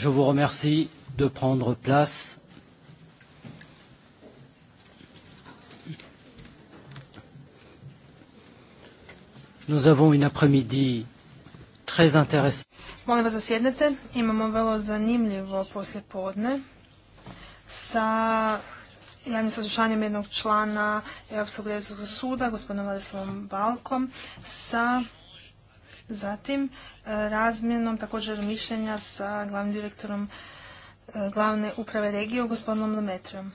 Je vous remercie de prendre place. Nous avons une après-midi très intéressante. Molim vas da sjednete. Imamo vrlo zanimljivo poslijepodne sa javnim saslušanjem jednog člana Europskog suda, gospodinom Vladislavom Balkom, sa Zatim e, razmjenom također mišljenja sa glavnim direktorom e, glavne uprave regije gospodinom Lemetrijom.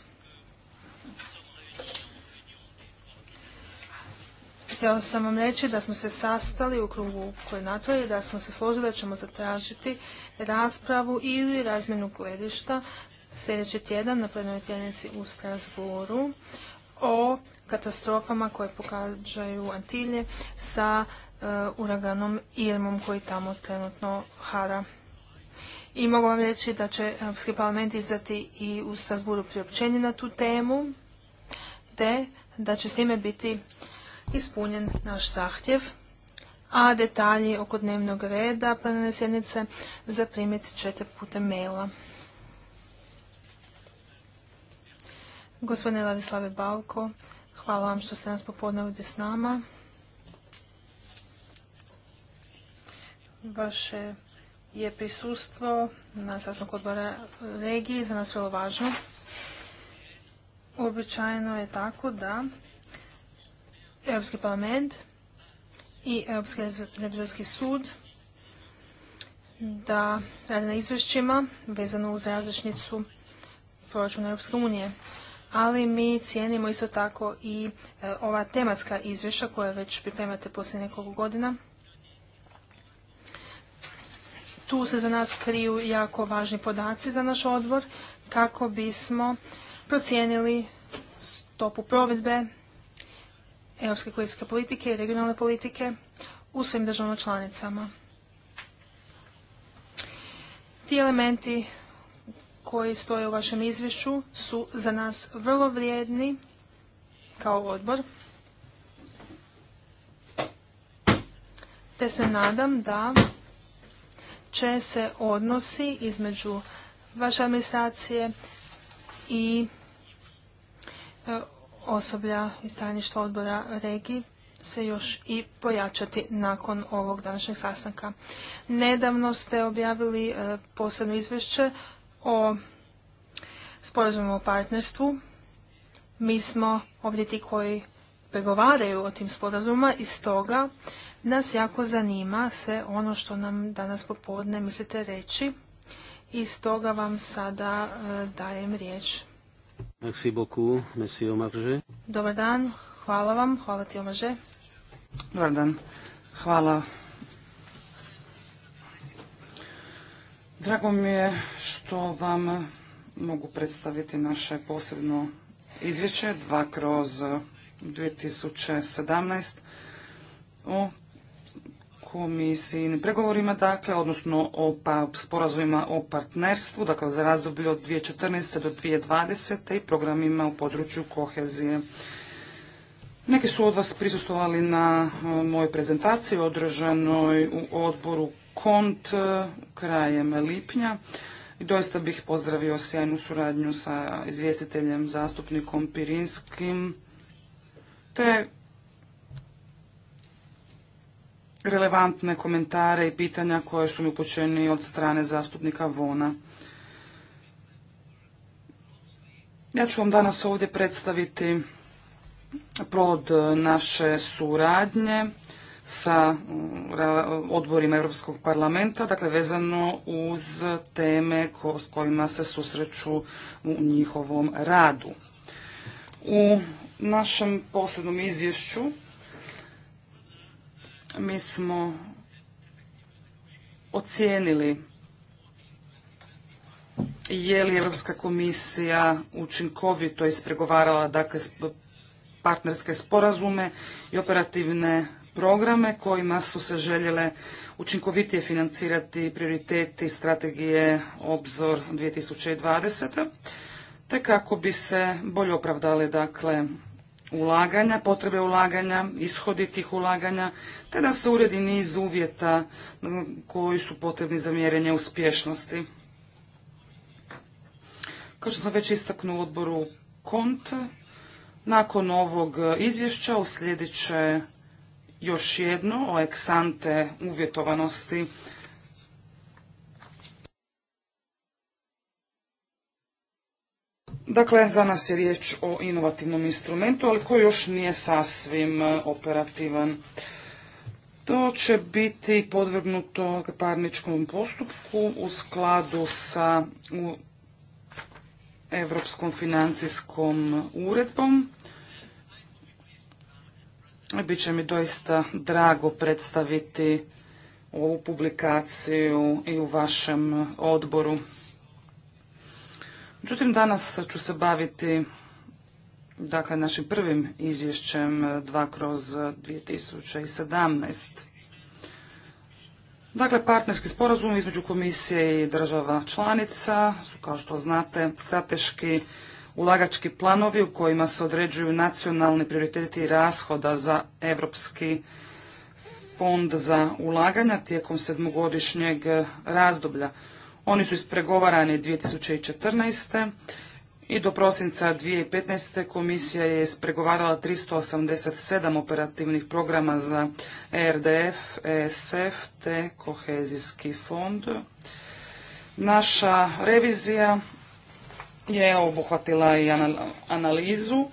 Htjela sam vam reći da smo se sastali u krugu koje i da smo se složili da ćemo zatražiti raspravu ili razmjenu gledišta sljedeći tjedan na plenarnoj tjednici u Strasboru o katastrofama koje pokađaju Antilje sa eh, uraganom Irmom koji tamo trenutno hara. I mogu vam reći da će Europski parlament izdati i u Strasburu priopćenje na tu temu, te da će s time biti ispunjen naš zahtjev, a detalji oko dnevnog reda plenarne sjednice zaprimiti ćete putem maila. Gospodine Ladislave Balko, Hvala vam što ste nas popodne ovdje s nama. Vaše je prisustvo na sastanku odbora regiji za nas vrlo važno. Uobičajeno je tako da Europski parlament i Europski revizorski sud da rade na izvješćima vezano uz različnicu proračuna Europske unije ali mi cijenimo isto tako i e, ova tematska izvješća koja već pripremate poslije nekoliko godina. Tu se za nas kriju jako važni podaci za naš odbor kako bismo procijenili stopu provedbe europske kohezijske politike i regionalne politike u svim državama članicama. Ti elementi koji stoje u vašem izvješću su za nas vrlo vrijedni kao odbor. Te se nadam da će se odnosi između vaše administracije i e, osoblja iz tajništva odbora regiji se još i pojačati nakon ovog današnjeg sastanka. Nedavno ste objavili e, posebno izvješće o sporazumu o partnerstvu. Mi smo ovdje ti koji pregovaraju o tim sporazuma i stoga nas jako zanima sve ono što nam danas popodne mislite reći i stoga vam sada e, dajem riječ. Merci Dobar dan, hvala vam, hvala ti Omarže. Dobar dan, hvala Drago mi je što vam mogu predstaviti naše posebno izvješće 2 kroz 2017 o komisijnim pregovorima, dakle, odnosno o pa, sporazumima o partnerstvu, dakle, za razdoblje od 2014. do 2020. i programima u području kohezije. Neki su od vas prisustovali na mojoj prezentaciji održanoj u odboru kont e, krajem lipnja. I doista bih pozdravio sjajnu suradnju sa izvjestiteljem, zastupnikom Pirinskim, te relevantne komentare i pitanja koje su mi upućeni od strane zastupnika Vona. Ja ću vam danas ovdje predstaviti prod naše suradnje sa mm, odborima Europskog parlamenta, dakle vezano uz teme s kojima se susreću u njihovom radu. U našem posljednom izvješću mi smo ocijenili je li Europska komisija učinkovito ispregovarala dakle partnerske sporazume i operativne programe kojima su se željele učinkovitije financirati prioriteti strategije Obzor 2020. te kako bi se bolje opravdale dakle ulaganja, potrebe ulaganja, ishodi tih ulaganja, te da se uredi niz uvjeta koji su potrebni za mjerenje uspješnosti. Kao što sam već istaknuo u odboru KONT, nakon ovog izvješća uslijedit će još jedno o eksante uvjetovanosti Dakle, za nas je riječ o inovativnom instrumentu, ali koji još nije sasvim e, operativan. To će biti podvrgnuto parničkom postupku u skladu sa Europskom financijskom uredbom će mi doista drago predstaviti ovu publikaciju i u vašem odboru. Međutim, danas ću se baviti dakle, našim prvim izvješćem 2 kroz 2017. Dakle, partnerski sporazum između komisije i država članica su, kao što znate, strateški ulagački planovi u kojima se određuju nacionalni prioriteti rashoda za Europski fond za ulaganja tijekom sedmogodišnjeg razdoblja. Oni su ispregovarani 2014. i do prosinca 2015. komisija je ispregovarala 387 operativnih programa za ERDF, ESF te kohezijski fond. Naša revizija je obuhvatila i analizu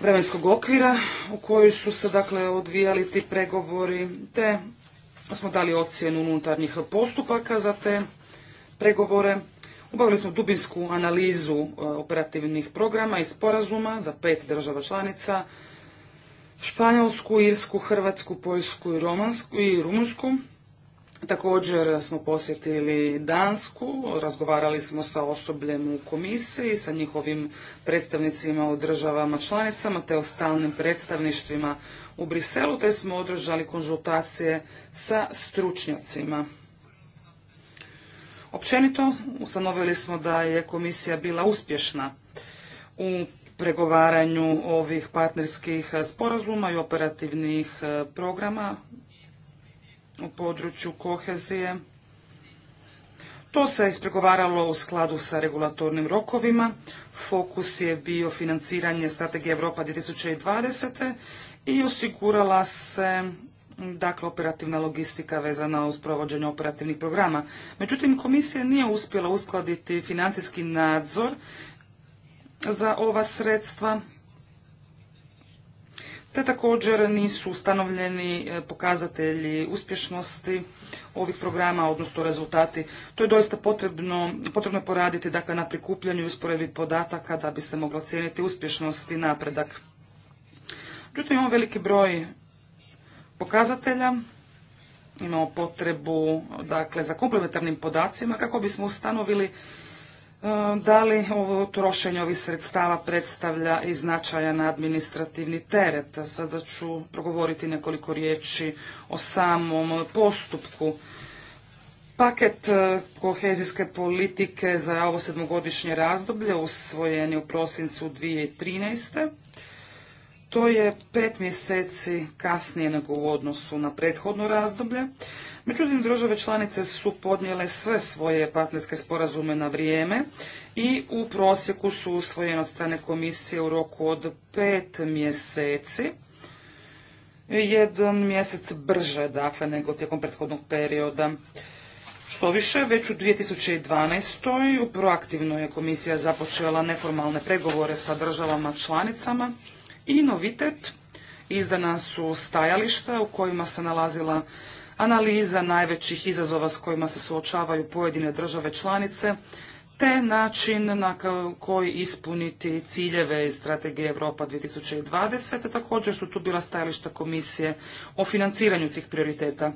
vremenskog okvira u kojoj su se dakle odvijali ti pregovori, te smo dali ocjenu unutarnjih postupaka za te pregovore. Obavili smo dubinsku analizu e, operativnih programa i sporazuma za pet država članica, Španjolsku, Irsku, Hrvatsku, Poljsku i, Romansku, i Rumunsku. Također smo posjetili Dansku, razgovarali smo sa osobljem u komisiji, sa njihovim predstavnicima u državama članicama te o stalnim predstavništvima u Briselu, te smo održali konzultacije sa stručnjacima. Općenito ustanovili smo da je komisija bila uspješna u pregovaranju ovih partnerskih sporazuma i operativnih e, programa u području kohezije. To se ispregovaralo u skladu sa regulatornim rokovima. Fokus je bio financiranje strategije Europa 2020. i osigurala se dakle operativna logistika vezana uz provođenje operativnih programa. Međutim, komisija nije uspjela uskladiti financijski nadzor za ova sredstva te također nisu ustanovljeni e, pokazatelji uspješnosti ovih programa, odnosno rezultati. To je doista potrebno, potrebno poraditi dakle, na prikupljanju i usporedbi podataka da bi se moglo cijeniti uspješnost i napredak. Međutim, imamo veliki broj pokazatelja, imamo potrebu dakle, za komplementarnim podacima kako bismo ustanovili E, da li ovo trošenje ovih sredstava predstavlja i značajan administrativni teret. Sada ću progovoriti nekoliko riječi o samom postupku. Paket e, kohezijske politike za ovo sedmogodišnje razdoblje usvojen je u prosincu 2013. To je pet mjeseci kasnije nego u odnosu na prethodno razdoblje. Međutim, države članice su podnijele sve svoje partnerske sporazume na vrijeme i u prosjeku su usvojene od strane komisije u roku od pet mjeseci. Jedan mjesec brže, dakle, nego tijekom prethodnog perioda. Što više, već u 2012. proaktivno je komisija započela neformalne pregovore sa državama članicama i novitet izdana su stajališta u kojima se nalazila analiza najvećih izazova s kojima se suočavaju pojedine države članice, te način na koji ispuniti ciljeve iz strategije Europa 2020. Također su tu bila stajališta komisije o financiranju tih prioriteta.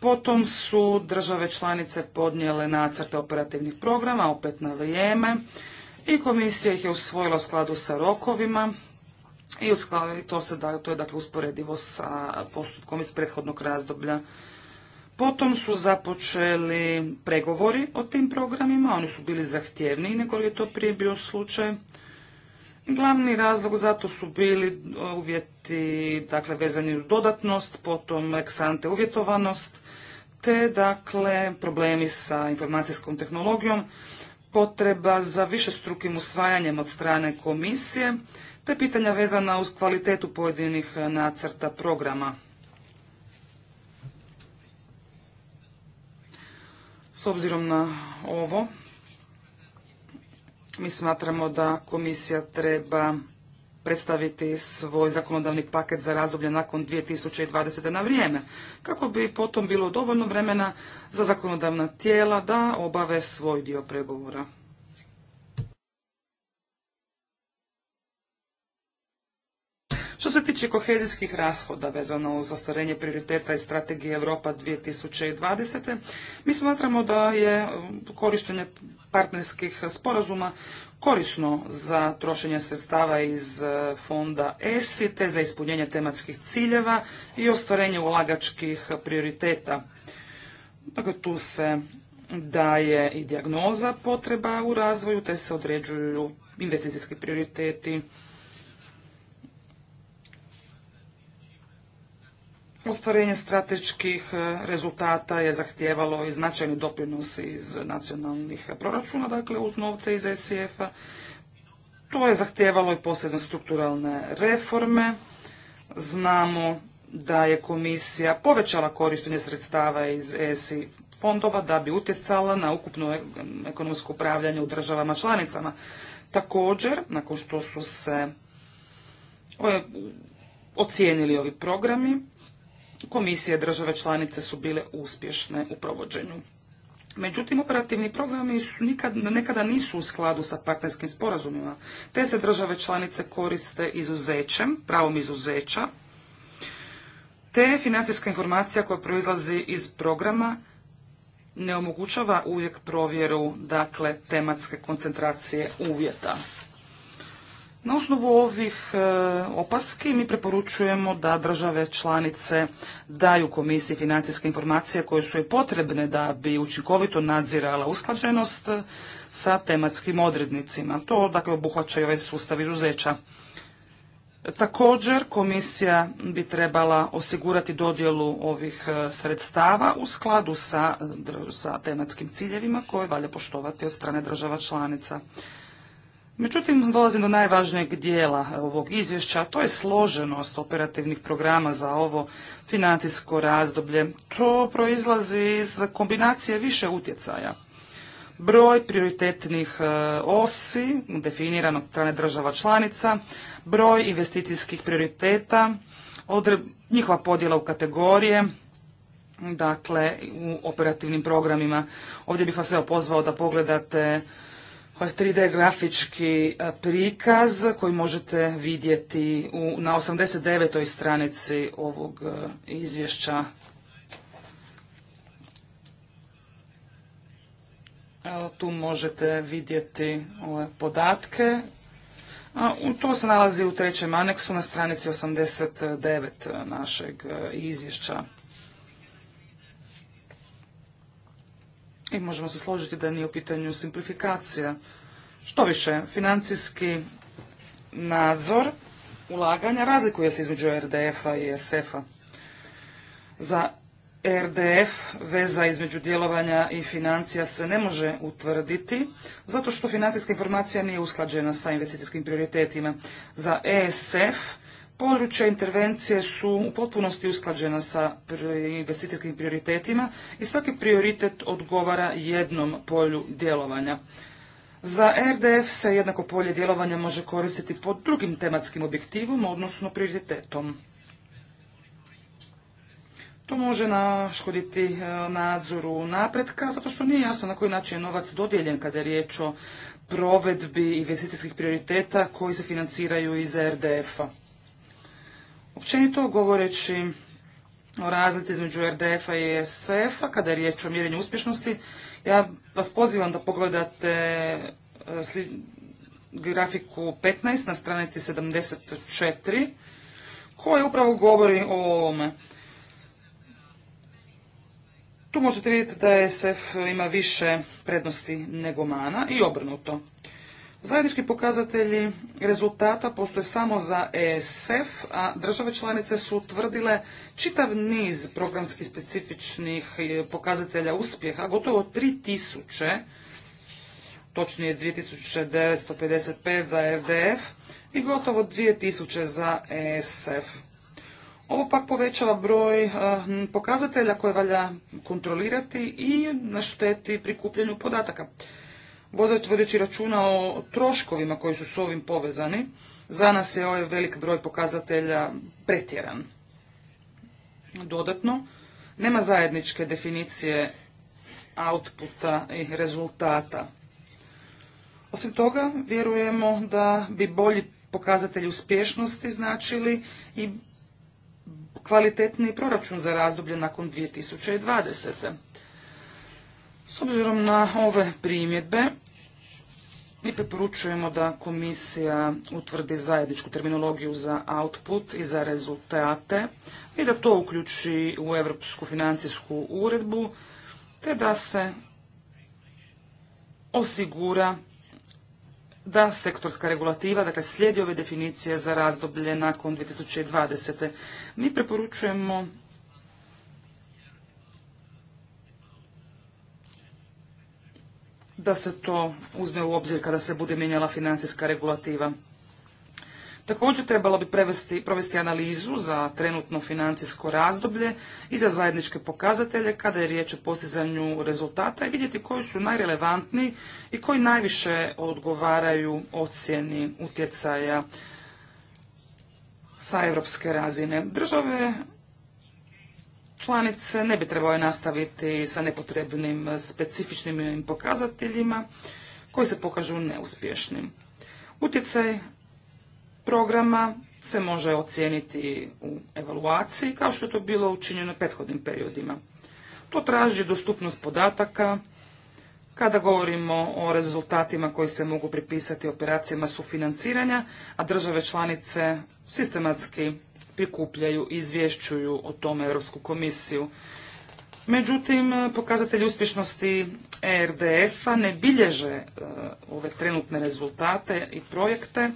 Potom su države članice podnijele nacrte operativnih programa, opet na vrijeme, i komisija ih je usvojila u skladu sa rokovima i to, se to je dakle usporedivo sa postupkom iz prethodnog razdoblja. Potom su započeli pregovori o tim programima, oni su bili zahtjevniji nego je to prije bio slučaj. Glavni razlog za to su bili e, uvjeti dakle, vezani uz dodatnost, potom eksante uvjetovanost, te dakle problemi sa informacijskom tehnologijom, potreba za višestrukim usvajanjem od strane komisije, te pitanja vezana uz kvalitetu pojedinih nacrta programa. S obzirom na ovo, mi smatramo da komisija treba predstaviti svoj zakonodavni paket za razdoblje nakon 2020. na vrijeme, kako bi potom bilo dovoljno vremena za zakonodavna tijela da obave svoj dio pregovora. Što se tiče kohezijskih rashoda vezano uz ostvarenje prioriteta i strategije Europa 2020. Mi smatramo da je um, korištenje partnerskih sporazuma korisno za trošenje sredstava iz uh, fonda ESI te za ispunjenje tematskih ciljeva i ostvarenje ulagačkih prioriteta. Dakle, tu se daje i dijagnoza potreba u razvoju te se određuju investicijski prioriteti Ostvarenje strateških e, rezultata je zahtijevalo i značajni doprinos iz nacionalnih proračuna, dakle uz novce iz SIF-a. To je zahtijevalo i posebne strukturalne reforme. Znamo da je komisija povećala korištenje sredstava iz ESI fondova da bi utjecala na ukupno e, ekonomsko upravljanje u državama članicama. Također, nakon što su se e, ocijenili ovi programi, komisije države članice su bile uspješne u provođenju. Međutim, operativni programi su nekada nisu u skladu sa partnerskim sporazumima, te se države članice koriste izuzećem, pravom izuzeća, te financijska informacija koja proizlazi iz programa ne omogućava uvijek provjeru dakle tematske koncentracije uvjeta. Na osnovu ovih e, opaski mi preporučujemo da države članice daju komisiji financijske informacije koje su joj potrebne da bi učinkovito nadzirala usklađenost sa tematskim odrednicima. To dakle obuhvaća i ovaj sustav izuzeća. Također komisija bi trebala osigurati dodjelu ovih e, sredstava u skladu sa tematskim ciljevima koje valja poštovati od strane država članica. Međutim, dolazim do najvažnijeg dijela e, ovog izvješća, a to je složenost operativnih programa za ovo financijsko razdoblje. To proizlazi iz kombinacije više utjecaja. Broj prioritetnih e, osi, definiranog od strane država članica, broj investicijskih prioriteta, njihova podjela u kategorije, dakle u operativnim programima. Ovdje bih vas evo pozvao da pogledate 3D ovaj grafički e, prikaz koji možete vidjeti na 89. stranici ovog e, izvješća. Evo, tu možete vidjeti ove podatke. A, to se nalazi u trećem aneksu na stranici 89 e, našeg izvješća. i možemo se složiti da nije u pitanju simplifikacija. Što više, financijski nadzor ulaganja razlikuje se između RDF-a i SF-a. Za RDF veza između djelovanja i financija se ne može utvrditi zato što financijska informacija nije usklađena sa investicijskim prioritetima. Za ESF područja intervencije su u potpunosti usklađena sa investicijskim prioritetima i svaki prioritet odgovara jednom polju djelovanja. Za RDF se jednako polje djelovanja može koristiti pod drugim tematskim objektivom, odnosno prioritetom. To može naškoditi e, nadzoru napretka, zato što nije jasno na koji način je novac dodijeljen kada je riječ o provedbi investicijskih prioriteta koji se financiraju iz RDF-a. Općenito govoreći o razlici između RDF-a i sf a kada je riječ o mjerenju uspješnosti, ja vas pozivam da pogledate e, grafiku 15 na stranici 74, koja upravo govori o ovome. Tu možete vidjeti da SF ima više prednosti nego mana i obrnuto. Zajednički pokazatelji rezultata postoje samo za ESF, a države članice su utvrdile čitav niz programskih specifičnih e, pokazatelja uspjeha, gotovo 3000, točnije 2955 za RDF i gotovo 2000 za ESF. Ovo pak povećava broj e, pokazatelja koje valja kontrolirati i našteti prikupljenju podataka vodeći računa o troškovima koji su s ovim povezani, za nas je ovaj velik broj pokazatelja pretjeran. Dodatno, nema zajedničke definicije outputa i rezultata. Osim toga, vjerujemo da bi bolji pokazatelji uspješnosti značili i kvalitetni proračun za razdoblje nakon 2020 obzirom na ove primjedbe, mi preporučujemo da komisija utvrdi zajedničku terminologiju za output i za rezultate i da to uključi u Europsku financijsku uredbu, te da se osigura da sektorska regulativa, dakle, slijedi ove definicije za razdoblje nakon 2020. Mi preporučujemo da se to uzme u obzir kada se bude mijenjala financijska regulativa. Također trebalo bi provesti analizu za trenutno financijsko razdoblje i za zajedničke pokazatelje kada je riječ o postizanju rezultata i vidjeti koji su najrelevantniji i koji najviše odgovaraju ocjeni utjecaja sa europske razine. Države članice ne bi trebale nastaviti sa nepotrebnim specifičnim pokazateljima koji se pokažu neuspješnim. Utjecaj programa se može ocijeniti u evaluaciji kao što je to bilo učinjeno prethodnim periodima. To traži dostupnost podataka kada govorimo o rezultatima koji se mogu pripisati operacijama sufinanciranja, a države članice sistematski prikupljaju i izvješćuju o tome Europsku komisiju. Međutim, pokazatelji uspješnosti ERDF-a ne bilježe e, ove trenutne rezultate i projekte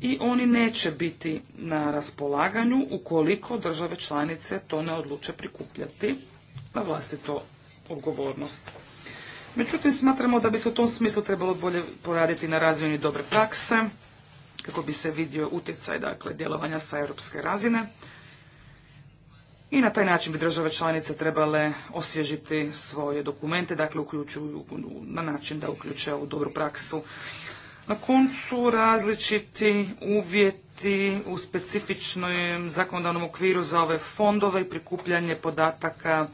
i oni neće biti na raspolaganju ukoliko države članice to ne odluče prikupljati na vlastito odgovornost. Međutim, smatramo da bi se u tom smislu trebalo bolje poraditi na razvijenju dobre prakse, kako bi se vidio utjecaj dakle, djelovanja sa europske razine. I na taj način bi države članice trebale osvježiti svoje dokumente, dakle uključuju na način da uključe u dobru praksu. Na koncu različiti uvjeti u specifičnom zakonodavnom okviru za ove fondove i prikupljanje podataka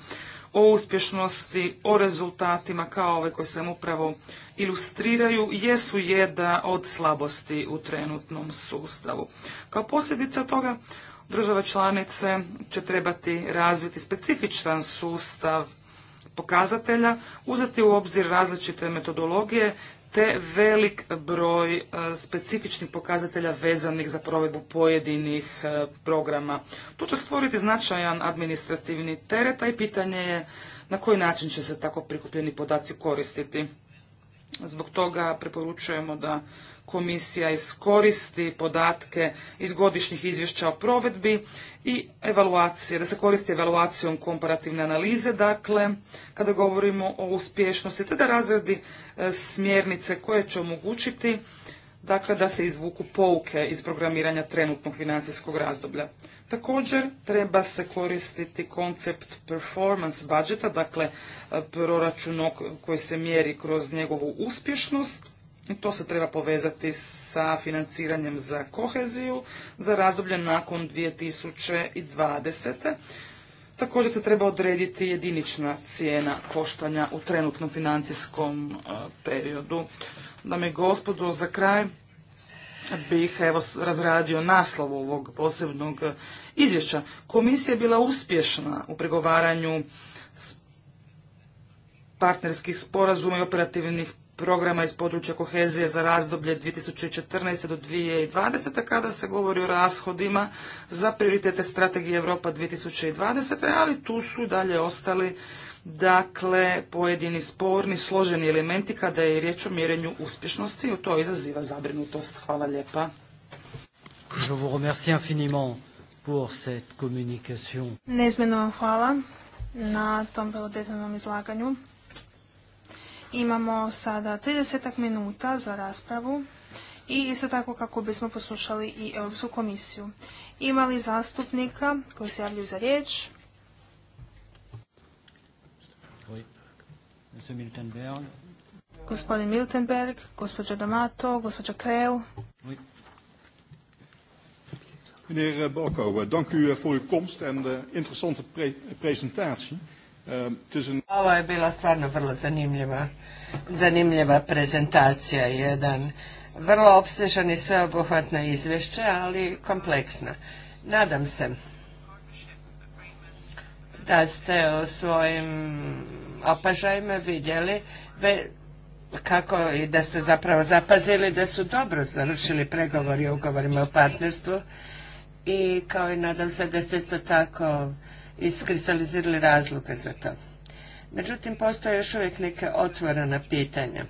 o uspješnosti, o rezultatima kao ove koje sam upravo ilustriraju, jesu jedna od slabosti u trenutnom sustavu. Kao posljedica toga, države članice će trebati razviti specifičan sustav pokazatelja, uzeti u obzir različite metodologije te velik broj e, specifičnih pokazatelja vezanih za provedbu pojedinih e, programa. To će stvoriti značajan administrativni teret, a i pitanje je na koji način će se tako prikupljeni podaci koristiti. Zbog toga preporučujemo da komisija iskoristi podatke iz godišnjih izvješća o provedbi i evaluacije, da se koristi evaluacijom komparativne analize, dakle, kada govorimo o uspješnosti, te da razredi e, smjernice koje će omogućiti dakle da se izvuku pouke iz programiranja trenutnog financijskog razdoblja. Također treba se koristiti koncept performance budžeta, dakle e, proračun koji se mjeri kroz njegovu uspješnost. I to se treba povezati sa financiranjem za koheziju za razdoblje nakon 2020. Također se treba odrediti jedinična cijena koštanja u trenutnom financijskom e, periodu. Dame i gospodo, za kraj bih evo razradio naslov ovog posebnog e, izvješća. Komisija je bila uspješna u pregovaranju partnerskih sporazuma i operativnih programa iz područja kohezije za razdoblje 2014. do 2020. kada se govori o rashodima za prioritete strategije Europa 2020. ali tu su dalje ostali dakle pojedini sporni, složeni elementi kada je riječ o mjerenju uspješnosti i to izaziva zabrinutost. Hvala lijepa. Je hvala na tom vrlo izlaganju. Imamo sada 30 minuta za raspravu i isto tako kako bismo poslušali i Europsku komisiju. Ima li zastupnika koji se javljaju za riječ? Gospodin Miltenberg, gospođa D'Amato, gospođa Kreu. Meneer eh, Balko, eh, dank u eh, voor uw komst en de interessante pre presentatie. Ovo je bila stvarno vrlo zanimljiva, zanimljiva prezentacija, jedan vrlo opsežan i sveobuhvatna izvješća, ali kompleksna. Nadam se da ste o svojim opažajima vidjeli kako i da ste zapravo zapazili da su dobro završili pregovori o ugovorima o partnerstvu i kao i nadam se da ste isto tako iskristalizirali razloge za to. Međutim, postoje još uvijek neke otvorena pitanja.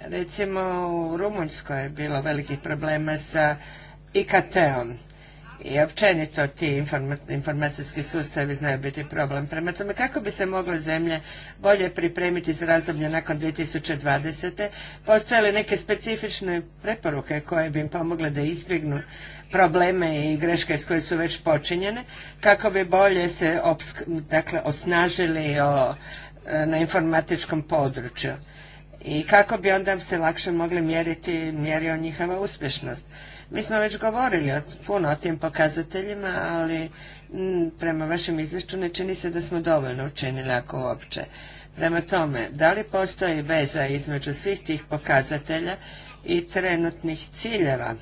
Recimo, u Rumunjskoj je bilo velikih problema sa IKT-om i općenito ti informacijski sustavi znaju biti problem. Prema tome, kako bi se mogle zemlje bolje pripremiti za razdoblje nakon 2020. Postoje li neke specifične preporuke koje bi im pomogle da izbjegnu probleme i greške s koje su već počinjene, kako bi bolje se dakle, osnažili e, na informatičkom području i kako bi onda se lakše mogli mjeriti, mjerio njihova uspješnost. Mi smo već govorili puno o tim pokazateljima, ali mm, prema vašem izvješću ne čini se da smo dovoljno učinili ako uopće. Prema tome, da li postoji veza između svih tih pokazatelja i trenutnih ciljeva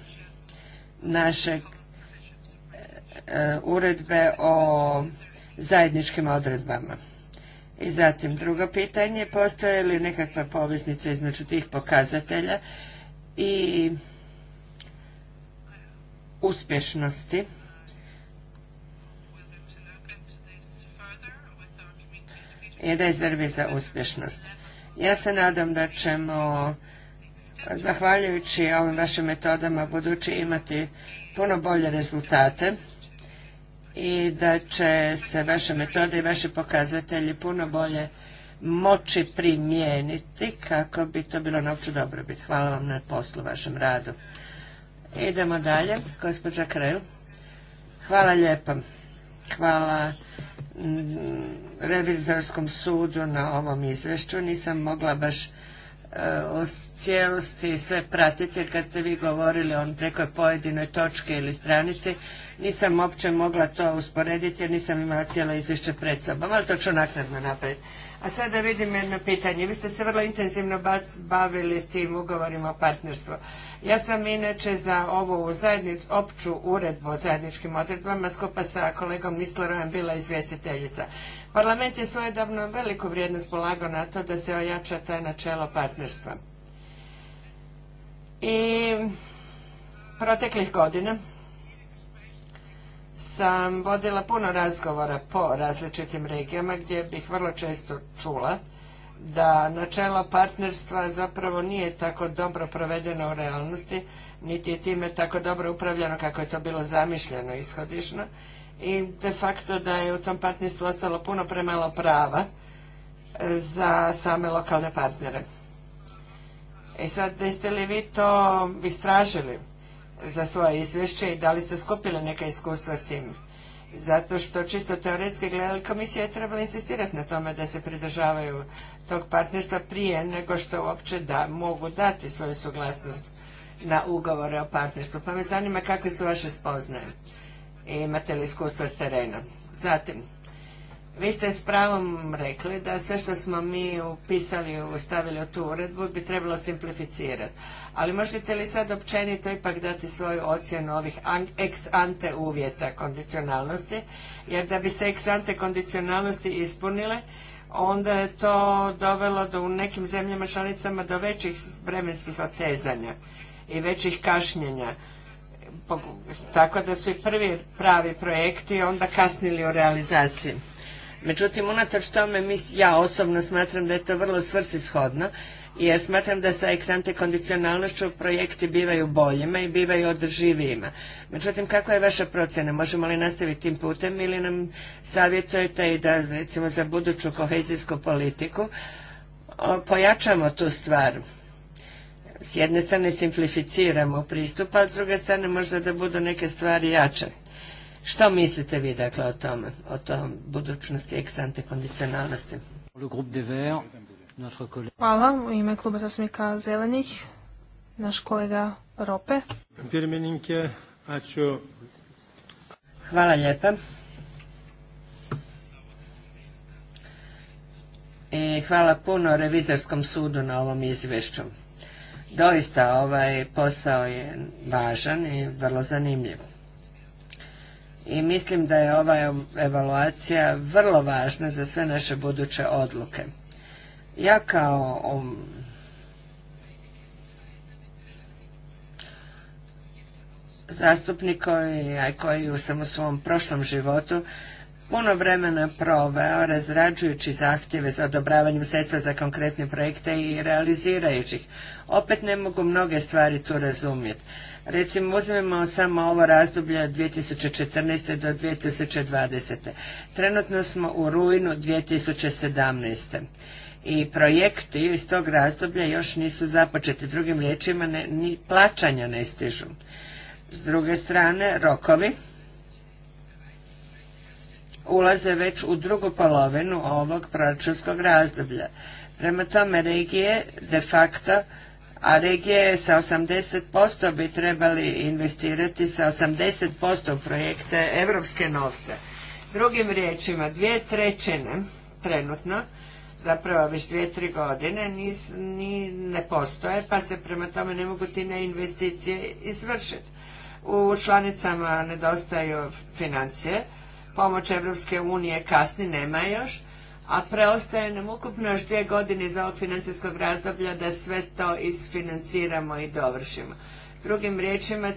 našeg e, e, uredbe o zajedničkim odredbama? I zatim drugo pitanje, postoje li nekakva poveznica između tih pokazatelja i uspješnosti. i rezervi za uspješnost. Ja se nadam da ćemo, zahvaljujući ovim vašim metodama, budući imati puno bolje rezultate i da će se vaše metode i vaši pokazatelji puno bolje moći primijeniti kako bi to bilo na opću dobrobit. Hvala vam na poslu, vašem radu. Idemo dalje, gospođa Krel. Hvala lijepa. Hvala mm, revizorskom sudu na ovom izvješću. Nisam mogla baš e, u cijelosti sve pratiti jer kad ste vi govorili on preko pojedinoj točke ili stranici nisam uopće mogla to usporediti jer nisam imala cijelo izvješće pred sobom ali to ću naknadno napraviti a sada vidim jedno pitanje. Vi ste se vrlo intenzivno bavili s tim ugovorima o partnerstvu. Ja sam inače za ovu opću uredbu o zajedničkim odredbama skupa sa kolegom Mislerom bila izvjestiteljica. Parlament je svojedobno veliku vrijednost polagao na to da se ojača taj načelo partnerstva. I proteklih godina sam vodila puno razgovora po različitim regijama gdje bih vrlo često čula da načelo partnerstva zapravo nije tako dobro provedeno u realnosti, niti je time tako dobro upravljano kako je to bilo zamišljeno ishodišno i de facto da je u tom partnerstvu ostalo puno premalo prava e, za same lokalne partnere. E sad, jeste li vi to istražili? za svoje izvješće i da li ste skupili neka iskustva s tim. Zato što čisto teoretski gledali komisija je trebala insistirati na tome da se pridržavaju tog partnerstva prije nego što uopće da mogu dati svoju suglasnost na ugovore o partnerstvu. Pa me zanima kakve su vaše spoznaje i imate li iskustva s terena. Zatim, vi ste s pravom rekli da sve što smo mi upisali, ustavili u tu uredbu bi trebalo simplificirati. Ali možete li sad općenito ipak dati svoju ocjenu ovih ex ante uvjeta kondicionalnosti? Jer da bi se ex ante kondicionalnosti ispunile, onda je to dovelo do u nekim zemljama članicama do većih vremenskih otezanja i većih kašnjenja. Tako da su i prvi pravi projekti onda kasnili u realizaciji. Međutim, unatoč tome ja osobno smatram da je to vrlo svrsishodno jer smatram da sa eksante kondicionalnošću projekti bivaju boljima i bivaju održivijima. Međutim, kakva je vaša procjena? Možemo li nastaviti tim putem ili nam savjetujete i da recimo za buduću kohezijsku politiku pojačamo tu stvar? S jedne strane simplificiramo pristup, a s druge strane možda da budu neke stvari jače. Što mislite vi dakle o tome, o tom budućnosti eksante kondicionalnosti? Hvala. U ime kluba zastupnika Zelenih, naš kolega Rope. Hvala lijepa. I hvala puno revizorskom sudu na ovom izvješću. Doista ovaj posao je važan i vrlo zanimljiv i mislim da je ova evaluacija vrlo važna za sve naše buduće odluke. Ja kao um, zastupnik koji, koji sam u svom prošlom životu puno vremena proveo razrađujući zahtjeve za odobravanjem sredstva za konkretne projekte i realizirajući ih. Opet ne mogu mnoge stvari tu razumjeti. Recimo, uzmemo samo ovo razdoblje od 2014. do 2020. Trenutno smo u rujnu 2017. I projekti iz tog razdoblja još nisu započeti. Drugim riječima, ni plaćanja ne stižu. S druge strane, rokovi ulaze već u drugu polovinu ovog proračunskog razdoblja. Prema tome regije de facto, a regije sa 80% bi trebali investirati sa 80% u projekte evropske novce. Drugim riječima, dvije trećine trenutno, zapravo već dvije, tri godine, ni, ne postoje, pa se prema tome ne mogu ti investicije izvršiti. U članicama nedostaju financije, pomoć Evropske unije kasni, nema još, a preostaje nam ukupno još dvije godine za ovog financijskog razdoblja da sve to isfinanciramo i dovršimo. Drugim riječima,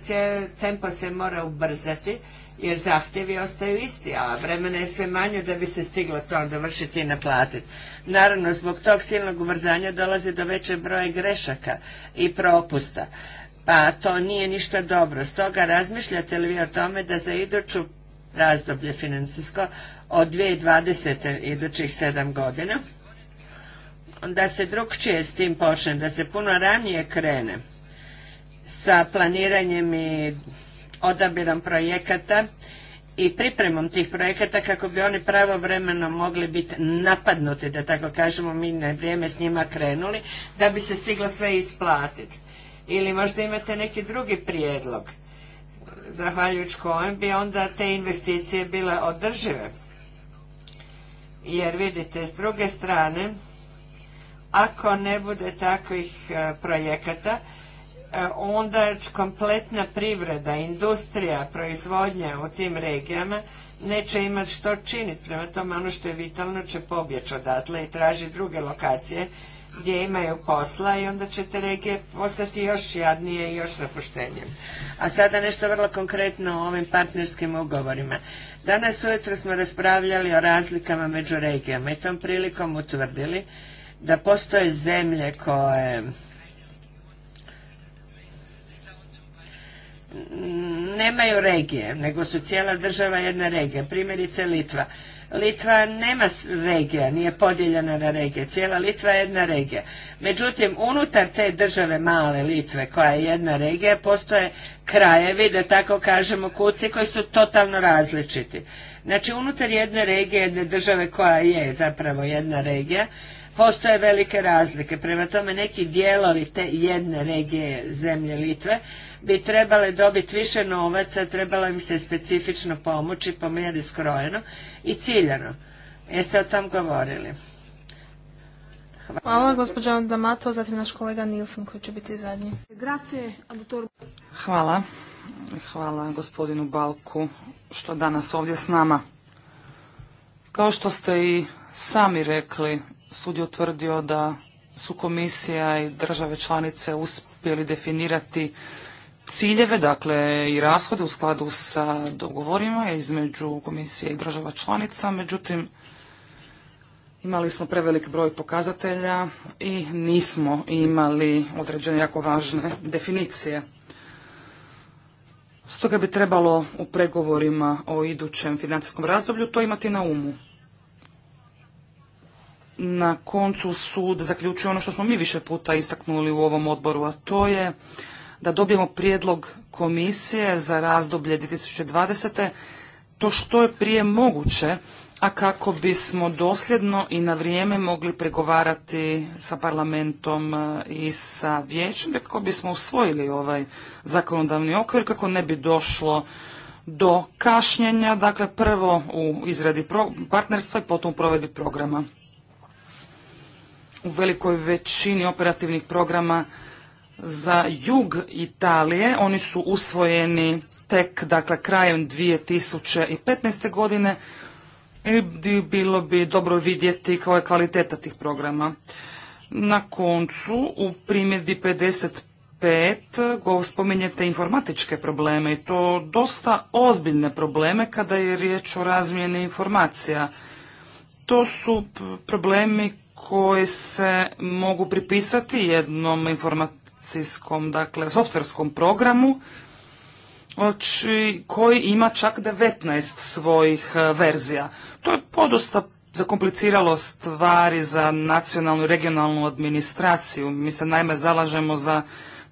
tempo se mora ubrzati jer zahtjevi ostaju isti, a vremena je sve manje da bi se stiglo to dovršiti i naplatiti. Naravno, zbog tog silnog ubrzanja dolazi do veće broje grešaka i propusta. Pa to nije ništa dobro. Stoga razmišljate li vi o tome da za iduću razdoblje financijsko od 2020. idućih sedam godina, da se drugčije s tim počne, da se puno ranije krene sa planiranjem i odabirom projekata i pripremom tih projekata kako bi oni pravovremeno mogli biti napadnuti, da tako kažemo, mi na vrijeme s njima krenuli, da bi se stiglo sve isplatiti. Ili možda imate neki drugi prijedlog zahvaljujući kojem bi onda te investicije bile održive. Jer vidite, s druge strane, ako ne bude takvih e, projekata, e, onda kompletna privreda, industrija, proizvodnja u tim regijama neće imati što činiti. Prema tome ono što je vitalno će pobjeći odatle i traži druge lokacije gdje imaju posla i onda će te regije postati još jadnije i još zapuštenije. A sada nešto vrlo konkretno o ovim partnerskim ugovorima. Danas ujutro smo raspravljali o razlikama među regijama i tom prilikom utvrdili da postoje zemlje koje nemaju regije, nego su cijela država jedna regija. Primjerice Litva. Litva nema regija, nije podijeljena na regije. Cijela Litva je jedna regija. Međutim, unutar te države male Litve, koja je jedna regija, postoje krajevi, da tako kažemo, kuci koji su totalno različiti. Znači, unutar jedne regije, jedne države koja je zapravo jedna regija, postoje velike razlike. Prema tome neki dijelovi te jedne regije zemlje Litve bi trebale dobiti više novaca, trebalo im se specifično pomoći po mjeri skrojeno i ciljano. Jeste o tom govorili. Hvala, Hvala gospođa Damato, zatim naš kolega Nilsen, koji će biti zadnji. Hvala. Hvala gospodinu Balku što danas ovdje s nama. Kao što ste i sami rekli, sud je utvrdio da su komisija i države članice uspjeli definirati ciljeve, dakle i rashode u skladu sa dogovorima između komisije i država članica, međutim imali smo prevelik broj pokazatelja i nismo imali određene jako važne definicije. Stoga bi trebalo u pregovorima o idućem financijskom razdoblju to imati na umu na koncu sud zaključuje ono što smo mi više puta istaknuli u ovom odboru, a to je da dobijemo prijedlog komisije za razdoblje 2020. to što je prije moguće, a kako bismo dosljedno i na vrijeme mogli pregovarati sa parlamentom e, i sa vijećem, kako bismo usvojili ovaj zakonodavni okvir, kako ne bi došlo do kašnjenja, dakle prvo u izradi partnerstva i potom u provedbi programa u velikoj većini operativnih programa za jug Italije. Oni su usvojeni tek dakle krajem 2015. godine i bilo bi dobro vidjeti koja je kvaliteta tih programa. Na koncu u primjedbi 55 spominjete informatičke probleme i to dosta ozbiljne probleme kada je riječ o razmjeni informacija. To su problemi koji se mogu pripisati jednom informacijskom, dakle, softverskom programu koji ima čak 19 svojih e, verzija. To je podosta zakompliciralo stvari za nacionalnu i regionalnu administraciju. Mi se naime zalažemo za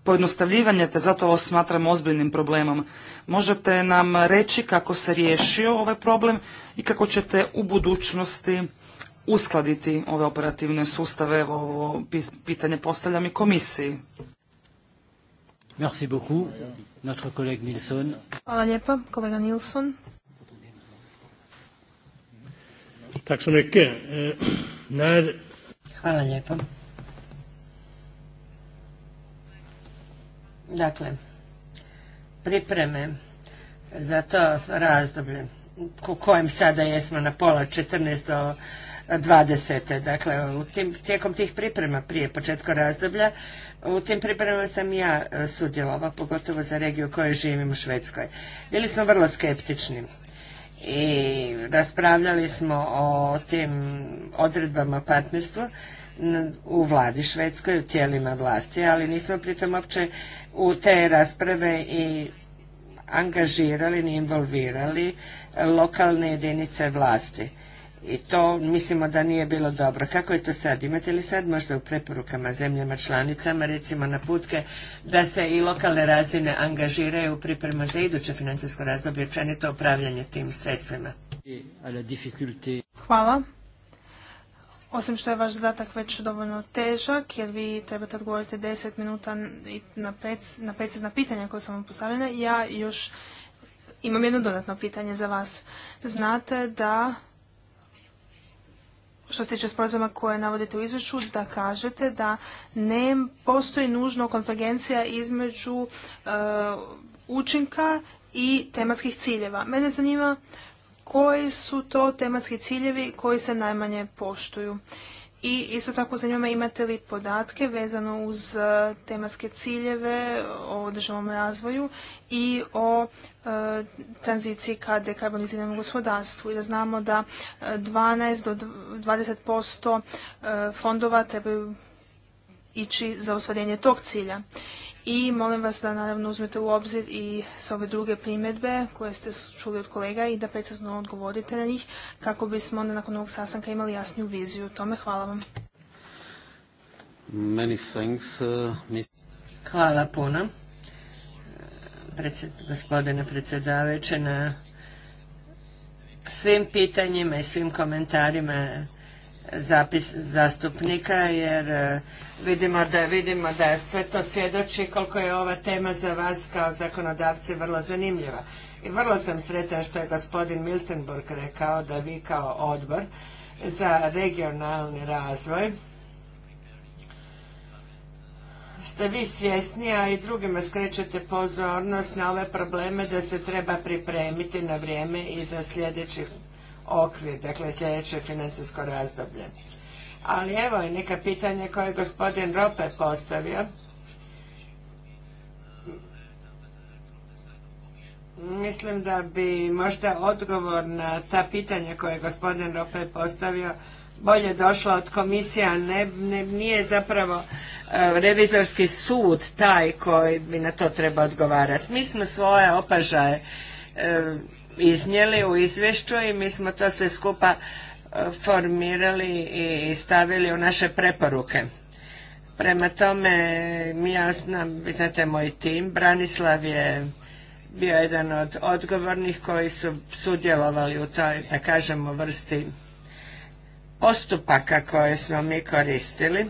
pojednostavljivanje, te zato ovo smatram ozbiljnim problemom. Možete nam reći kako se riješio ovaj problem i kako ćete u budućnosti uskladiti ove operativne sustave. Evo, ovo pitanje postavljam i komisiji. Merci beaucoup, notre collègue Nilsson. Hvala lijepa, kolega Nilsson. Tak så mycket. Eh, när... Hvala lijepa. Dakle, pripreme za to razdoblje u kojem sada jesmo na pola 14 do 2020. Dakle, tijekom tih priprema prije početka razdoblja, u tim pripremama sam ja e, sudjelovao, pogotovo za regiju u kojoj živim u Švedskoj. Bili smo vrlo skeptični i raspravljali smo o tim odredbama partnerstva u vladi Švedskoj, u tijelima vlasti, ali nismo pritom uopće u te rasprave i angažirali ni involvirali lokalne jedinice vlasti i to mislimo da nije bilo dobro. Kako je to sad? Imate li sad možda u preporukama zemljama članicama recimo putke da se i lokalne razine angažiraju u pripremu za iduće financijsko razdoblje općenito upravljanje tim sredstvima? Hvala. Osim što je vaš zadatak već dovoljno težak, jer vi trebate odgovoriti 10 minuta na na pitanja koja su vam postavljena, ja još imam jedno dodatno pitanje za vas. Znate da što se tiče sporazuma koje navodite u izvješću, da kažete da ne postoji nužno konvergencija između uh, učinka i tematskih ciljeva. Mene zanima koji su to tematski ciljevi koji se najmanje poštuju i isto tako zanima imate li podatke vezano uz e, tematske ciljeve o državnom razvoju i o e, tranziciji ka dekarboniziranom gospodarstvu. Jer znamo da 12 e, do 20% fondova trebaju ići za ostvarenje tog cilja i molim vas da naravno uzmete u obzir i sve ove druge primjedbe koje ste čuli od kolega i da precizno odgovorite na njih kako bismo onda nakon ovog sastanka imali jasniju viziju tome. Hvala vam. Uh, Hvala puno uh, gospodine predsjedaveće, na svim pitanjima i svim komentarima zapis zastupnika jer e, vidimo da, vidimo da sve to svjedoči koliko je ova tema za vas kao zakonodavce vrlo zanimljiva. I vrlo sam sretan što je gospodin Miltenburg rekao da vi kao odbor za regionalni razvoj ste vi svjesni, a i drugima skrećete pozornost na ove probleme da se treba pripremiti na vrijeme i za sljedeći okvir, dakle sljedeće financijsko razdoblje. Ali evo i neka pitanja koje je gospodin Rope postavio. Mislim da bi možda odgovor na ta pitanja koje je gospodin Rope postavio bolje došla od komisija, ne, ne, nije zapravo e, revizorski sud taj koji bi na to treba odgovarati. Mi smo svoje opažaje e, iznijeli u izvješću i mi smo to sve skupa e, formirali i stavili u naše preporuke. Prema tome, ja znam, vi znate moj tim, Branislav je bio jedan od odgovornih koji su sudjelovali u toj, da kažemo, vrsti postupaka koje smo mi koristili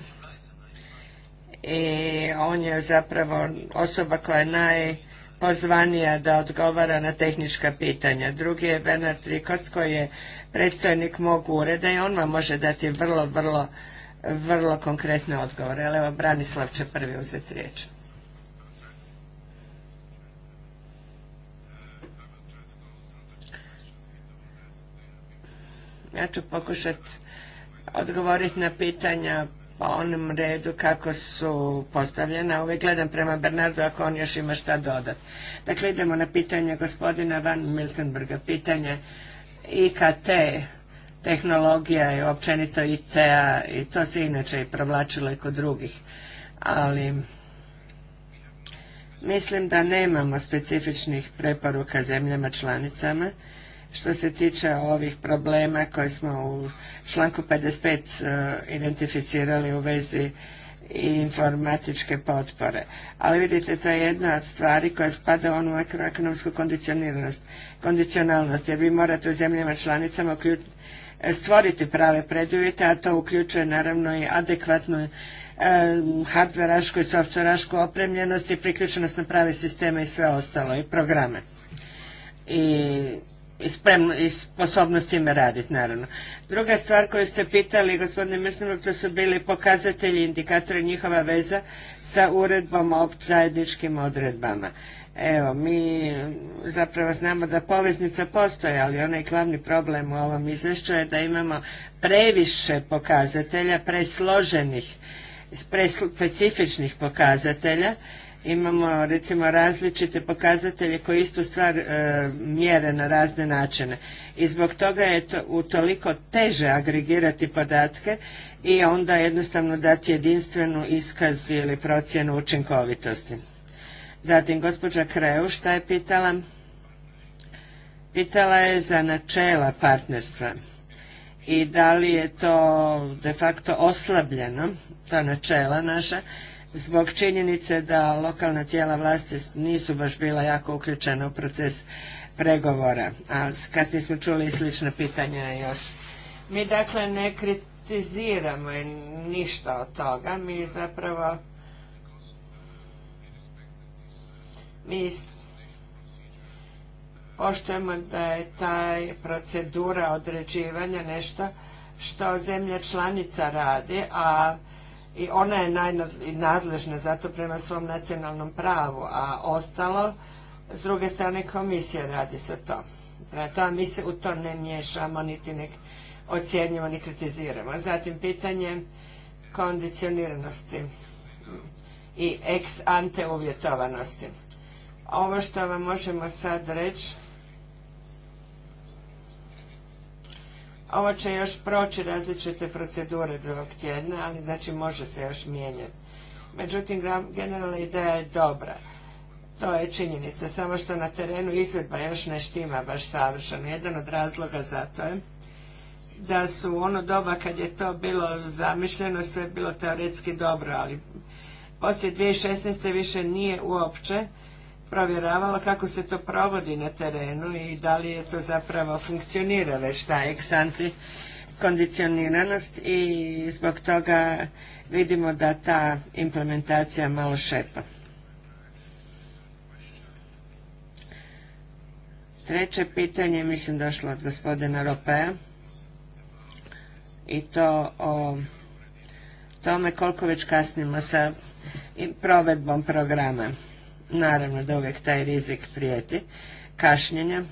i on je zapravo osoba koja je naj pozvanija da odgovara na tehnička pitanja. Drugi je Bernard Rikos koji je predstojnik mog ureda i on vam može dati vrlo, vrlo, vrlo konkretne odgovore. Ali evo, Branislav će prvi uzeti riječ. Ja ću pokušati odgovoriti na pitanja po onom redu kako su postavljena. Uvijek gledam prema Bernardu ako on još ima šta dodati. Dakle, idemo na pitanje gospodina Van Miltenberga. Pitanje IKT, tehnologija i općenito IT-a i to se inače i provlačilo i kod drugih. Ali mislim da nemamo specifičnih preporuka zemljama članicama što se tiče ovih problema koje smo u članku 55 e, identificirali u vezi informatičke potpore. Ali vidite, to je jedna od stvari koja spada u onu makroekonomsku kondicionalnost, kondicionalnost jer vi morate u zemljama članicama e, stvoriti prave preduvjete, a to uključuje naravno i adekvatnu e, hardverašku i softverašku opremljenost i priključenost na prave sisteme i sve ostalo i programe. I i, spremno, i sposobnostima raditi, naravno. Druga stvar koju ste pitali, gospodine Mršnjivog, to su bili pokazatelji, indikatori njihova veza sa uredbom o zajedničkim odredbama. Evo, mi zapravo znamo da poveznica postoji, ali onaj glavni problem u ovom izvješću je da imamo previše pokazatelja, presloženih, specifičnih pokazatelja imamo recimo različite pokazatelje koji istu stvar e, mjere na razne načine. I zbog toga je to utoliko teže agregirati podatke i onda jednostavno dati jedinstvenu iskaz ili procjenu učinkovitosti. Zatim gospođa Kreu šta je pitala? Pitala je za načela partnerstva i da li je to de facto oslabljeno, ta načela naša, zbog činjenice da lokalna tijela vlasti nisu baš bila jako uključena u proces pregovora, a kasnije smo čuli i slična pitanja još. Mi dakle ne kritiziramo ništa od toga, mi zapravo mi poštujemo da je taj procedura određivanja nešto što zemlja članica radi, a i ona je nadležna za prema svom nacionalnom pravu, a ostalo s druge strane komisija radi sa to. Prema tome mi se u to ne miješamo niti ne ocijenjamo ni kritiziramo. Zatim pitanje kondicioniranosti i ex ante uvjetovanosti. Ovo što vam možemo sad reći Ovo će još proći različite procedure drugog tjedna, ali znači može se još mijenjati. Međutim, generalna ideja je dobra. To je činjenica, samo što na terenu izvedba još ne štima baš savršeno. Jedan od razloga za to je da su u ono doba kad je to bilo zamišljeno sve bilo teoretski dobro, ali poslije 2016. više nije uopće provjeravala kako se to provodi na terenu i da li je to zapravo funkcionira već ta eksanti kondicioniranost i zbog toga vidimo da ta implementacija malo šepa. Treće pitanje, mislim došlo od gospodina Ropea i to o tome koliko već kasnimo sa provedbom programa. Naravno da uvijek taj rizik prijeti, kašnjenja.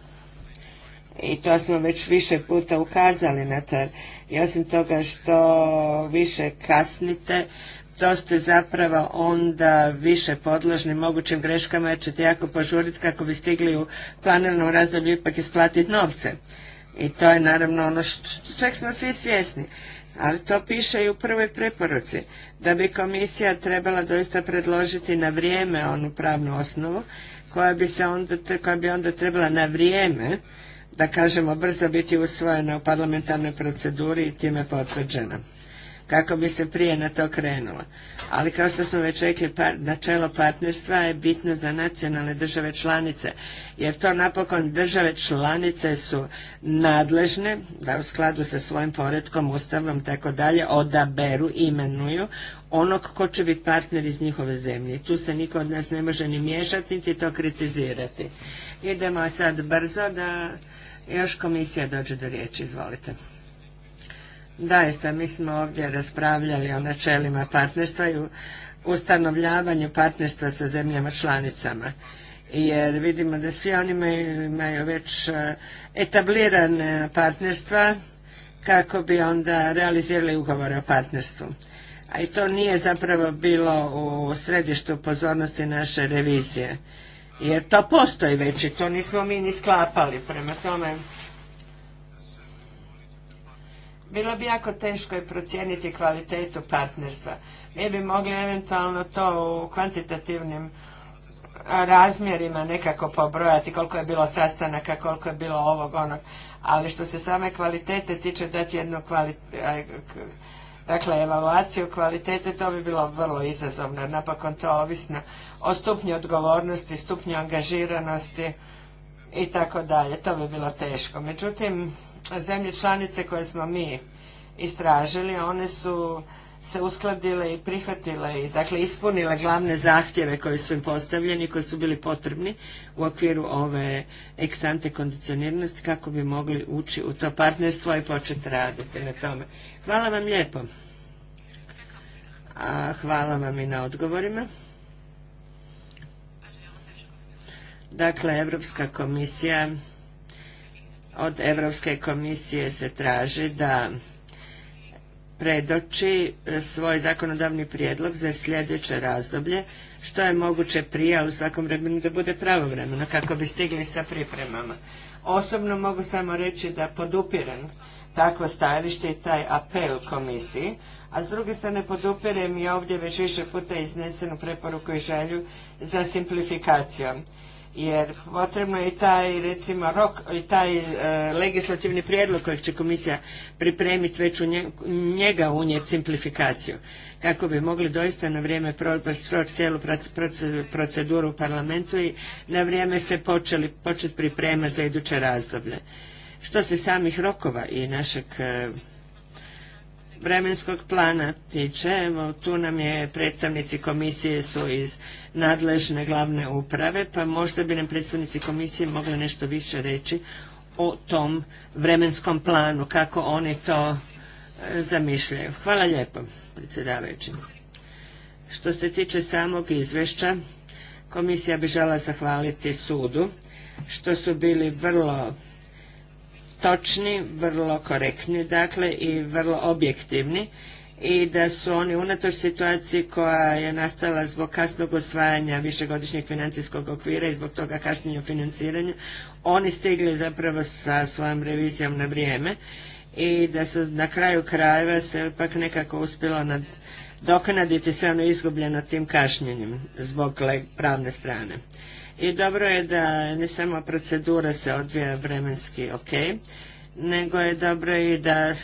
I to smo već više puta ukazali na to. I osim toga što više kasnite, to ste zapravo onda više podložni mogućim greškama jer ćete jako požuriti kako bi stigli u planiranom razdoblju ipak isplatiti novce. I to je naravno ono što čak smo svi svjesni. Ali to piše i u prvoj preporuci, da bi komisija trebala doista predložiti na vrijeme onu pravnu osnovu koja bi, se onda, koja bi onda trebala na vrijeme, da kažemo, brzo biti usvojena u parlamentarnoj proceduri i time potvrđena kako bi se prije na to krenulo. Ali kao što smo već rekli, pa, načelo partnerstva je bitno za nacionalne države članice, jer to napokon države članice su nadležne da u skladu sa svojim poredkom, ustavom tako dalje odaberu, imenuju onog ko će biti partner iz njihove zemlje. Tu se niko od nas ne može ni miješati, niti to kritizirati. Idemo sad brzo da još komisija dođe do riječi. Izvolite. Daista, mi smo ovdje raspravljali o načelima partnerstva i ustanovljavanju partnerstva sa zemljama članicama. Jer vidimo da svi oni imaju već e, etablirane partnerstva kako bi onda realizirali ugovore o partnerstvu. A i to nije zapravo bilo u središtu pozornosti naše revizije. Jer to postoji već i to nismo mi ni sklapali. Prema tome, bilo bi jako teško je procijeniti kvalitetu partnerstva. Mi bi mogli eventualno to u kvantitativnim razmjerima nekako pobrojati koliko je bilo sastanaka, koliko je bilo ovog, onog. Ali što se same kvalitete tiče dati jednu dakle evaluaciju kvalitete, to bi bilo vrlo izazovno. Napakon to ovisno o stupnju odgovornosti, stupnju angažiranosti i tako dalje. To bi bilo teško. Međutim, zemlje članice koje smo mi istražili, one su se uskladile i prihvatile i dakle ispunile glavne zahtjeve koji su im postavljeni, koji su bili potrebni u okviru ove eksante kondicioniranosti kako bi mogli ući u to partnerstvo i početi raditi na tome. Hvala vam lijepo. A hvala vam i na odgovorima. Dakle, Europska komisija od Europske komisije se traži da predoči e, svoj zakonodavni prijedlog za sljedeće razdoblje, što je moguće prije, u svakom vremenu da bude pravovremeno, kako bi stigli sa pripremama. Osobno mogu samo reći da podupirem takvo stajalište i taj apel komisiji, a s druge strane podupirem i ovdje već više puta iznesenu preporuku i želju za simplifikacijom jer potrebno je i taj recimo rok i taj e, legislativni prijedlog kojeg će komisija pripremiti već u njega unijeti simplifikaciju kako bi mogli doista na vrijeme provesti cijelu proceduru u parlamentu i na vrijeme se počeli početi pripremati za iduće razdoblje. Što se samih rokova i našeg e, vremenskog plana tiče, evo tu nam je predstavnici komisije su iz nadležne glavne uprave, pa možda bi nam predstavnici komisije mogli nešto više reći o tom vremenskom planu, kako oni to e, zamišljaju. Hvala lijepo, predsjedavajući. Što se tiče samog izvješća, komisija bi žela zahvaliti sudu, što su bili vrlo točni, vrlo korektni dakle i vrlo objektivni i da su oni unatoč situaciji koja je nastala zbog kasnog osvajanja višegodišnjeg financijskog okvira i zbog toga kašnjenja financiranja, financiranju, oni stigli zapravo sa svojom revizijom na vrijeme i da su na kraju krajeva se ipak nekako uspjelo nadoknaditi dokonaditi sve ono izgubljeno tim kašnjenjem zbog pravne strane i dobro je da ne samo procedura se odvija vremenski ok, nego je dobro i da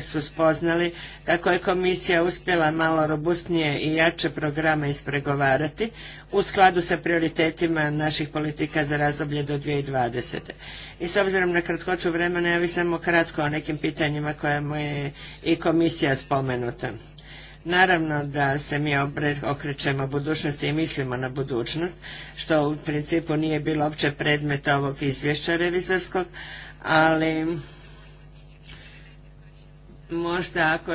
su spoznali kako je komisija uspjela malo robustnije i jače programe ispregovarati u skladu sa prioritetima naših politika za razdoblje do 2020. I s obzirom na kratkoću vremena, ja bih samo kratko o nekim pitanjima koje mu je i komisija spomenuta. Naravno da se mi okrećemo budućnosti i mislimo na budućnost, što u principu nije bilo opće predmet ovog izvješća revizorskog, ali možda ako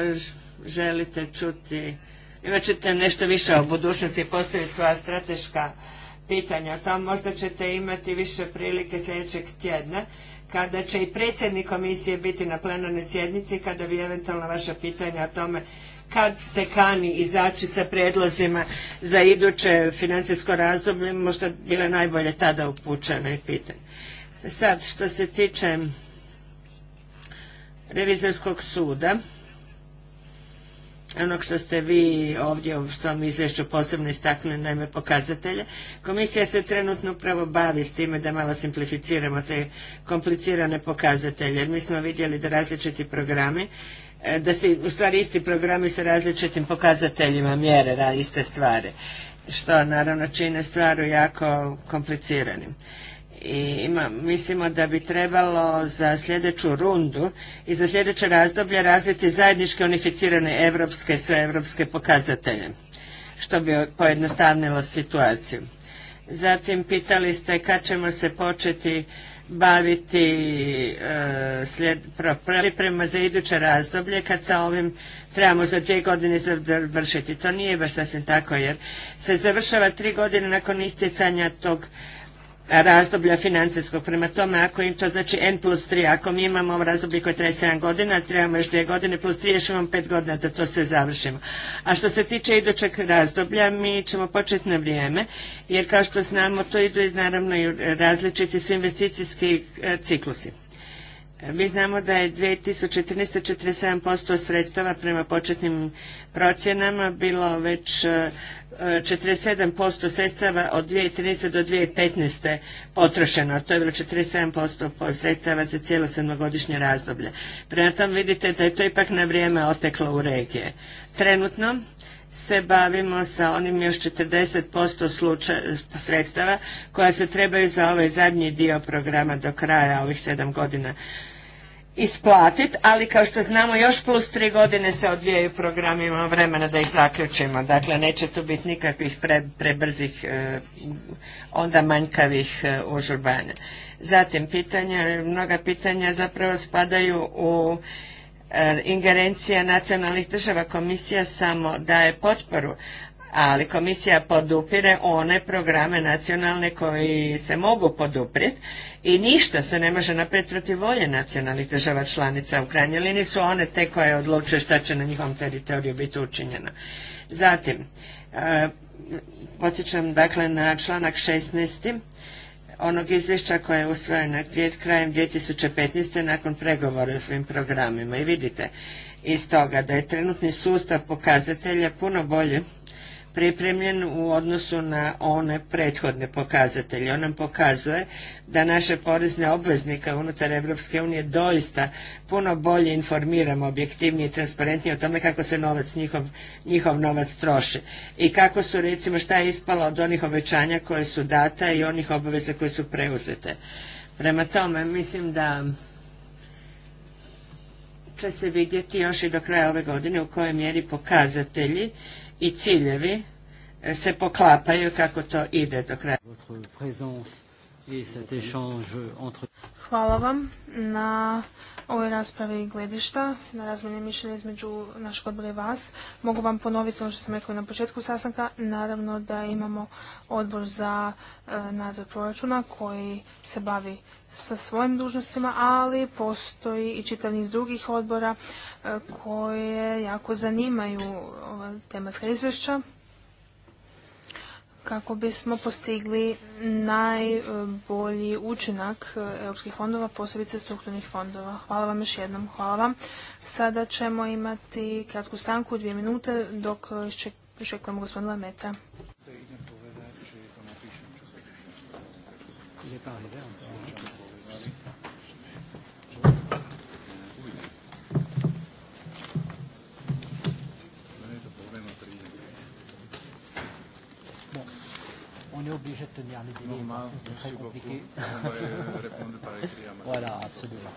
želite čuti, imat ćete nešto više o budućnosti, postoji svoja strateška pitanja o tom, možda ćete imati više prilike sljedećeg tjedna kada će i predsjednik komisije biti na plenarnoj sjednici, kada bi eventualno vaša pitanja o tome kad se kani izaći sa predlozima za iduće financijsko razdoblje, možda bile najbolje tada upućeno i pitanje. Sad, što se tiče revizorskog suda, ono što ste vi ovdje u svom izvješću posebno istaknuli, naime pokazatelje. Komisija se trenutno upravo bavi s time da malo simplificiramo te komplicirane pokazatelje. Mi smo vidjeli da različiti programi da se u stvari isti programi sa različitim pokazateljima mjere na iste stvari, što naravno čine stvaru jako kompliciranim. I ima, mislimo da bi trebalo za sljedeću rundu i za sljedeće razdoblje razviti zajedničke unificirane evropske sve sveevropske pokazatelje, što bi pojednostavnilo situaciju. Zatim pitali ste kad ćemo se početi baviti e, priprema za iduće razdoblje kad sa ovim trebamo za dvije godine završiti. To nije baš sasvim tako jer se završava tri godine nakon istjecanja tog razdoblja financijskog. Prema tome, ako im to znači N plus 3, ako mi imamo ovo razdoblje koje traje 7 godina, trebamo još 2 godine plus 3, još imamo 5 godina da to sve završimo. A što se tiče idućeg razdoblja, mi ćemo početi na vrijeme, jer kao što znamo, to idu naravno i različiti su investicijski e, ciklusi. E, mi znamo da je 2014. 47% sredstava prema početnim procjenama bilo već 47% e, sredstava od 2013. do 2015. potrošeno. To je bilo 47% sredstava za cijelo sedmogodišnje razdoblje. Prema tome vidite da je to ipak na vrijeme oteklo u regije. Trenutno se bavimo sa onim još 40% posto sredstava koja se trebaju za ovaj zadnji dio programa do kraja ovih sedam godina isplatiti, ali kao što znamo još plus tri godine se odvijaju programi, imamo vremena da ih zaključimo. Dakle, neće tu biti nikakvih prebrzih, e, onda manjkavih e, užurbanja. Zatim, pitanja, mnoga pitanja zapravo spadaju u E, ingerencija nacionalnih država. Komisija samo daje potporu, ali komisija podupire one programe nacionalne koji se mogu poduprijeti i ništa se ne može napraviti protiv volje nacionalnih država članica. U krajnjoj liniji su one te koje odlučuju šta će na njihovom teritoriju biti učinjeno. Zatim, e, podsjećam dakle na članak 16 onog izvješća koje je usvojeno krajem 2015. nakon pregovora o svim programima. I vidite iz toga da je trenutni sustav pokazatelja puno bolji pripremljen u odnosu na one prethodne pokazatelje. On nam pokazuje da naše porezne obveznike unutar Europske unije doista puno bolje informiramo objektivnije i transparentnije o tome kako se novac njihov, njihov novac troši i kako su recimo šta je ispalo od onih obećanja koje su data i onih obaveza koje su preuzete. Prema tome mislim da će se vidjeti još i do kraja ove godine u kojoj mjeri pokazatelji i ciljevi e, se poklapaju kako to ide do kraja. Hvala vam na ovoj raspravi gledišta, na razmjene mišljenja između našeg odbora i vas. Mogu vam ponoviti ono što sam rekao na početku sastanka. Naravno da imamo odbor za e, nadzor proračuna koji se bavi sa svojim dužnostima, ali postoji i čitav niz drugih odbora e, koje jako zanimaju ova tematska izvješća kako bismo postigli najbolji učinak e, europskih fondova, posebice strukturnih fondova. Hvala vam još jednom. Hvala vam. Sada ćemo imati kratku stanku, dvije minute, dok čekujemo gospodina Lameta. est obligé de tenir les Voilà, absolument.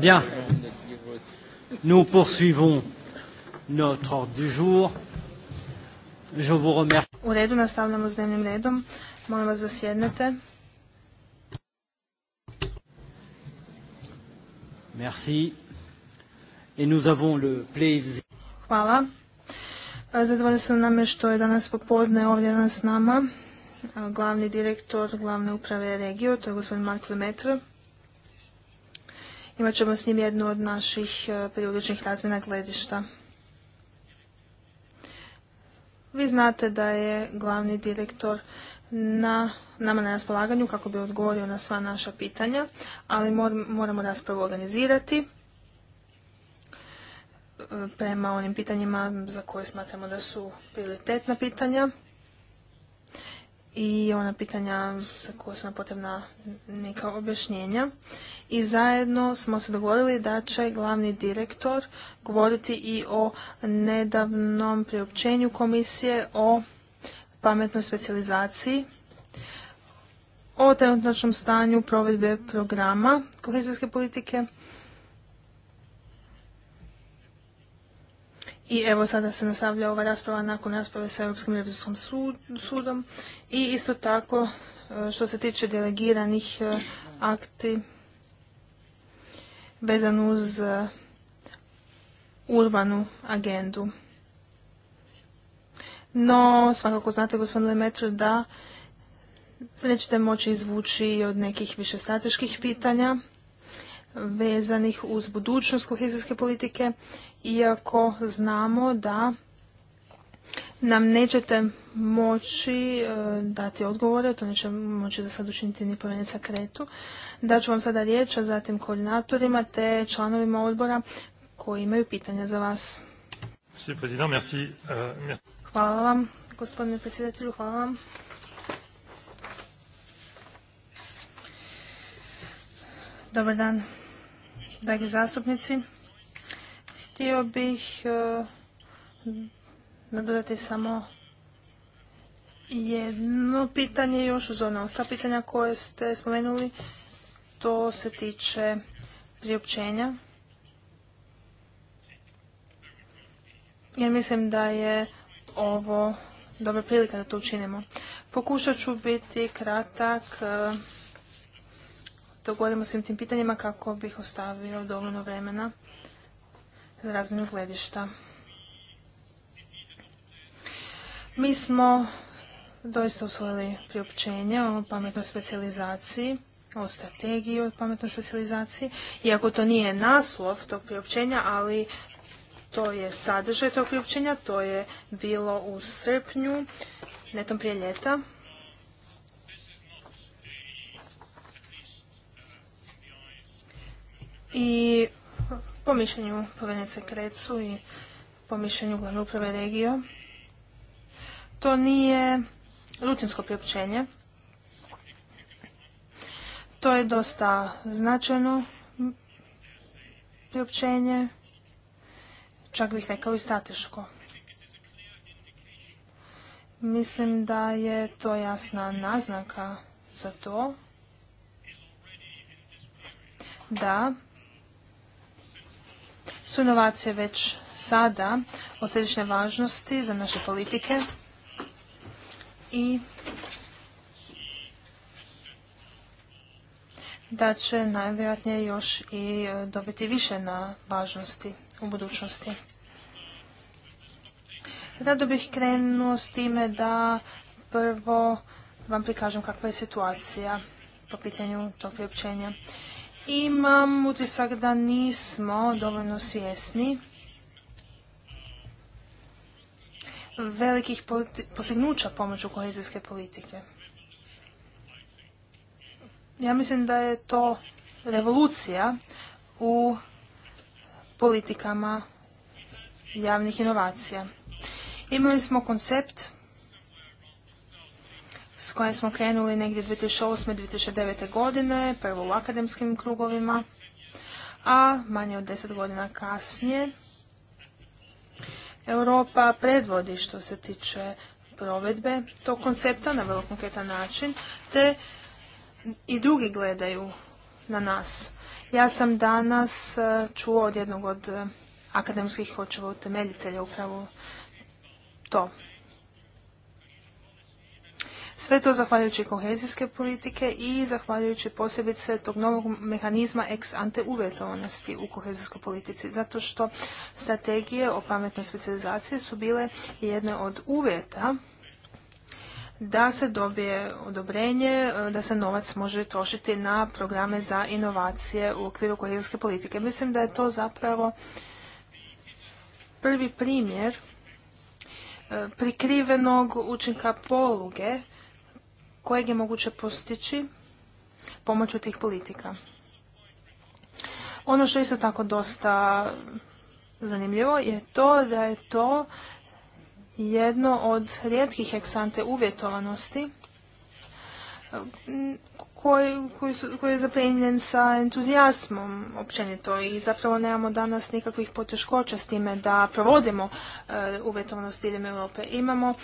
Bien. Nous poursuivons notre ordre du jour. Je vous remercie. U redu nastavljamo s dnevnim redom. Molim vas da sjednete. Merci. Et nous avons le plaisir. Hvala. Zadovoljno sam nam što je danas popodne ovdje danas s nama glavni direktor glavne uprave regio, to je gospodin Marko Lemetre. Imat ćemo s njim jednu od naših e, periodičnih razmjena gledišta. Vi znate da je glavni direktor na nama na raspolaganju kako bi odgovorio na sva naša pitanja, ali moramo raspravu organizirati e, prema onim pitanjima za koje smatramo da su prioritetna pitanja i ona pitanja za koja su nam potrebna neka objašnjenja. I zajedno smo se dogovorili da će glavni direktor govoriti i o nedavnom priopćenju komisije o pametnoj specijalizaciji o trenutnočnom stanju provedbe programa kohezijske politike I evo sada se nastavlja ova rasprava nakon rasprave sa Europskim revizijskom sudom i isto tako e, što se tiče delegiranih e, akti vezan uz e, urbanu agendu. No, svakako znate, gospodine Lemetru, da se nećete moći izvući od nekih više strateških pitanja vezanih uz budućnost kohezijske politike iako znamo da nam nećete moći e, dati odgovore, to neće moći za sad učiniti ni povjerenica kretu. Daću vam sada riječ, a zatim koordinatorima te članovima odbora koji imaju pitanja za vas. Euh, hvala vam, gospodine predsjedatelju, hvala vam. Dobar dan, dragi zastupnici. Htio bih e, nadodati samo jedno pitanje još uz ono. osta pitanja koje ste spomenuli. To se tiče priopćenja. Jer mislim da je ovo dobra prilika da to učinimo. Pokušat ću biti kratak e, da govorim o svim tim pitanjima kako bih ostavio dovoljno vremena za razmjenu gledišta. Mi smo doista usvojili priopćenje o pametnoj specijalizaciji, o strategiji o pametnoj specijalizaciji, iako to nije naslov tog priopćenja, ali to je sadržaj tog priopćenja, to je bilo u srpnju, netom prije ljeta. I po mišljenju povjerenice Krecu i po mišljenju glavne uprave regija. to nije rutinsko priopćenje. To je dosta značajno priopćenje, čak bih rekao i strateško. Mislim da je to jasna naznaka za to da su inovacije već sada od središnje važnosti za naše politike i da će najvjerojatnije još i e, dobiti više na važnosti u budućnosti. Rado bih krenuo s time da prvo vam prikažem kakva je situacija po pitanju tog priopćenja. Imam utisak da nismo dovoljno svjesni velikih postignuća pomoću kohezijske politike. Ja mislim da je to revolucija u politikama javnih inovacija. Imali smo koncept s kojim smo krenuli negdje 2008. 2009. godine, prvo u akademskim krugovima, a manje od deset godina kasnije Europa predvodi što se tiče provedbe tog koncepta na vrlo konkretan način, te i drugi gledaju na nas. Ja sam danas e, čuo od jednog od e, akademskih očeva utemeljitelja upravo to. Sve to zahvaljujući kohezijske politike i zahvaljujući posebice tog novog mehanizma ex ante uvjetovanosti u kohezijskoj politici, zato što strategije o pametnoj specializaciji su bile jedne od uvjeta da se dobije odobrenje, da se novac može trošiti na programe za inovacije u okviru kohezijske politike. Mislim da je to zapravo prvi primjer e, prikrivenog učinka poluge kojeg je moguće postići pomoću tih politika. Ono što je isto tako dosta zanimljivo je to da je to jedno od rijetkih eksante uvjetovanosti koji, je zaprinjen sa entuzijasmom općenito i zapravo nemamo danas nikakvih poteškoća s time da provodimo e, uvjetovanost diljem Europe. Imamo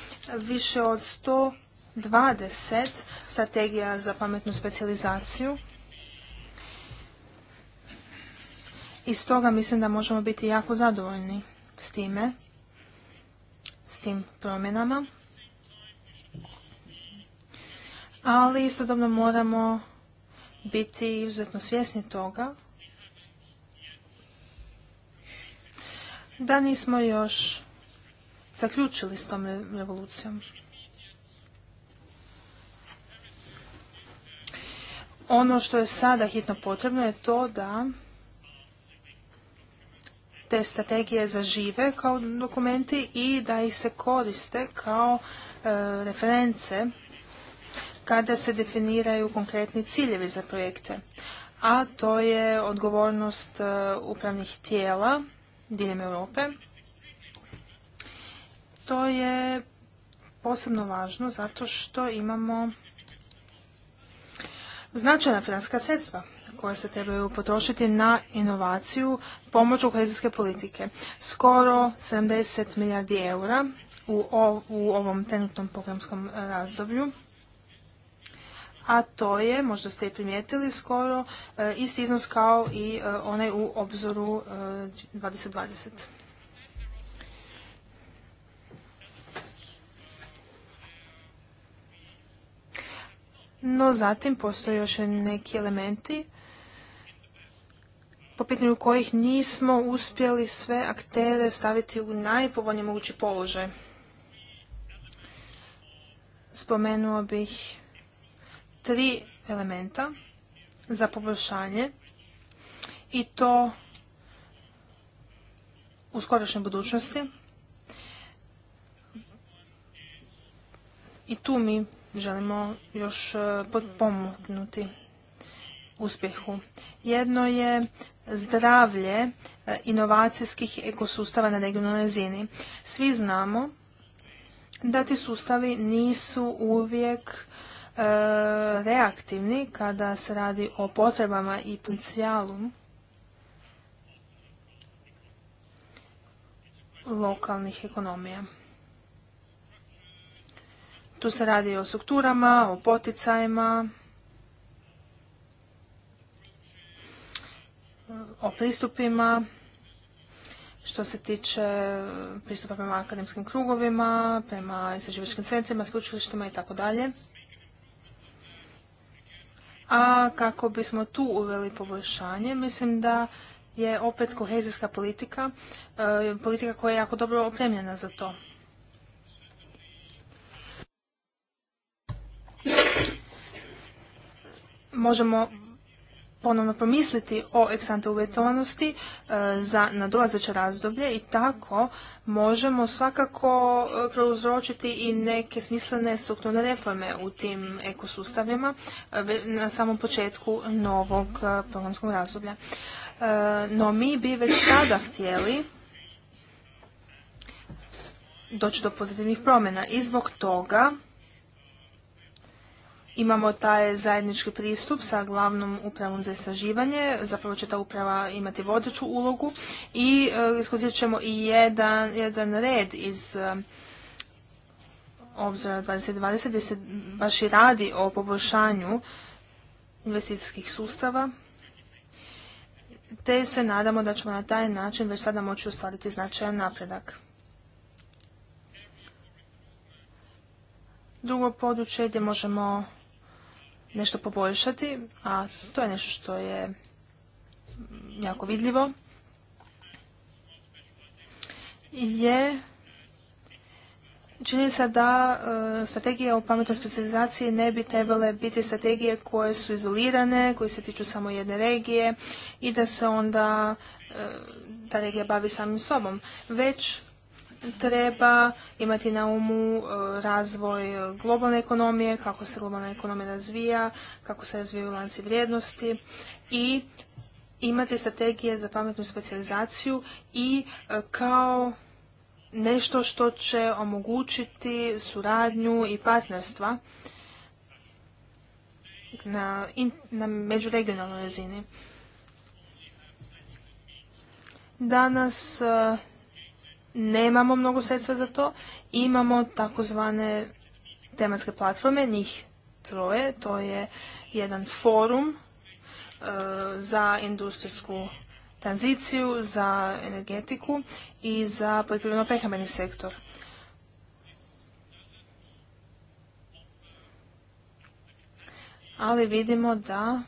više od 100 20 strategija za pametnu specijalizaciju. I stoga mislim da možemo biti jako zadovoljni s time, s tim promjenama. Ali istodobno moramo biti izuzetno svjesni toga da nismo još zaključili s tom revolucijom. Ono što je sada hitno potrebno je to da te strategije zažive kao dokumenti i da ih se koriste kao e, reference kada se definiraju konkretni ciljevi za projekte. A to je odgovornost e, upravnih tijela diljem Europe. To je posebno važno zato što imamo značajna financijska sredstva koja se trebaju potrošiti na inovaciju pomoću kohezijske politike. Skoro 70 milijardi eura u, u ovom trenutnom programskom razdoblju a to je, možda ste i primijetili skoro, e, isti iznos kao i e, onaj u obzoru 2020. E, No zatim postoje još neki elementi po pitanju kojih nismo uspjeli sve aktere staviti u najpovoljniji mogući položaj. Spomenuo bih tri elementa za poboljšanje i to u skorošnjoj budućnosti. I tu mi želimo još e, potpomognuti uspjehu. Jedno je zdravlje e, inovacijskih ekosustava na regionalnoj razini. Svi znamo da ti sustavi nisu uvijek e, reaktivni kada se radi o potrebama i potencijalu lokalnih ekonomija. Tu se radi o strukturama, o poticajima, o pristupima, što se tiče pristupa prema akademskim krugovima, prema istraživačkim centrima, sveučilištima i tako dalje. A kako bismo tu uveli poboljšanje, mislim da je opet kohezijska politika, e, politika koja je jako dobro opremljena za to. možemo ponovno pomisliti o eksante uvjetovanosti e, za nadolazeće razdoblje i tako možemo svakako e, prouzročiti i neke smislene strukturne reforme u tim ekosustavima e, na samom početku novog programskog razdoblja. No mi bi već sada htjeli doći do pozitivnih promjena i zbog toga imamo taj zajednički pristup sa glavnom upravom za istraživanje. Zapravo će ta uprava imati vodeću ulogu i e, ćemo i jedan, red iz obzira e, obzora 2020 gdje se baš i radi o poboljšanju investicijskih sustava te se nadamo da ćemo na taj način već sada moći ostvariti značajan napredak. Drugo područje gdje možemo nešto poboljšati, a to je nešto što je jako vidljivo, je činjenica da e, strategije o pametnoj specializaciji ne bi trebale biti strategije koje su izolirane, koje se tiču samo jedne regije i da se onda e, ta regija bavi samim sobom, već treba imati na umu e, razvoj globalne ekonomije, kako se globalna ekonomija razvija, kako se razvijaju lanci vrijednosti i imati strategije za pametnu specijalizaciju i e, kao nešto što će omogućiti suradnju i partnerstva na, in, na međuregionalnoj razini. Danas e, nemamo mnogo sredstva za to. Imamo takozvane tematske platforme, njih troje, to je jedan forum e, za industrijsku tranziciju, za energetiku i za poljoprivredno prehrambeni sektor. Ali vidimo da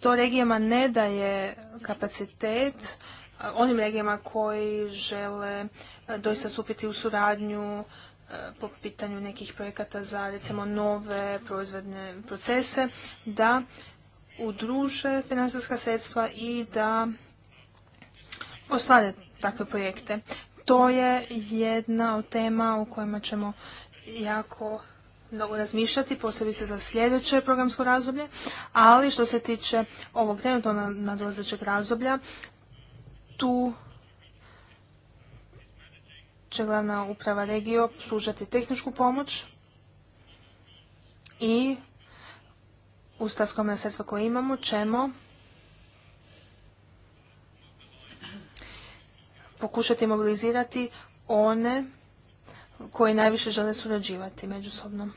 to regijama ne daje kapacitet onim regijama koji žele e, doista stupiti u suradnju e, po pitanju nekih projekata za recimo nove proizvodne procese, da udruže financijska sredstva i da ostvare takve projekte. To je jedna od tema u kojima ćemo jako mnogo razmišljati, posebice za sljedeće programsko razdoblje, ali što se tiče ovog trenutno nadolazećeg razdoblja, tu će glavna uprava regio pružati tehničku pomoć i ustavskom na koje imamo ćemo pokušati mobilizirati one koji najviše žele surađivati međusobno.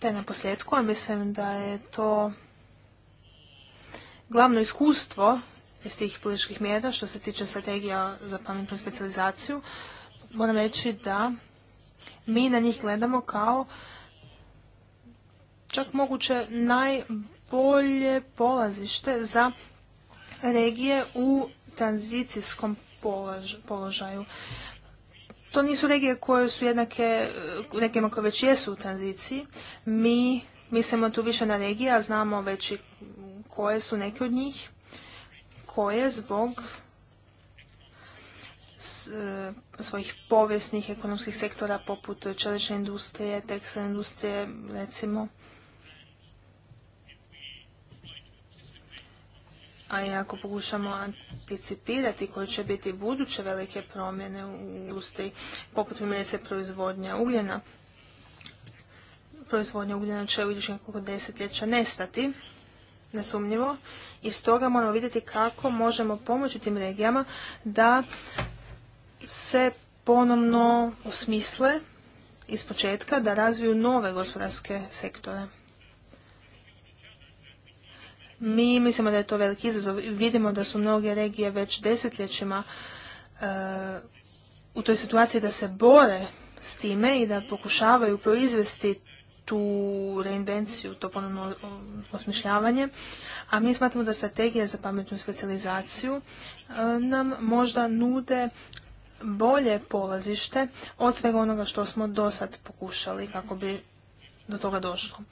Te na posljedku, a mislim da je to glavno iskustvo iz tih političkih mjera što se tiče strategija za pametnu specializaciju, moram reći da mi na njih gledamo kao čak moguće najbolje polazište za regije u tranzicijskom položaju to nisu regije koje su jednake regijama koje već jesu u tranziciji. Mi mislimo tu više na regije, a znamo već koje su neke od njih, koje zbog e, svojih povijesnih ekonomskih sektora poput čelične industrije, tekstilne industrije, recimo, A i ako pokušamo anticipirati koje će biti buduće velike promjene u industriji, poput primjerice proizvodnja ugljena, proizvodnja ugljena će u idućih nekoliko desetljeća nestati, nesumnjivo, i stoga moramo vidjeti kako možemo pomoći tim regijama da se ponovno osmisle iz početka da razviju nove gospodarske sektore. Mi mislimo da je to veliki izazov. Vidimo da su mnoge regije već desetljećima e, u toj situaciji da se bore s time i da pokušavaju proizvesti tu reinvenciju, to ponovno osmišljavanje, a mi smatramo da strategija za pametnu specializaciju e, nam možda nude bolje polazište od svega onoga što smo do sad pokušali kako bi do toga došlo.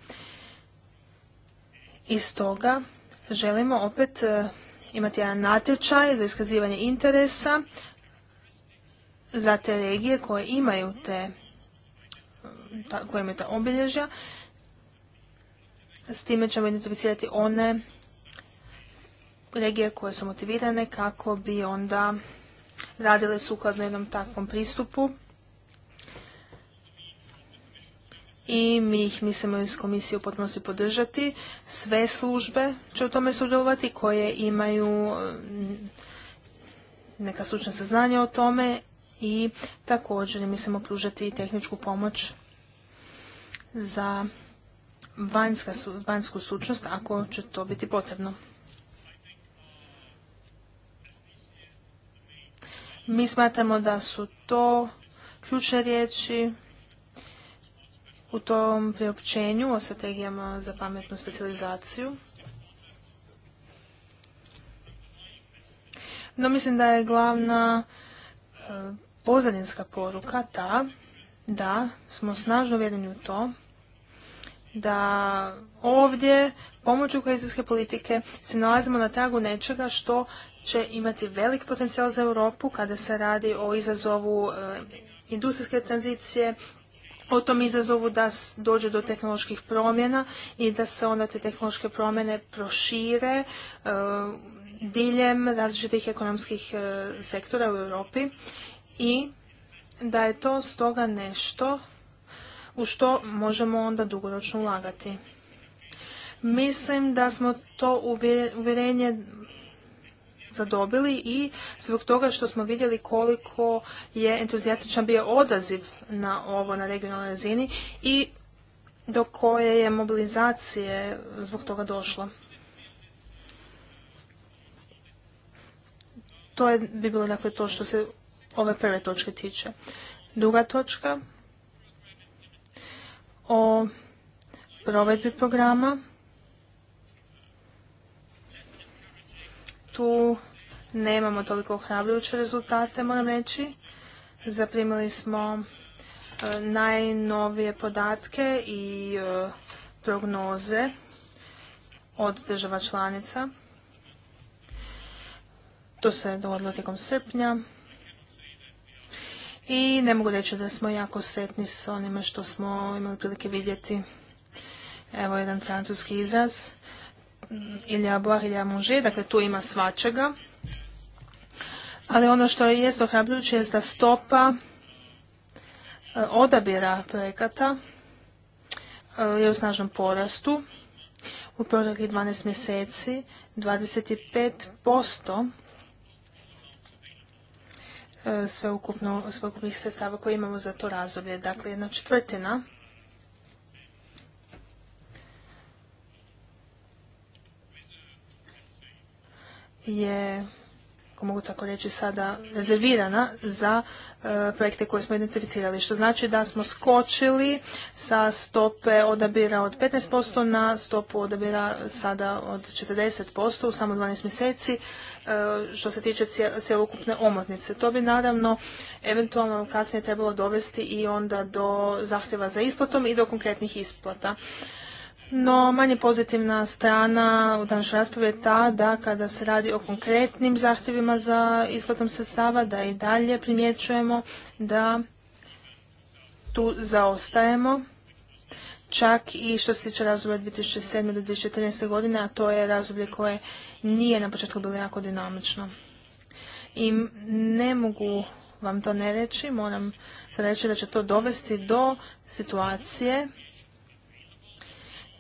I stoga želimo opet e, imati jedan natječaj za iskazivanje interesa za te regije koje imaju te, koje imaju ta obilježja. S time ćemo identificirati one regije koje su motivirane kako bi onda radile sukladno jednom takvom pristupu i mi ih mislimo iz komisije u potpunosti podržati. Sve službe će u tome sudjelovati koje imaju mm, neka stručna saznanja o tome i također mislimo pružati tehničku pomoć za vanjsku stručnost ako će to biti potrebno. Mi smatramo da su to ključne riječi u tom priopćenju o strategijama za pametnu specializaciju No mislim da je glavna e, pozadinska poruka ta da smo snažno uvjereni u to da ovdje pomoću kohezijske politike se nalazimo na tragu nečega što će imati velik potencijal za Europu kada se radi o izazovu e, industrijske tranzicije, o tom izazovu da dođe do tehnoloških promjena i da se onda te tehnološke promjene prošire e, diljem različitih ekonomskih e, sektora u Europi i da je to stoga nešto u što možemo onda dugoročno ulagati. Mislim da smo to uvjerenje zadobili i zbog toga što smo vidjeli koliko je entuzijastičan bio odaziv na ovo na regionalnoj razini i do koje je mobilizacije zbog toga došlo. To je, bi bilo dakle to što se ove prve točke tiče. Druga točka o provedbi programa tu nemamo toliko ohrabljujuće rezultate, moram reći. Zaprimili smo e, najnovije podatke i e, prognoze od država članica. To se je dogodilo tijekom srpnja. I ne mogu reći da smo jako sretni s onime što smo imali prilike vidjeti. Evo jedan francuski izraz ili Boar, ili dakle tu ima svačega. Ali ono što je jest ohrabrujuće je da stopa e, odabira projekata e, je u snažnom porastu. U proteklih 12 mjeseci 25% e, sveukupno, sveukupnih sredstava koje imamo za to razdoblje. Dakle, jedna četvrtina je ako mogu tako reći sada, rezervirana za e, projekte koje smo identificirali. Što znači da smo skočili sa stope odabira od 15% na stopu odabira sada od 40% u samo 12 mjeseci e, što se tiče cjelokupne omotnice. To bi naravno eventualno kasnije trebalo dovesti i onda do zahtjeva za isplatom i do konkretnih isplata. No, manje pozitivna strana u današnjoj raspravi je ta da kada se radi o konkretnim zahtjevima za isplatom sredstava, da i dalje primjećujemo da tu zaostajemo. Čak i što se tiče razdoblja 2007. do 2014. godine, a to je razdoblje koje nije na početku bilo jako dinamično. I ne mogu vam to ne reći, moram reći da će to dovesti do situacije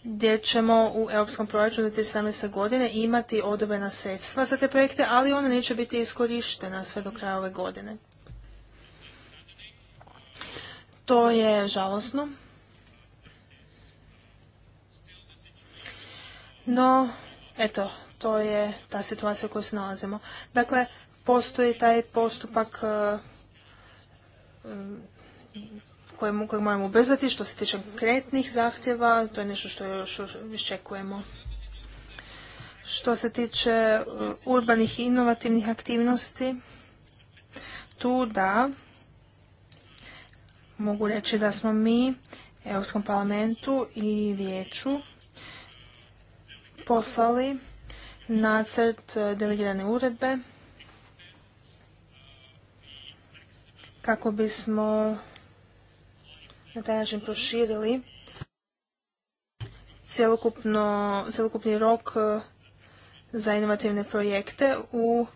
gdje ćemo u Europskom proračunu 2017. godine imati odobrena sredstva za te projekte, ali ona neće biti iskorištena sve do kraja ove godine. To je žalosno. No, eto, to je ta situacija u kojoj se nalazimo. Dakle, postoji taj postupak eh, kojeg moramo ubrzati što se tiče konkretnih zahtjeva. To je nešto što još iščekujemo. Što se tiče uh, urbanih i inovativnih aktivnosti, tu da mogu reći da smo mi Europskom parlamentu i vijeću poslali nacrt uh, delegirane uredbe kako bismo na taj način proširili cjelokupni rok e, za inovativne projekte u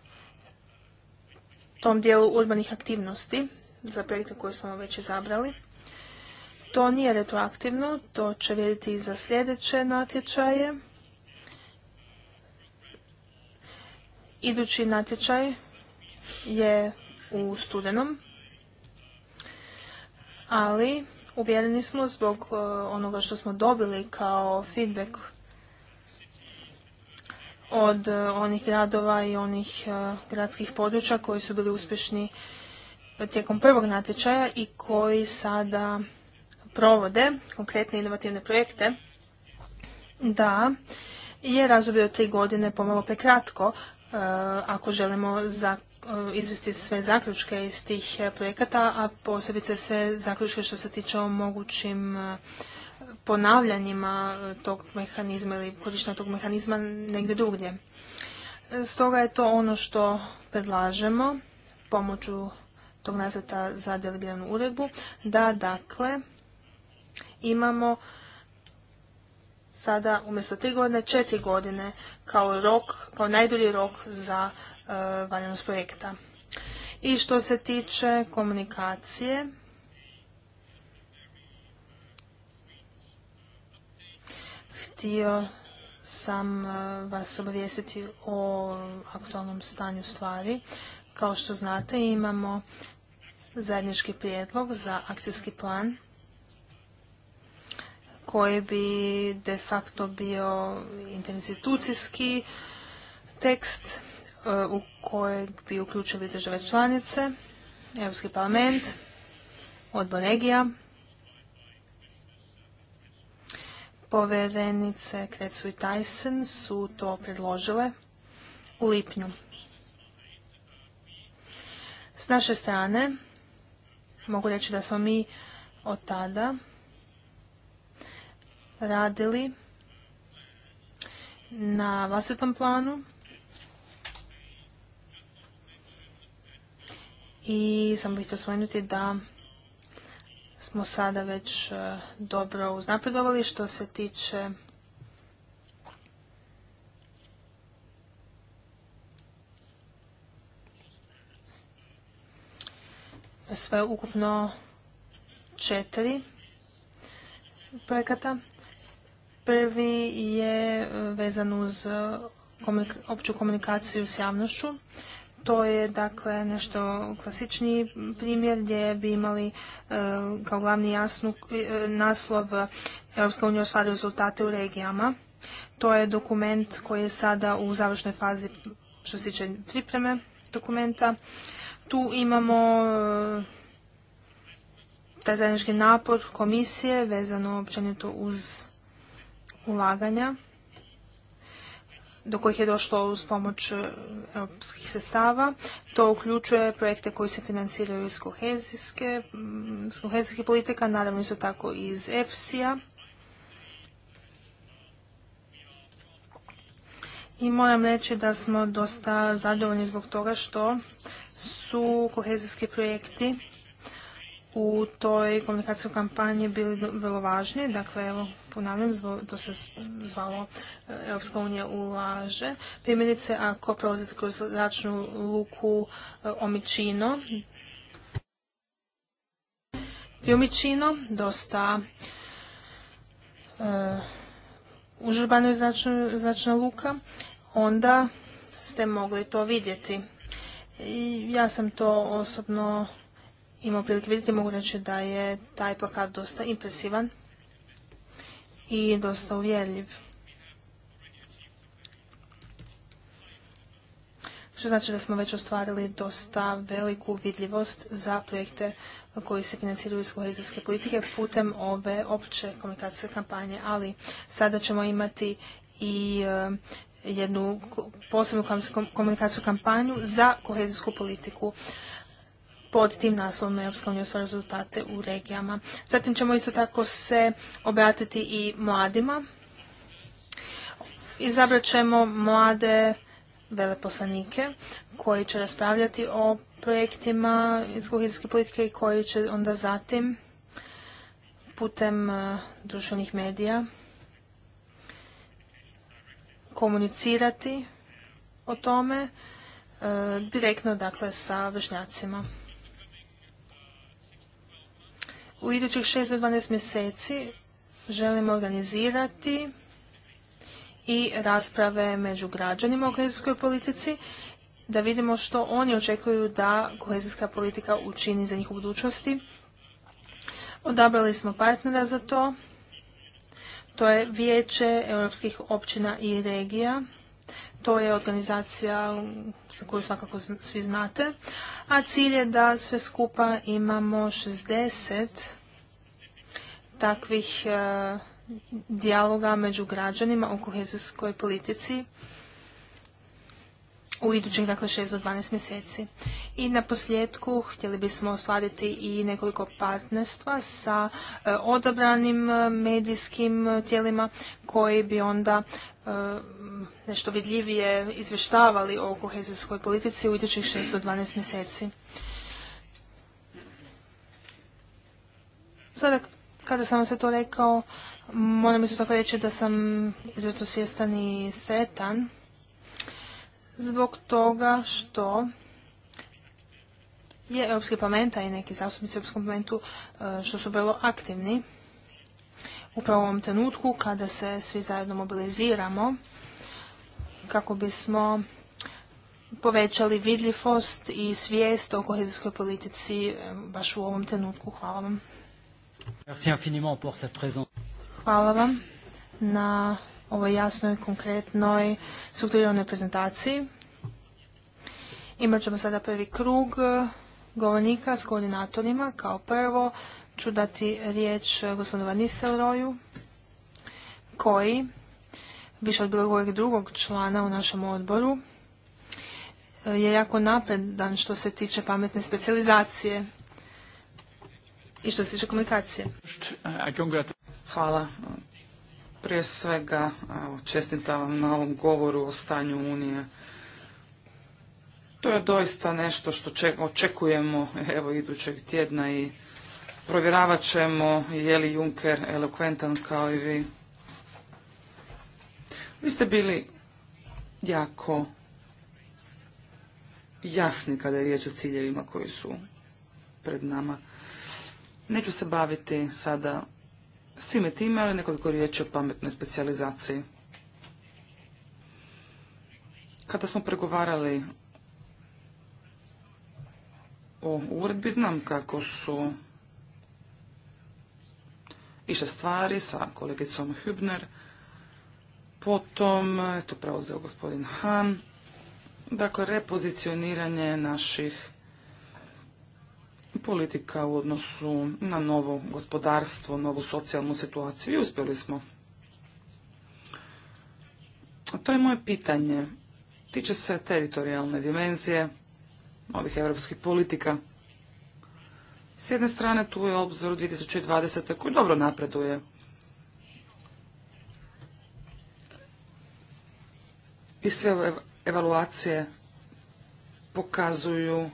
tom dijelu urbanih aktivnosti za projekte koje smo već izabrali. To nije retroaktivno, to će vidjeti i za sljedeće natječaje. Idući natječaj je u studenom, ali Uvjereni smo zbog e, onoga što smo dobili kao feedback od e, onih gradova i onih e, gradskih područja koji su bili uspješni tijekom prvog natječaja i koji sada provode konkretne inovativne projekte, da je razdoblje od tri godine pomalo prekratko ako želimo za E, izvesti sve zaključke iz tih e, projekata, a posebice sve zaključke što se tiče o mogućim e, ponavljanjima tog mehanizma ili korištenja tog mehanizma negdje drugdje. Stoga je to ono što predlažemo pomoću tog nazvata za delegiranu uredbu, da dakle imamo sada umjesto tri godine, četiri godine kao rok, kao najdulji rok za E, valjanost projekta. I što se tiče komunikacije, htio sam e, vas obavijestiti o aktualnom stanju stvari. Kao što znate, imamo zajednički prijedlog za akcijski plan koji bi de facto bio interinstitucijski tekst u kojeg bi uključili države članice, Europski parlament, odbor regija, Poverenice Krecu i Tyson su to predložile u lipnju. S naše strane mogu reći da smo mi od tada radili na vlastitom planu i sam bih htio spomenuti da smo sada već e, dobro uznapredovali što se tiče sve ukupno četiri projekata. Prvi je e, vezan uz e, opću komunikaciju s javnošću. To je dakle nešto klasičniji primjer gdje bi imali e, kao glavni jasnu, e, naslov e, Europska unija ostvaruje rezultate u regijama. To je dokument koji je sada u završnoj fazi što se tiče pripreme dokumenta. Tu imamo taj zajednički napor komisije vezano općenito uz ulaganja do kojih je došlo uz pomoć e, europskih sredstava. To uključuje projekte koji se financiraju iz kohezijske, politika, naravno isto tako i iz EFSI-a. I moram reći da smo dosta zadovoljni zbog toga što su kohezijski projekti u toj komunikacijskoj kampanji bili vrlo važni. Dakle, evo, ponavljam, to se zvalo e, Europska unija ulaže. Primjerice, ako prolazite kroz zračnu luku e, Omičino, omičino dosta e, je značna luka, onda ste mogli to vidjeti. I ja sam to osobno imao prilike vidjeti, mogu reći da je taj plakat dosta impresivan i dosta uvjerljiv. Što znači da smo već ostvarili dosta veliku vidljivost za projekte koji se financiraju iz kohezijske politike putem ove opće komunikacijske kampanje, ali sada ćemo imati i e, jednu posebnu komunikacijsku kampanju za kohezijsku politiku pod tim naslovom Europska unija rezultate u regijama. Zatim ćemo isto tako se obratiti i mladima. Izabrat ćemo mlade veleposlanike koji će raspravljati o projektima iz kohezijske politike i koji će onda zatim putem e, društvenih medija komunicirati o tome e, direktno dakle sa vršnjacima. U idućih 6 do 12 mjeseci želimo organizirati i rasprave među građanima o kohezijskoj politici da vidimo što oni očekuju da kohezijska politika učini za njih u budućnosti. Odabrali smo partnera za to. To je Vijeće europskih općina i regija to je organizacija za koju svakako svi znate, a cilj je da sve skupa imamo 60 takvih e, dijaloga među građanima o kohezijskoj politici u idućih dakle 6 do 12 mjeseci. I na posljedku htjeli bismo osladiti i nekoliko partnerstva sa e, odabranim e, medijskim tijelima koji bi onda nešto vidljivije izvještavali o kohezijskoj politici u idućih 612 do mjeseci. Sada kada sam vam sve to rekao, moram isto tako reći da sam izvrto svjestan i sretan zbog toga što je Europski parlament, a i neki zastupnici u Europskom parlamentu e, što su vrlo aktivni upravo u ovom trenutku kada se svi zajedno mobiliziramo kako bismo povećali vidljivost i svijest o kohezijskoj politici baš u ovom trenutku. Hvala vam. Hvala vam na ovoj jasnoj, konkretnoj, strukturiranoj prezentaciji. Imat ćemo sada prvi krug govornika s koordinatorima. Kao prvo ću dati riječ gospodinu Van koji više od bilo kojeg drugog člana u našem odboru e, je jako napredan što se tiče pametne specijalizacije i što se tiče komunikacije. Hvala. Prije svega čestitam vam na ovom govoru o stanju Unije. To je doista nešto što očekujemo evo idućeg tjedna i provjeravat ćemo je li Juncker elokventan kao i vi. Vi ste bili jako jasni kada je riječ o ciljevima koji su pred nama. Neću se baviti sada svime time, ali nekoliko riječi o pametnoj specijalizaciji. Kada smo pregovarali o uredbi, znam kako su išle stvari sa kolegicom Hübner, Potom, eto preuzeo gospodin Han, dakle repozicioniranje naših politika u odnosu na novo gospodarstvo, novu socijalnu situaciju i uspjeli smo. To je moje pitanje. Tiče se teritorijalne dimenzije, ovih evropskih politika. S jedne strane tu je obzor 2020. koji dobro napreduje. i sve ove evaluacije pokazuju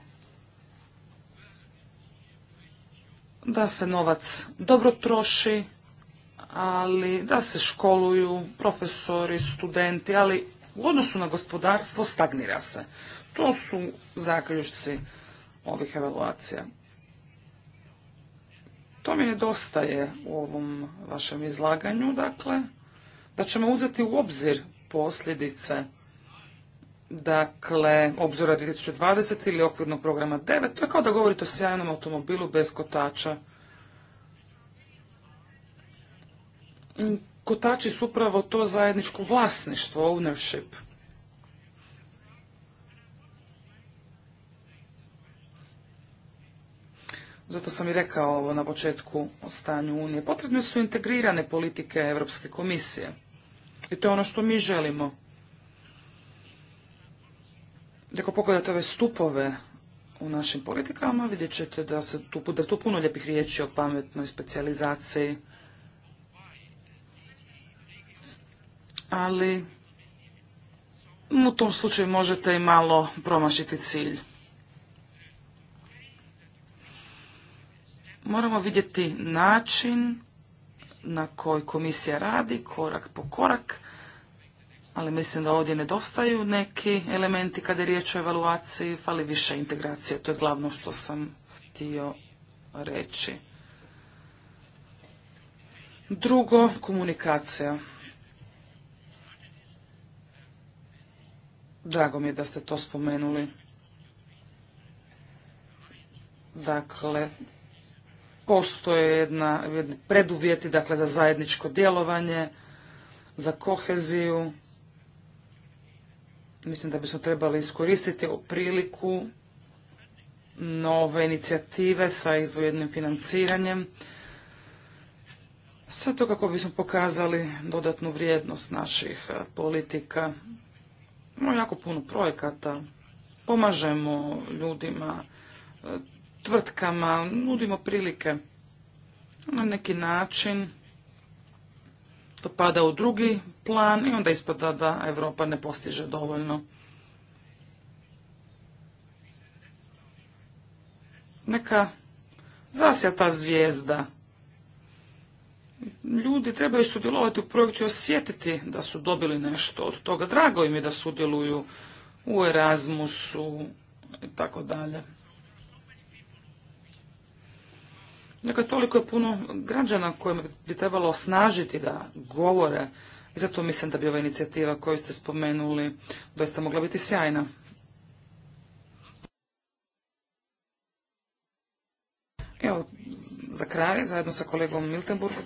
da se novac dobro troši, ali da se školuju profesori, studenti, ali u odnosu na gospodarstvo stagnira se. To su zaključci ovih evaluacija. To mi nedostaje u ovom vašem izlaganju, dakle, da ćemo uzeti u obzir posljedice dakle, obzora 2020 ili okvirnog programa 9, to je kao da govorite o sjajnom automobilu bez kotača. Kotači su upravo to zajedničko vlasništvo, ownership. Zato sam i rekao ovo na početku o stanju Unije. Potrebne su integrirane politike Europske komisije. I to je ono što mi želimo. Ako pogledate ove stupove u našim politikama, vidjet ćete da se tu, da tu puno lijepih riječi o pametnoj specijalizaciji. Ali u tom slučaju možete i malo promašiti cilj. Moramo vidjeti način na koji komisija radi, korak po korak, ali mislim da ovdje nedostaju neki elementi kada je riječ o evaluaciji, fali više integracije. To je glavno što sam htio reći. Drugo, komunikacija. Drago mi je da ste to spomenuli. Dakle, postoje jedna, preduvjeti dakle, za zajedničko djelovanje, za koheziju, Mislim da bismo trebali iskoristiti u priliku nove inicijative sa izvojednim financiranjem. Sve to kako bismo pokazali dodatnu vrijednost naših e, politika. Imamo jako puno projekata. Pomažemo ljudima, e, tvrtkama, nudimo prilike. Na neki način što pada u drugi plan i onda ispada da Europa ne postiže dovoljno. Neka ta zvijezda. Ljudi trebaju sudjelovati u projektu i osjetiti da su dobili nešto od toga. Drago im je da sudjeluju u Erasmusu i tako dalje. Dakle, toliko je puno građana kojima bi trebalo osnažiti da govore i zato mislim da bi ova inicijativa koju ste spomenuli doista mogla biti sjajna. Evo, za kraj, zajedno sa kolegom Miltenburgom,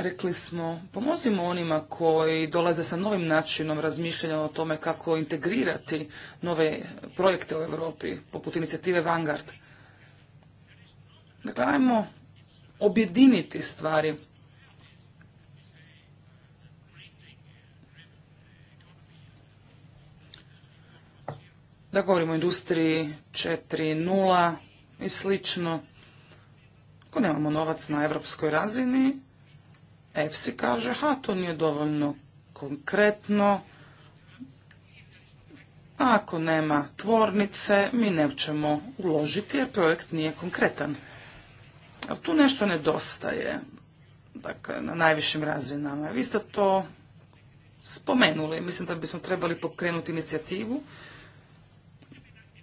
Rekli smo, pomozimo onima koji dolaze sa novim načinom razmišljanja o tome kako integrirati nove projekte u Europi, poput inicijative Vanguard. Dakle, ajmo objediniti stvari. Da govorimo o industriji 4.0 i slično. Ako nemamo novac na evropskoj razini, EFSI kaže, ha, to nije dovoljno konkretno, a ako nema tvornice, mi nećemo uložiti jer projekt nije konkretan. Ali tu nešto nedostaje, dakle, na najvišim razinama. Vi ste to spomenuli. Mislim da bismo trebali pokrenuti inicijativu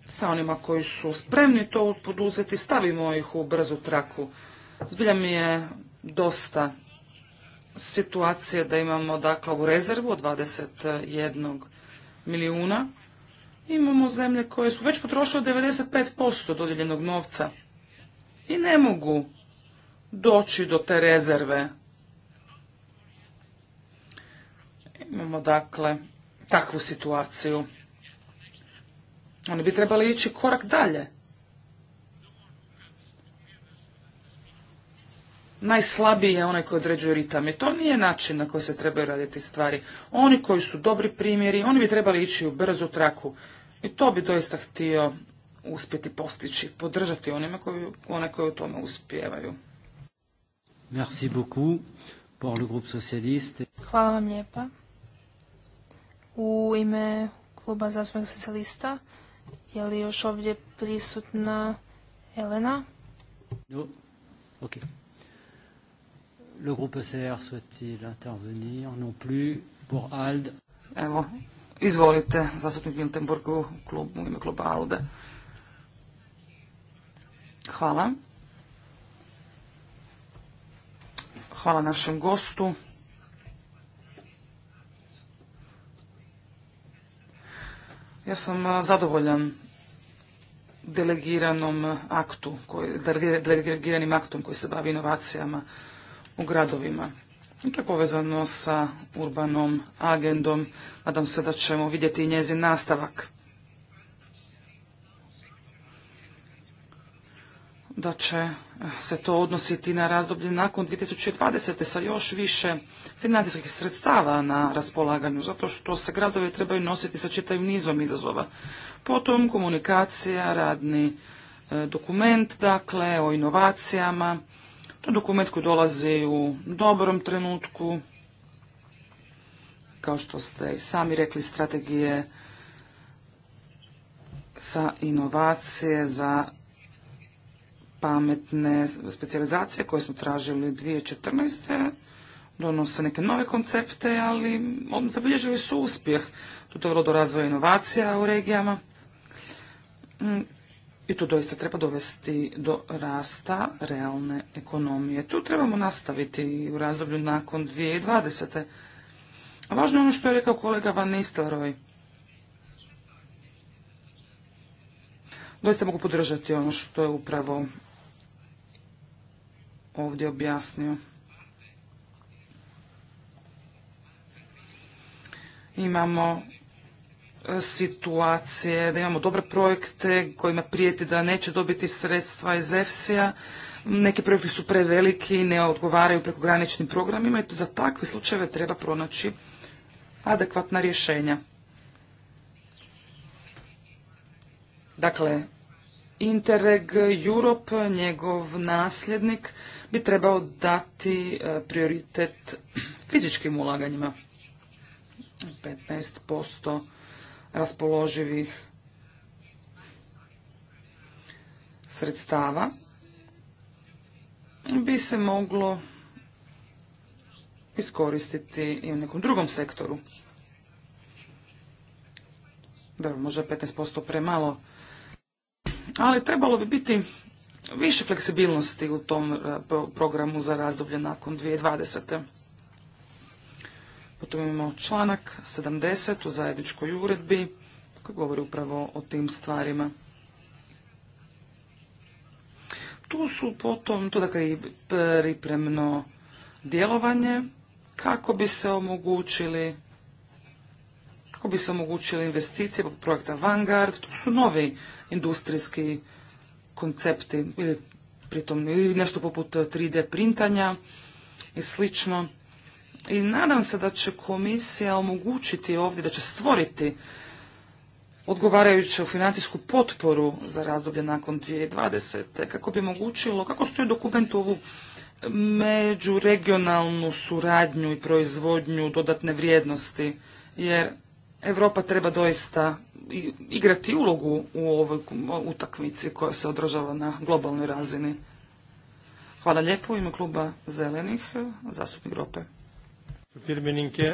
sa onima koji su spremni to poduzeti. Stavimo ih u brzu traku. Zbilja mi je dosta situacije da imamo dakle ovu rezervu od 21 milijuna. Imamo zemlje koje su već potrošile 95% dodijeljenog novca i ne mogu doći do te rezerve. Imamo dakle takvu situaciju. Oni bi trebali ići korak dalje. najslabiji je onaj koji određuje ritam i to nije način na koji se trebaju raditi stvari. Oni koji su dobri primjeri, oni bi trebali ići u brzu traku i to bi doista htio uspjeti postići, podržati onima koji, one koji u tome uspijevaju. Merci beaucoup pour le groupe socialiste. Hvala vam lijepa. U ime kluba zastupnika socijalista, je li još ovdje prisutna Elena? No. Okay. Le groupe ECR souhaite-t-il intervenir Non plus. Pour ALDE. Evo, izvolite, zastupnik Miltenburg u, klub, u ime kluba ALDE. Hvala. Hvala našem gostu. Ja sam zadovoljan delegiranom aktu, delegiranim aktom koji se bavi inovacijama u gradovima. To je povezano sa urbanom agendom. Nadam se da ćemo vidjeti njezin nastavak. Da će se to odnositi na razdoblje nakon 2020. sa još više financijskih sredstava na raspolaganju, zato što se gradovi trebaju nositi sa čitavim nizom izazova. Potom komunikacija, radni e, dokument, dakle, o inovacijama, to dokument koji dolazi u dobrom trenutku. Kao što ste i sami rekli, strategije sa inovacije za pametne specijalizacije koje smo tražili 2014. Donose neke nove koncepte, ali zabilježili su uspjeh. Tu je vrlo do razvoja inovacija u regijama. Mm, i tu doista treba dovesti do rasta realne ekonomije. Tu trebamo nastaviti u razdoblju nakon 2020. A važno je ono što je rekao kolega Van Nistelrooy. Doista mogu podržati ono što je upravo ovdje objasnio. Imamo situacije, da imamo dobre projekte kojima prijeti da neće dobiti sredstva iz EFSI-a. Neki projekti su preveliki, ne odgovaraju prekograničnim programima i za takve slučajeve treba pronaći adekvatna rješenja. Dakle, Interreg Europe, njegov nasljednik, bi trebao dati e, prioritet fizičkim ulaganjima. 15% raspoloživih sredstava bi se moglo iskoristiti i u nekom drugom sektoru. Dobro, možda 15% premalo, ali trebalo bi biti više fleksibilnosti u tom eh, programu za razdoblje nakon 2020. Potom imamo članak 70 u zajedničkoj uredbi koji govori upravo o tim stvarima. Tu su potom, tu dakle i pripremno djelovanje kako bi se omogućili kako bi se omogućili investicije poput projekta Vanguard, to su novi industrijski koncepti ili pritom ili nešto poput 3D printanja i slično. I nadam se da će komisija omogućiti ovdje, da će stvoriti odgovarajuću financijsku potporu za razdoblje nakon 2020. kako bi omogućilo, kako stoji dokument ovu međuregionalnu suradnju i proizvodnju dodatne vrijednosti, jer Europa treba doista igrati ulogu u ovoj utakmici koja se održava na globalnoj razini. Hvala lijepo u ime kluba Zelenih, zastupnik grope. Pirmininkė,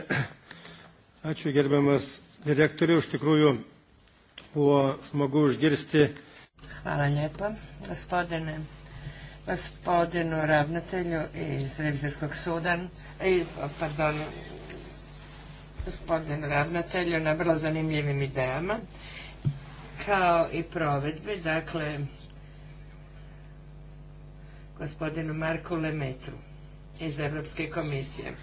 ačiū gerbiamas direktoriu, iš tikrųjų buvo smagu užgirsti. Hvala lijepo, gospodine, gospodinu ravnatelju iz Revizijskog suda, e, pardon, gospodinu ravnatelju na vrlo zanimljivim idejama, kao i provedbi, dakle, gospodinu Marku Lemetru iz Europske komisije.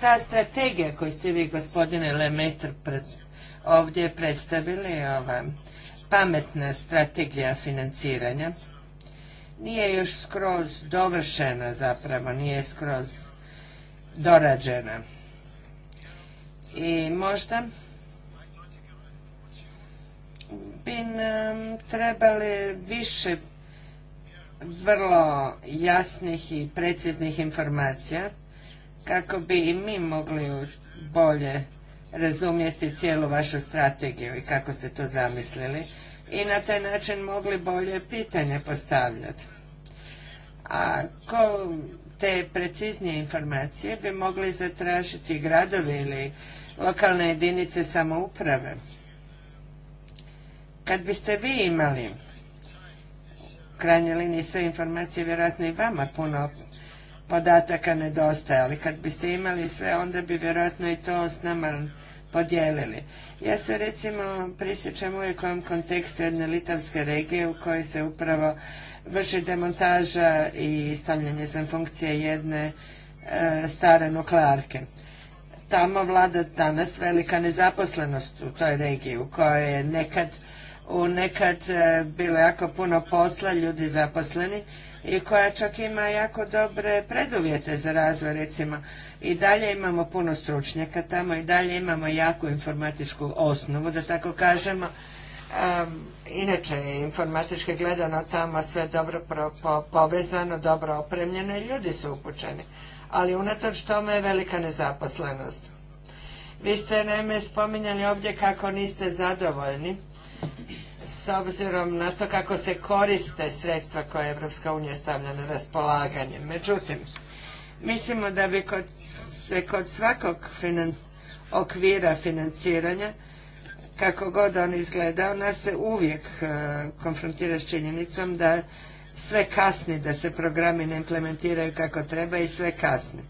Ta strategija koju ste vi, gospodine Lemetr, ovdje predstavili, ova pametna strategija financiranja, nije još skroz dovršena zapravo, nije skroz dorađena. I možda bi nam trebali više vrlo jasnih i preciznih informacija kako bi i mi mogli bolje razumjeti cijelu vašu strategiju i kako ste to zamislili i na taj način mogli bolje pitanje postavljati. A ko te preciznije informacije bi mogli zatražiti gradovi ili lokalne jedinice samouprave. Kad biste vi imali u krajnjoj liniji sve informacije, vjerojatno i vama puno podataka nedostaje, ali kad biste imali sve onda bi vjerojatno i to s nama podijelili. Ja se recimo prisjećam uvijek u ovom kontekstu jedne litavske regije u kojoj se upravo vrši demontaža i stavljanje sve funkcije jedne e, stare nuklearke. Tamo vlada danas velika nezaposlenost u toj regiji u kojoj je nekad, u nekad e, bilo jako puno posla, ljudi zaposleni, i koja čak ima jako dobre preduvjete za razvoj recimo. I dalje imamo puno stručnjaka tamo i dalje imamo jaku informatičku osnovu, da tako kažemo. inače je informatički gledano tamo sve dobro povezano, dobro opremljeno i ljudi su upućeni. Ali unatoč tome je velika nezaposlenost. Vi ste naime spominjali ovdje kako niste zadovoljni s obzirom na to kako se koriste sredstva koje Evropska unija stavlja na raspolaganje. Međutim, mislimo da bi kod, se kod svakog okvira financiranja, kako god on izgleda, nas se uvijek e, konfrontira s činjenicom da sve kasni, da se programi ne implementiraju kako treba i sve kasni.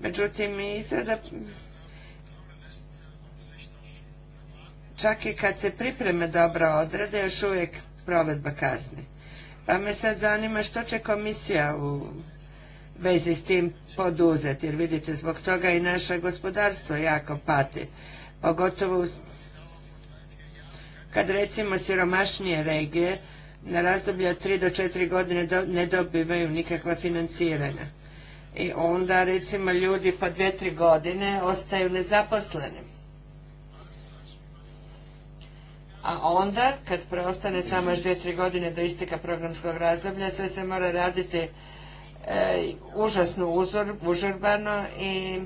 Međutim, izrada Čak i kad se pripreme dobro odrede, još uvijek provedba kasni. Pa me sad zanima što će komisija u vezi s tim poduzeti, jer vidite, zbog toga i naše gospodarstvo jako pati. Pogotovo kad recimo siromašnije regije na razdoblje od 3 do 4 godine ne dobivaju nikakva financiranja. I onda recimo ljudi po 2-3 godine ostaju nezaposleni. a onda kad preostane samo još dvije, tri godine do isteka programskog razdoblja, sve se mora raditi e, užasno užurbano i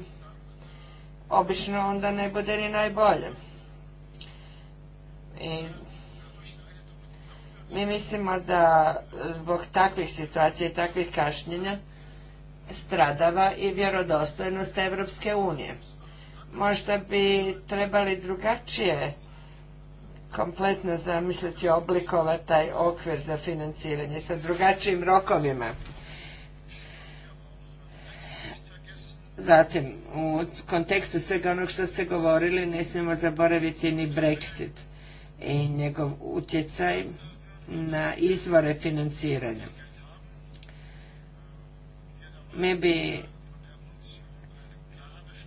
obično onda ne bude ni najbolje. I mi mislimo da zbog takvih situacija i takvih kašnjenja stradava i vjerodostojnost Evropske unije. Možda bi trebali drugačije kompletno zamisliti oblikova taj okvir za financiranje sa drugačijim rokovima. Zatim, u kontekstu svega onog što ste govorili, ne smijemo zaboraviti ni Brexit i njegov utjecaj na izvore financiranja. Mi bi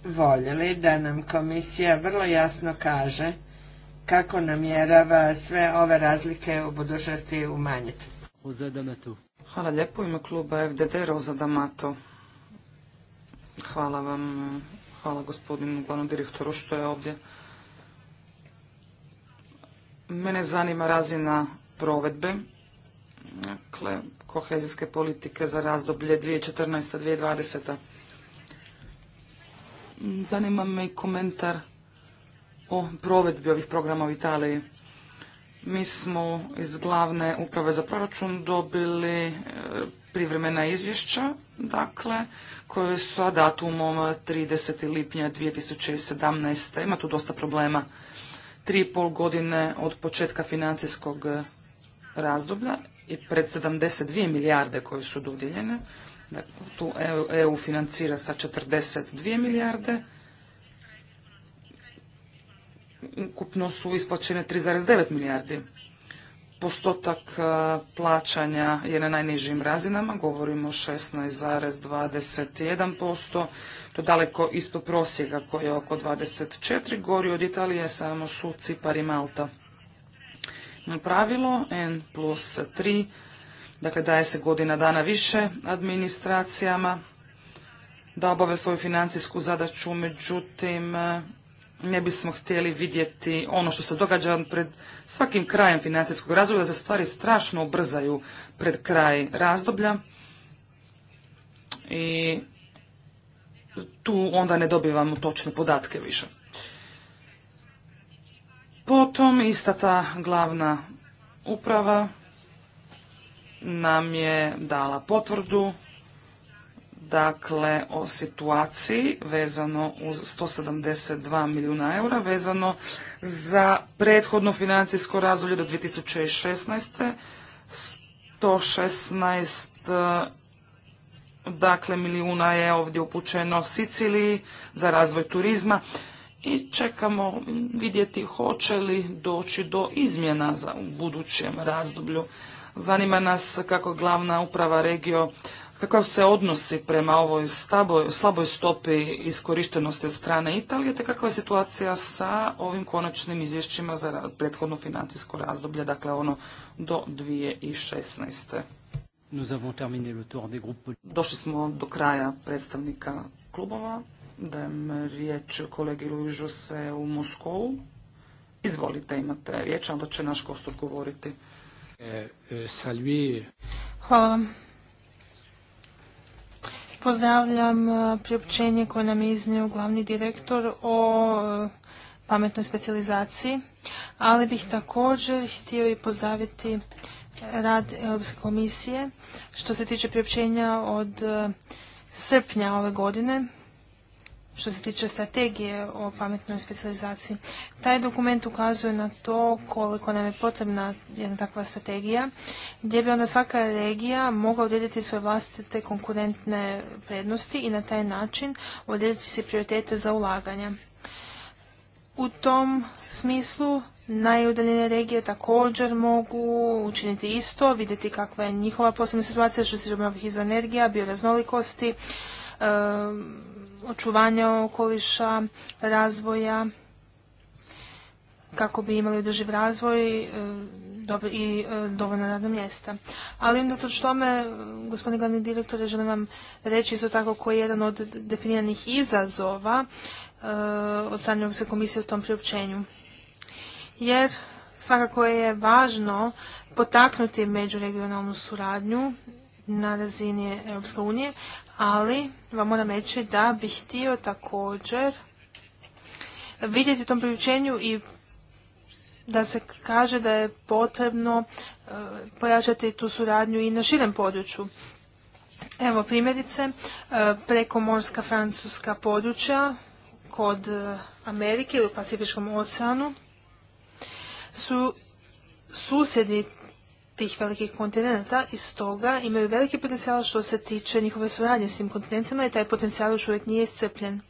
voljeli da nam komisija vrlo jasno kaže kako namjerava sve ove razlike u budućnosti umanjiti. Hvala lijepo. Ime kluba FDD Roza D'Amato. Hvala vam. Hvala gospodinu glavnom direktoru što je ovdje. Mene zanima razina provedbe dakle, kohezijske politike za razdoblje 2014-2020. Zanima me i komentar o provedbi ovih programa u Italiji. Mi smo iz glavne uprave za proračun dobili e, privremena izvješća, dakle, koje su sa datumom 30. lipnja 2017. Ima tu dosta problema. Tri i pol godine od početka financijskog razdoblja i pred 72 milijarde koje su dodijeljene. Dakle, tu EU financira sa 42 milijarde, ukupno su isplaćene 3,9 milijardi. Postotak e, plaćanja je na najnižim razinama, govorimo 16,21%, to daleko ispod prosjeka koji je oko 24, gori od Italije samo su Cipar i Malta. Pravilo N plus 3, dakle daje se godina dana više administracijama, da obave svoju financijsku zadaću, međutim ne bismo htjeli vidjeti ono što se događa pred svakim krajem financijskog razdoblja, da se stvari strašno ubrzaju pred kraj razdoblja i tu onda ne dobivamo točne podatke više. Potom ista ta glavna uprava nam je dala potvrdu dakle o situaciji vezano uz 172 milijuna eura vezano za prethodno financijsko razdoblje do 2016. 116 dakle milijuna je ovdje upućeno Siciliji za razvoj turizma i čekamo vidjeti hoće li doći do izmjena za u budućem razdoblju. Zanima nas kako glavna uprava regio kakav se odnosi prema ovoj slaboj, slaboj stopi iskorištenosti od strane Italije, te kakva je situacija sa ovim konačnim izvješćima za prethodno financijsko razdoblje, dakle ono do 2016. Došli smo do kraja predstavnika klubova. Dajem riječ kolegi Luižu se u Moskovu. Izvolite, imate riječ, onda će naš kostur govoriti. Eh, eh, Hvala vam. Pozdravljam e, priopćenje koje nam je iznio glavni direktor o e, pametnoj specijalizaciji, ali bih također htio i pozdraviti rad Europske komisije što se tiče priopćenja od e, srpnja ove godine što se tiče strategije o pametnoj specializaciji. Taj dokument ukazuje na to koliko nam je potrebna jedna takva strategija, gdje bi onda svaka regija mogla odrediti svoje vlastite konkurentne prednosti i na taj način odrediti se prioritete za ulaganja. U tom smislu Najudaljene regije također mogu učiniti isto, vidjeti kakva je njihova posebna situacija što se tiče energija, bioraznolikosti, očuvanja okoliša, razvoja, kako bi imali održiv razvoj e, i e, dovoljno radno mjesta. Ali što tome, gospodine glavni direktore, želim vam reći isto tako koji je jedan od definiranih izazova e, od strane Europske komisije u tom priopćenju. Jer svakako je važno potaknuti međuregionalnu suradnju na razini Europske unije, ali vam moram reći da bih htio također vidjeti u tom priučenju i da se kaže da je potrebno e, pojačati tu suradnju i na širem području. Evo primjerice, e, prekomorska francuska područja kod e, Amerike ili u Pacifičkom oceanu su susjedi tih velikih kontinenta i stoga imaju veliki potencijal što se tiče njihove suradnje s tim kontinentima i taj potencijal još uvijek nije iscrpljen.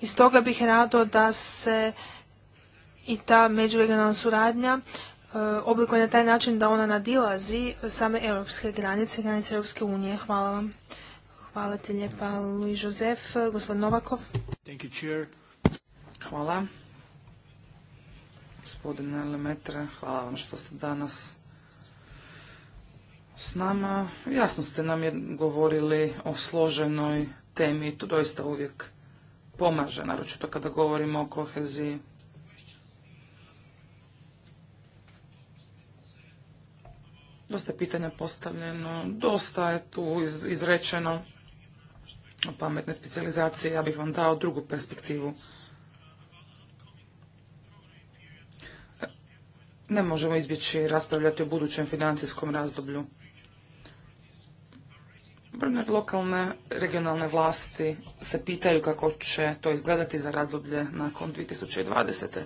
I stoga bih rado da se i ta međuregionalna suradnja e, oblikuje na taj način da ona nadilazi same europske granice, granice Europske unije. Hvala vam. Hvala ti lijepa, Louis Josef. Gospodin Novakov. Hvala. Gospodine Lemetre, hvala vam što ste danas s nama. Jasno ste nam je govorili o složenoj temi to doista uvijek pomaže, naročito kada govorimo o koheziji. Dosta je pitanja postavljeno, dosta je tu izrečeno o pametnoj specializacije. Ja bih vam dao drugu perspektivu. Ne možemo izbjeći raspravljati o budućem financijskom razdoblju. Brojne lokalne regionalne vlasti se pitaju kako će to izgledati za razdoblje nakon 2020.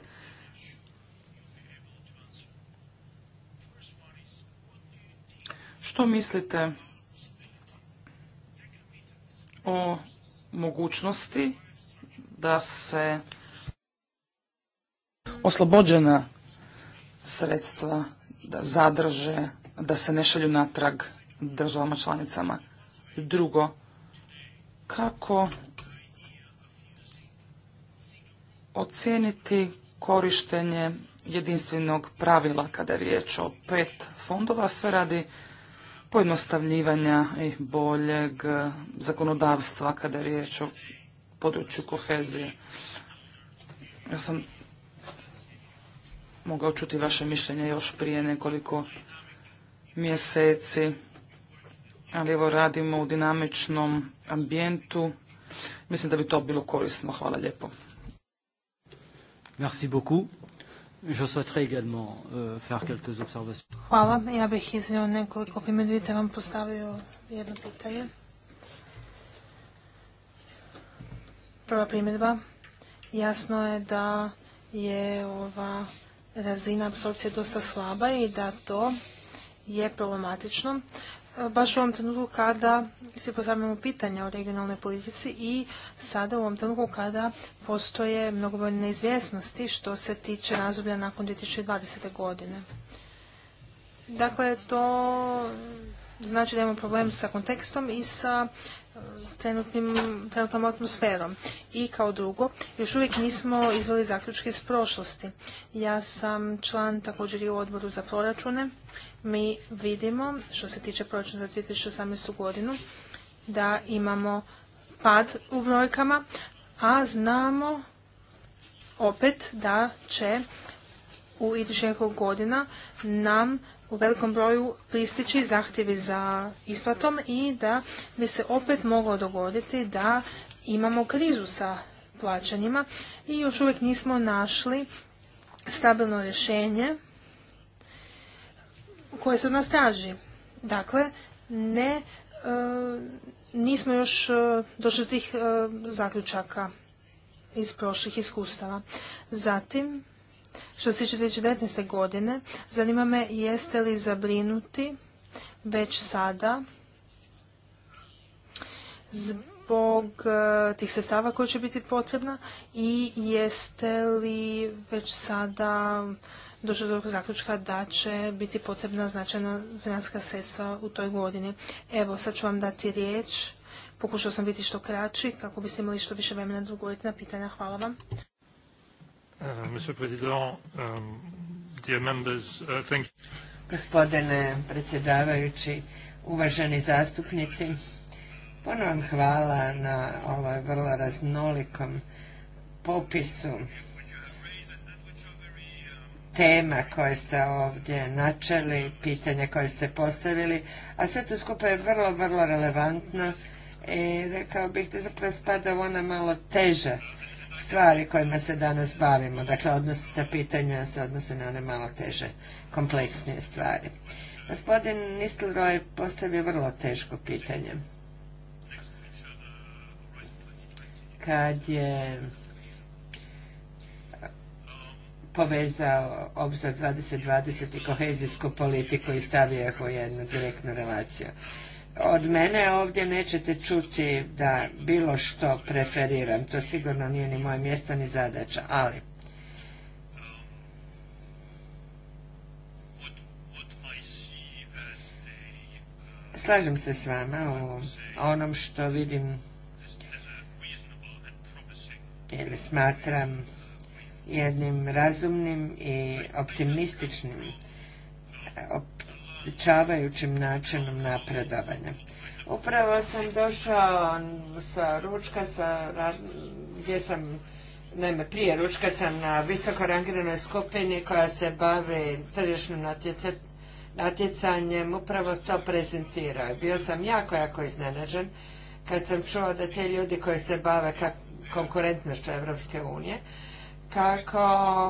Što mislite o mogućnosti da se oslobođena sredstva da zadrže, da se ne šalju natrag državama članicama? drugo, kako ocijeniti korištenje jedinstvenog pravila kada je riječ o pet fondova, sve radi pojednostavljivanja i boljeg zakonodavstva kada je riječ o području kohezije. Ja sam mogao čuti vaše mišljenje još prije nekoliko mjeseci ali evo radimo u dinamičnom ambijentu. Mislim da bi to bilo korisno. Hvala lijepo. Merci beaucoup. Je souhaiterais également euh, faire quelques observations. Hvala. Ja bih iznio nekoliko primjedbi vam postavio jedno pitanje. Prva primjedba. Jasno je da je ova razina apsorpcije dosta slaba i da to je problematično. E, baš u ovom trenutku kada se postavljamo pitanja o regionalnoj politici i sada u ovom trenutku kada postoje mnogobrojne neizvjesnosti što se tiče razdoblja nakon 2020. godine. Dakle, to znači da imamo problem sa kontekstom i sa e, trenutnom atmosferom. I kao drugo, još uvijek nismo izveli zaključke iz prošlosti. Ja sam član također i u odboru za proračune mi vidimo što se tiče proračuna za 2018. godinu da imamo pad u brojkama, a znamo opet da će u idućih nekog godina nam u velikom broju pristići zahtjevi za isplatom i da bi se opet moglo dogoditi da imamo krizu sa plaćanjima i još uvijek nismo našli stabilno rješenje koje se od nas traži. Dakle, ne, e, nismo još e, došli tih e, zaključaka iz prošlih iskustava. Zatim, što se tiče 2019. godine, zanima me jeste li zabrinuti već sada zbog tih sredstava koja će biti potrebna i jeste li već sada došlo do zaključka da će biti potrebna značajna financijska sredstva u toj godini. Evo, sad ću vam dati riječ. Pokušao sam biti što kraći kako biste imali što više vremena da na pitanja. Hvala vam. Uh, um, uh, Gospodine predsjedavajući, uvaženi zastupnici, puno vam hvala na ovaj vrlo raznolikom popisu tema koje ste ovdje načeli, pitanja koje ste postavili, a sve to skupa je vrlo, vrlo relevantno i rekao bih da zapravo spada u one malo teže stvari kojima se danas bavimo. Dakle, odnos na pitanja se odnose na one malo teže, kompleksnije stvari. Gospodin Nistelroj je postavio vrlo teško pitanje. Kad je povezao obzor 2020 i kohezijsku politiku i stavio ih u jednu direktnu relaciju. Od mene ovdje nećete čuti da bilo što preferiram, to sigurno nije ni moje mjesto ni zadaća, ali slažem se s vama u onom što vidim ili smatram jednim razumnim i optimističnim čavajućim načinom napredovanja. Upravo sam došao sa ručka sa, gdje sam Naime, prije ručka sam na visoko rangiranoj skupini koja se bavi tržišnim natjecanjem, upravo to prezentira. Bio sam jako, jako iznenađen kad sam čuo da te ljudi koji se bave konkurentnošću Evropske unije, kako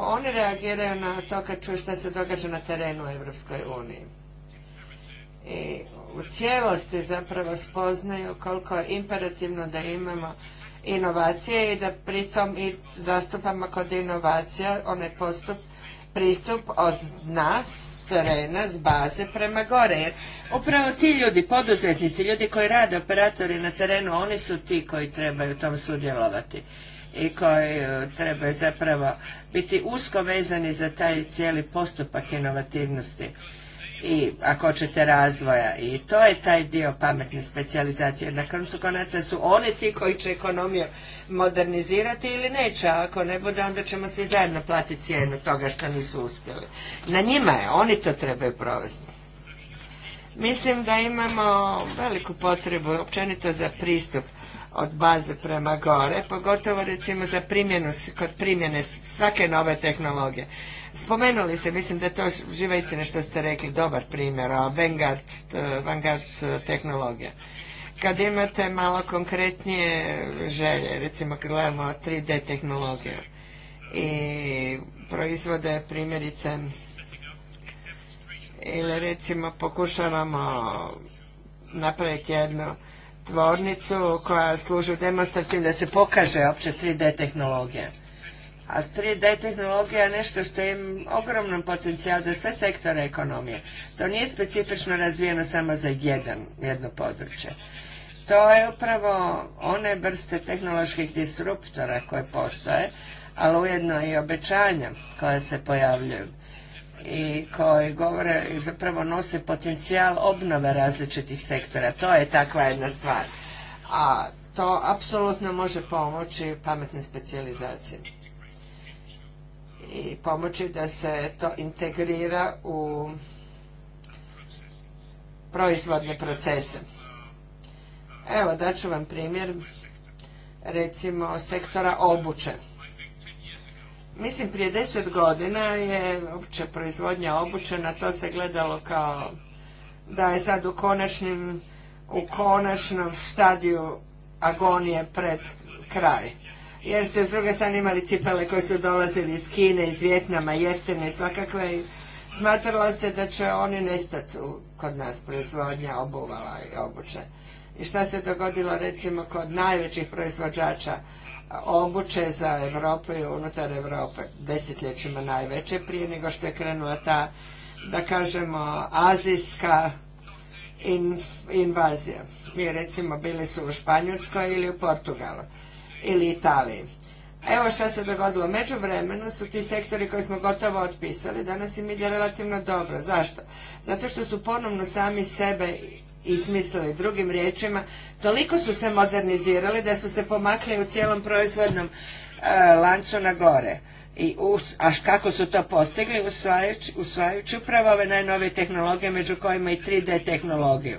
oni reagiraju na to kad čuju šta se događa na terenu u Evropskoj uniji. I u cijelosti zapravo spoznaju koliko je imperativno da imamo inovacije i da pritom i zastupamo kod inovacija onaj postup, pristup od nas, terena, s baze prema gore. Jer upravo ti ljudi, poduzetnici, ljudi koji rade operatori na terenu, oni su ti koji trebaju u tom sudjelovati i koji e, trebaju zapravo biti usko vezani za taj cijeli postupak inovativnosti i ako hoćete razvoja i to je taj dio pametne specijalizacije na koncu konaca su oni ti koji će ekonomiju modernizirati ili neće a ako ne bude onda ćemo svi zajedno platiti cijenu toga što nisu uspjeli na njima je, oni to trebaju provesti mislim da imamo veliku potrebu općenito za pristup od baze prema gore, pogotovo recimo za primjenu, kod primjene svake nove tehnologije. Spomenuli se, mislim da je to živa istina što ste rekli, dobar primjer, a vanguard, vanguard tehnologija. Kad imate malo konkretnije želje, recimo kad gledamo 3D tehnologiju i proizvode primjerice ili recimo pokušavamo napraviti jednu tvornicu koja služi demonstrativno da se pokaže opće 3D tehnologija. A 3D tehnologija je nešto što ima ogroman potencijal za sve sektore ekonomije. To nije specifično razvijeno samo za jedan, jedno područje. To je upravo one vrste tehnoloških disruptora koje postoje, ali ujedno i obećanja koja se pojavljuju i koji govore i zapravo nose potencijal obnove različitih sektora. To je takva jedna stvar. A to apsolutno može pomoći pametnoj specijalizaciji i pomoći da se to integrira u proizvodne procese. Evo, daću vam primjer recimo sektora obuče. Mislim, prije deset godina je uopće proizvodnja obuće, na to se gledalo kao da je sad u konačnim, u konačnom stadiju agonije pred kraj. Jer ste s druge strane imali cipele koje su dolazili iz Kine, iz Vjetnama, jeftine i svakakve. Smatralo se da će oni nestati kod nas proizvodnja obuvala i obuće. I šta se dogodilo recimo kod najvećih proizvođača obuče za Europu i unutar Europe desetljećima najveće prije nego što je krenula ta da kažemo azijska invazija. Mi recimo bili su u Španjolskoj ili u Portugalu ili Italiji. Evo šta se dogodilo. Među vremenu su ti sektori koji smo gotovo otpisali, danas im ide relativno dobro. Zašto? Zato što su ponovno sami sebe Ismislili Drugim riječima, toliko su se modernizirali da su se pomakli u cijelom proizvodnom e, lancu na gore. I a kako su to postigli? Usvajajući upravo ove najnovije tehnologije, među kojima i 3D tehnologiju.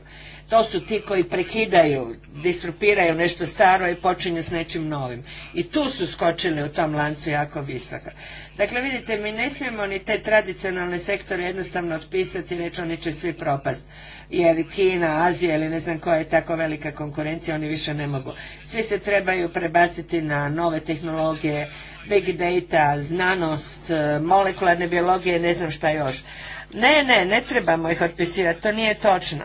To su ti koji prekidaju, distrupiraju nešto staro i počinju s nečim novim. I tu su skočili u tom lancu jako visoko. Dakle, vidite, mi ne smijemo ni te tradicionalne sektore jednostavno otpisati i reći oni će svi propast. Jer Kina, Azija ili ne znam koja je tako velika konkurencija, oni više ne mogu. Svi se trebaju prebaciti na nove tehnologije, big data, znanost, e, molekularne biologije, ne znam šta još. Ne, ne, ne trebamo ih otpisivati, to nije točno.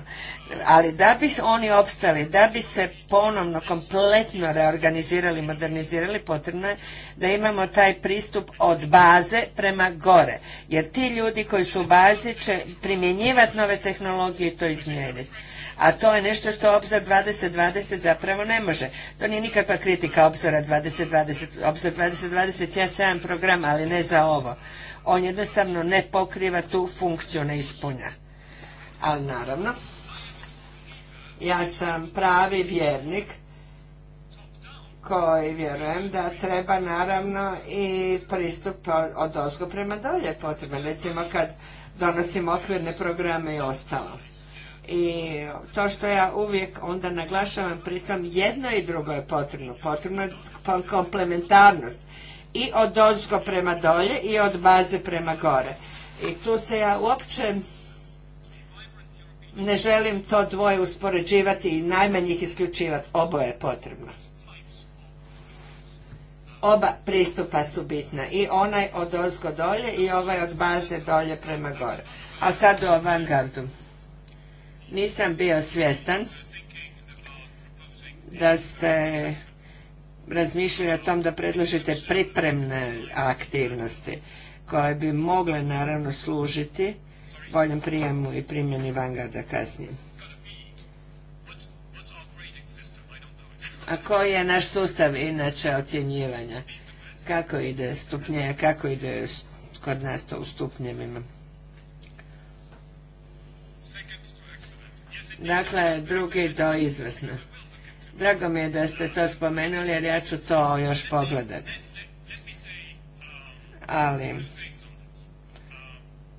Ali da bi oni opstali, da bi se ponovno kompletno reorganizirali, modernizirali, potrebno je da imamo taj pristup od baze prema gore. Jer ti ljudi koji su u bazi će primjenjivati nove tehnologije i to izmijeniti a to je nešto što obzor 2020 zapravo ne može. To nije nikakva kritika obzora 2020. Obzor 2020 ja sam program, ali ne za ovo. On jednostavno ne pokriva tu funkciju, ne ispunja. Ali naravno, ja sam pravi vjernik koji vjerujem da treba naravno i pristup od ozgo prema dolje potreban, recimo kad donosimo okvirne programe i ostalo. I to što ja uvijek onda naglašavam, pritom jedno i drugo je potrebno. Potrebno je komplementarnost i od ozgo prema dolje i od baze prema gore. I tu se ja uopće ne želim to dvoje uspoređivati i najmanjih isključivati. Oboje je potrebno. Oba pristupa su bitna. I onaj od ozgo dolje i ovaj od baze dolje prema gore. A sad o avangardu. Nisam bio svjestan da ste razmišljali o tom da predložite pripremne aktivnosti koje bi mogle naravno služiti boljem prijemu i primjeni da kasnije. A koji je naš sustav inače ocjenjivanja? Kako ide stupnje, kako ide kod nas to u stupnjevima? dakle drugi do izvrsno. Drago mi je da ste to spomenuli jer ja ću to još pogledati. Ali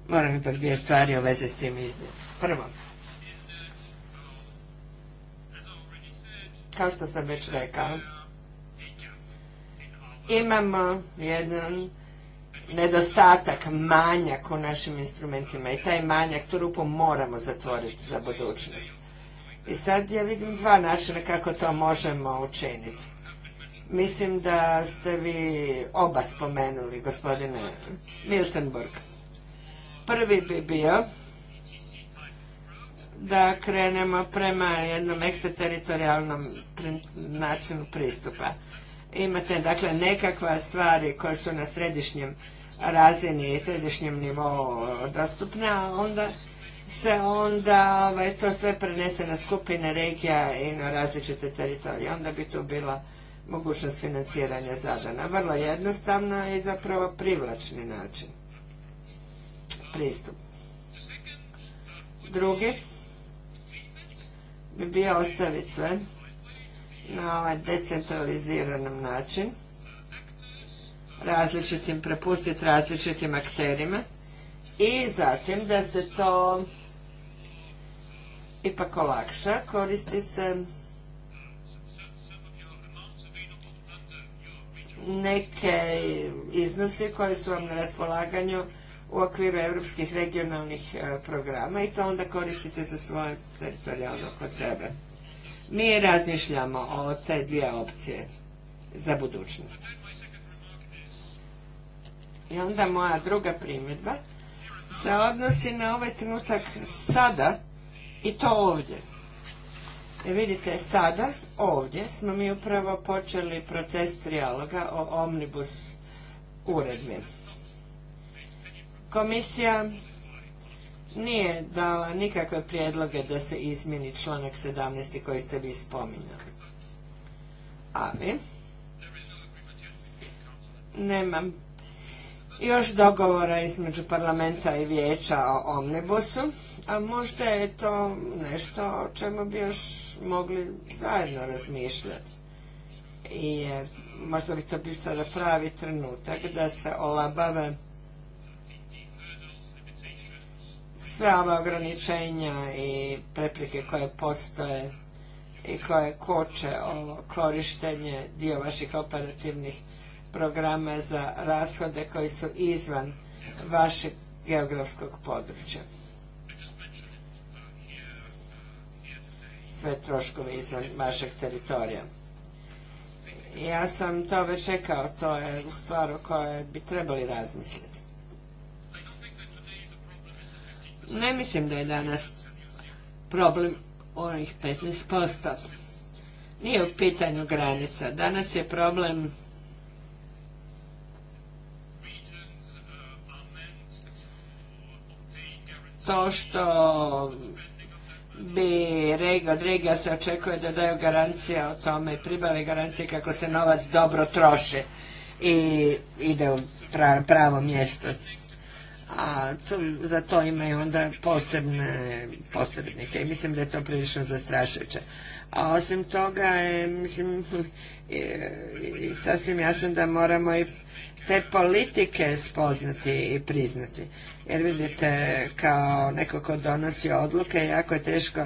moram ipak dvije stvari u vezi s tim iznijeti. Prvo, kao što sam već rekao, imamo jedan nedostatak, manjak u našim instrumentima i taj manjak, tu rupu moramo zatvoriti za budućnost. I sad ja vidim dva načina kako to možemo učiniti. Mislim da ste vi oba spomenuli, gospodine Miltenburg. Prvi bi bio da krenemo prema jednom ekstrateritorijalnom načinu pristupa. Imate dakle nekakva stvari koje su na središnjem razini i središnjem nivou dostupna, onda se onda ovaj, to sve prenese na skupine regija i na različite teritorije. Onda bi tu bila mogućnost financiranja zadana. Vrlo jednostavna i zapravo privlačni način pristup. Drugi bi bio ostaviti sve na ovaj decentraliziranom način različitim, prepustiti različitim akterima i zatim da se to ipak olakša, koristi se neke iznose koje su vam na raspolaganju u okviru europskih regionalnih e, programa i to onda koristite za svoje teritorijalno kod sebe. Mi razmišljamo o te dvije opcije za budućnost. I onda moja druga primjedba se odnosi na ovaj trenutak sada i to ovdje. E vidite, sada, ovdje, smo mi upravo počeli proces trijaloga o omnibus uredbi. Komisija nije dala nikakve prijedloge da se izmjeni članak 17. koji ste vi spominjali. Ali, nemam još dogovora između parlamenta i vijeća o omnibusu, a možda je to nešto o čemu bi još mogli zajedno razmišljati. Jer možda bi to bio sada pravi trenutak da se olabave sve ove ograničenja i prepreke koje postoje i koje koče ovo korištenje dio vaših operativnih programa za rashode koji su izvan vašeg geografskog područja. Sve troškove izvan vašeg teritorija. Ja sam to već rekao, to je stvar o kojoj bi trebali razmisliti. Ne mislim da je danas problem onih 15%. Nije u pitanju granica. Danas je problem to što bi od regija se očekuje da daju garancije o tome, pribave garancije kako se novac dobro troši i ide u pravo mjesto. A za to imaju onda posebne posrednike i mislim da je to prilično zastrašujuće. A osim toga mislim, i sasvim jasno da moramo i te politike spoznati i priznati jer vidite kao neko ko donosi odluke jako je teško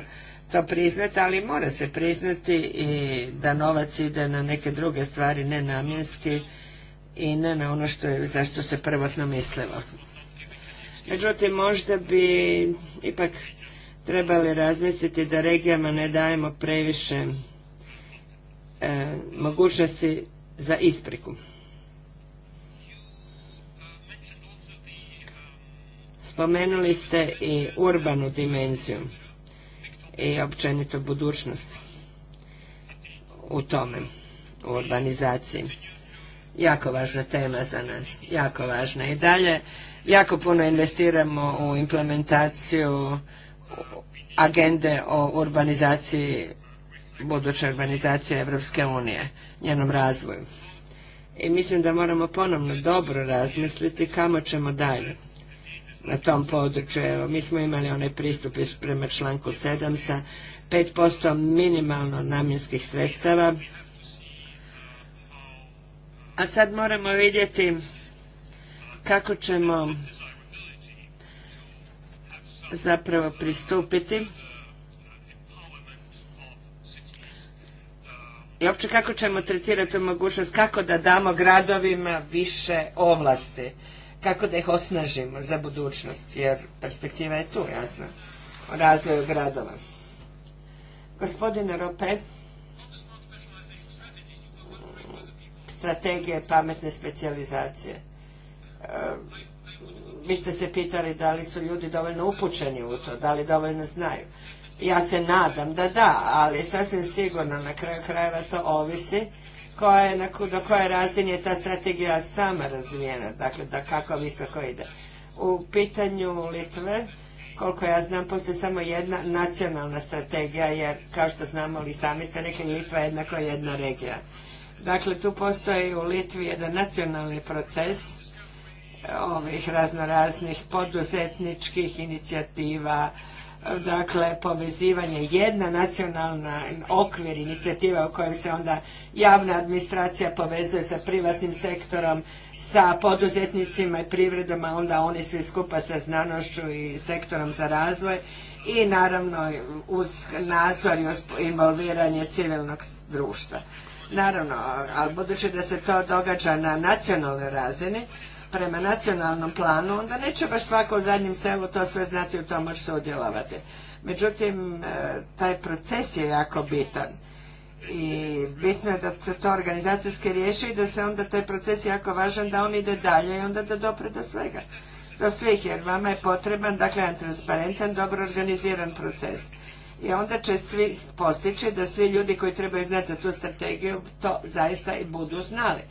to priznati, ali mora se priznati i da novac ide na neke druge stvari namjenski i ne na ono što je, što se prvotno mislilo. Međutim, možda bi ipak trebali razmisliti da regijama ne dajemo previše e, mogućnosti za ispriku. Spomenuli ste i urbanu dimenziju i općenito budućnost u tome, u urbanizaciji. Jako važna tema za nas, jako važna. I dalje jako puno investiramo u implementaciju agende o urbanizaciji, buduće urbanizacije Evropske unije, njenom razvoju. I mislim da moramo ponovno dobro razmisliti kamo ćemo dalje na tom području. Evo, mi smo imali onaj pristup prema članku 7 sa 5% minimalno namjenskih sredstava. A sad moramo vidjeti kako ćemo zapravo pristupiti i uopće kako ćemo tretirati mogućnost kako da damo gradovima više ovlasti kako da ih osnažimo za budućnost, jer perspektiva je tu, jasno, o razvoju gradova. Gospodine Rope, strategije pametne specijalizacije. E, vi ste se pitali da li su ljudi dovoljno upućeni u to, da li dovoljno znaju. Ja se nadam da da, ali sasvim sigurno na kraju krajeva to ovisi do koje razine je ta strategija sama razvijena, dakle da kako visoko ide. U pitanju Litve, koliko ja znam, postoji samo jedna nacionalna strategija, jer kao što znamo, li sami ste rekli, Litva je jednako jedna regija. Dakle, tu postoji u Litvi jedan nacionalni proces eh, ovih raznoraznih poduzetničkih inicijativa, dakle povezivanje jedna nacionalna okvir inicijativa u kojoj se onda javna administracija povezuje sa privatnim sektorom, sa poduzetnicima i privredom, a onda oni svi skupa sa znanošću i sektorom za razvoj i naravno uz nadzor i involviranje civilnog društva. Naravno, ali budući da se to događa na nacionalnoj razini, prema nacionalnom planu, onda neće baš svako u zadnjem selu to sve znati u tom moći sudjelovati. Međutim, e, taj proces je jako bitan i bitno je da to organizacijski riješi i da se onda taj proces jako važan da on ide dalje i onda da dopre do svega, do svih jer vama je potreban dakle jedan transparentan, dobro organiziran proces. I onda će svi postići da svi ljudi koji trebaju znati za tu strategiju to zaista i budu znali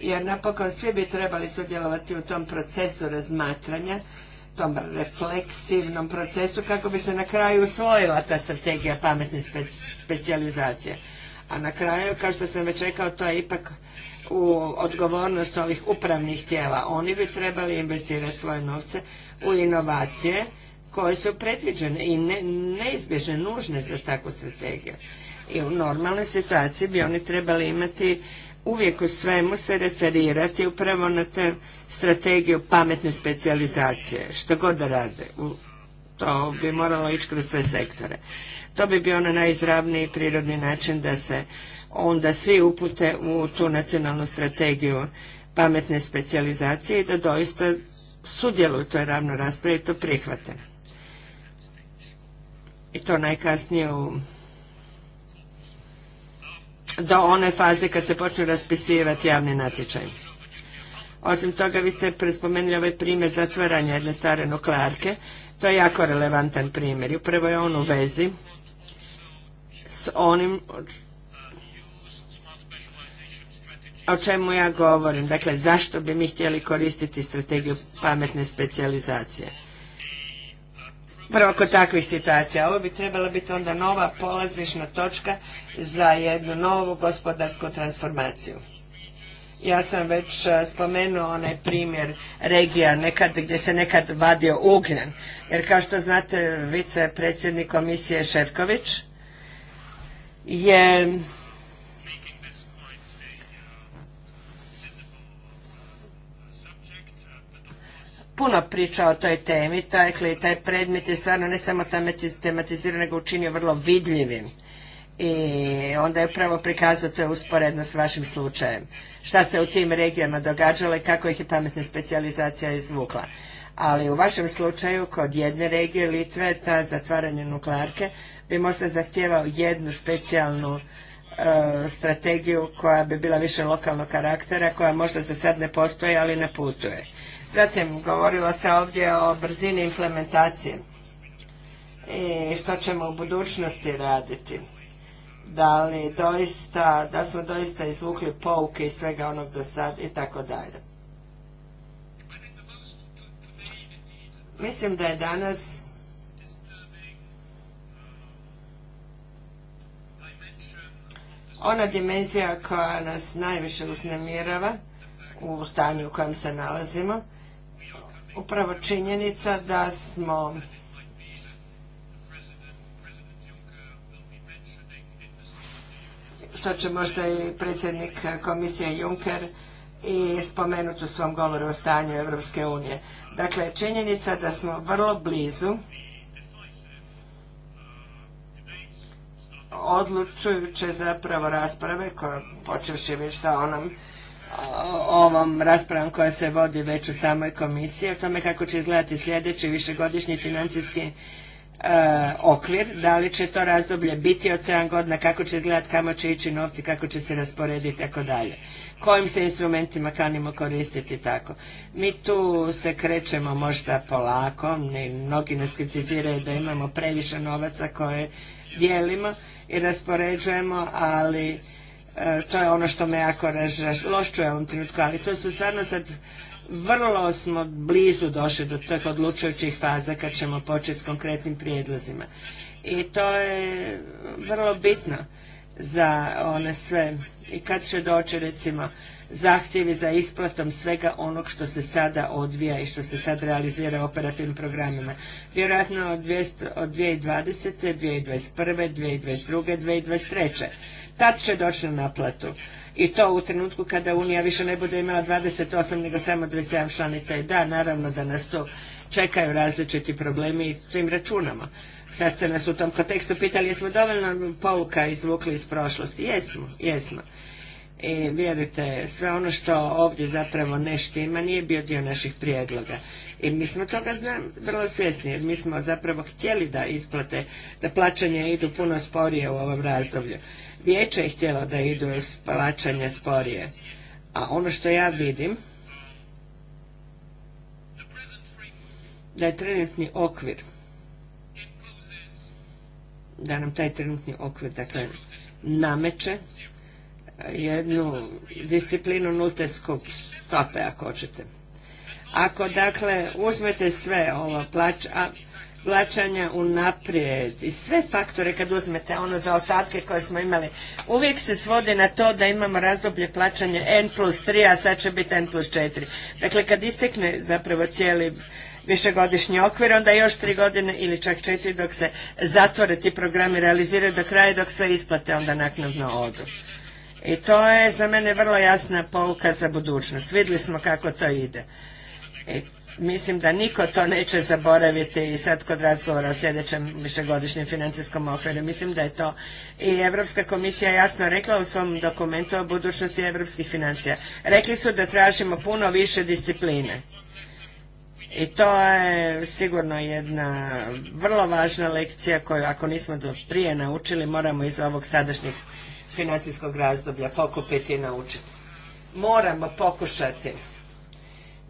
jer napokon svi bi trebali sudjelovati u tom procesu razmatranja, tom refleksivnom procesu kako bi se na kraju usvojila ta strategija pametne specijalizacije. A na kraju, kao što sam već rekao, to je ipak u odgovornost ovih upravnih tijela. Oni bi trebali investirati svoje novce u inovacije koje su predviđene i ne, neizbježne, nužne za takvu strategiju. I u normalnoj situaciji bi oni trebali imati uvijek u svemu se referirati upravo na te strategiju pametne specijalizacije, što god da rade. To bi moralo ići kroz sve sektore. To bi bio onaj najizravniji prirodni način da se onda svi upute u tu nacionalnu strategiju pametne specijalizacije i da doista sudjeluju u toj ravno raspravi i to prihvate. I to najkasnije u do one faze kad se počne raspisivati javni natječaj. Osim toga, vi ste prespomenuli ovaj primjer zatvaranja jedne stare nuklearke. To je jako relevantan primjer i upravo je on u vezi s onim o čemu ja govorim. Dakle, zašto bi mi htjeli koristiti strategiju pametne specijalizacije? Prvo, kod takvih situacija. Ovo bi trebala biti onda nova polazišna točka za jednu novu gospodarsku transformaciju. Ja sam već e, spomenuo onaj primjer regija nekad, gdje se nekad vadio ugljen. Jer kao što znate, vicepredsjednik komisije Šefković je puno priča o toj temi, dakle taj predmet je stvarno ne samo tematiziran, nego učinio vrlo vidljivim. I onda je upravo prikazao to usporedno s vašim slučajem. Šta se u tim regijama događalo i kako ih je pametna specijalizacija izvukla. Ali u vašem slučaju, kod jedne regije Litve, ta zatvaranje nuklearke bi možda zahtijevao jednu specijalnu e, strategiju koja bi bila više lokalnog karaktera, koja možda za sad ne postoji, ali naputuje. Zatim govorilo se ovdje o brzini implementacije i što ćemo u budućnosti raditi. Da li doista, da smo doista izvukli pouke i svega onog do sad i tako dalje. Mislim da je danas ona dimenzija koja nas najviše uznemirava u stanju u kojem se nalazimo, upravo činjenica da smo što će možda i predsjednik komisije Juncker i spomenuti u svom govoru o stanju Europske unije. Dakle, činjenica da smo vrlo blizu odlučujuće zapravo rasprave koja počevši već sa onom ovom raspravom koja se vodi već u samoj komisiji, o tome kako će izgledati sljedeći višegodišnji financijski e, okvir, da li će to razdoblje biti od 7 godina, kako će izgledati, kamo će ići novci, kako će se rasporediti i tako dalje. Kojim se instrumentima kanimo koristiti tako. Mi tu se krećemo možda polako, mnogi nas kritiziraju da imamo previše novaca koje dijelimo i raspoređujemo, ali E, to je ono što me jako razlošćuje u ovom trenutku, ali to su stvarno sad vrlo smo blizu došli do tih odlučujućih faza kad ćemo početi s konkretnim prijedlozima. I to je vrlo bitno za one sve i kad će doći recimo zahtjevi za isplatom svega onog što se sada odvija i što se sad realizira u operativnim programima. Vjerojatno od, od 2020., 2021., 2022., 2023 tad će doći na naplatu. I to u trenutku kada Unija više ne bude imala 28 nego samo 27 članica. I da, naravno da nas to čekaju različiti problemi i s tim računamo. Sad ste nas u tom kontekstu pitali jesmo dovoljno pouka izvukli iz prošlosti. Jesmo, jesmo. I vjerujte, sve ono što ovdje zapravo ne ima nije bio dio naših prijedloga. I mi smo toga znam, vrlo svjesni, jer mi smo zapravo htjeli da isplate, da plaćanje idu puno sporije u ovom razdoblju. Vijeće je htjelo da idu plaćanje sporije. A ono što ja vidim, da je trenutni okvir, da nam taj trenutni okvir, dakle, nameće jednu disciplinu nulte stope, ako hoćete. Ako, dakle, uzmete sve ovo plaća, plaćanja unaprijed i sve faktore kad uzmete ono za ostatke koje smo imali, uvijek se svodi na to da imamo razdoblje plaćanja N plus 3, a sad će biti N plus 4. Dakle, kad istekne zapravo cijeli višegodišnji okvir, onda još tri godine ili čak četiri dok se zatvore ti programi realiziraju do kraja dok sve isplate onda naknadno odu. I to je za mene vrlo jasna pouka za budućnost. Vidjeli smo kako to ide. I e, mislim da niko to neće zaboraviti i sad kod razgovora o sljedećem višegodišnjem financijskom okviru. Mislim da je to i Europska komisija jasno rekla u svom dokumentu o budućnosti europskih financija. Rekli su da tražimo puno više discipline. I to je sigurno jedna vrlo važna lekcija koju ako nismo do prije naučili moramo iz ovog sadašnjeg financijskog razdoblja pokupiti i naučiti. Moramo pokušati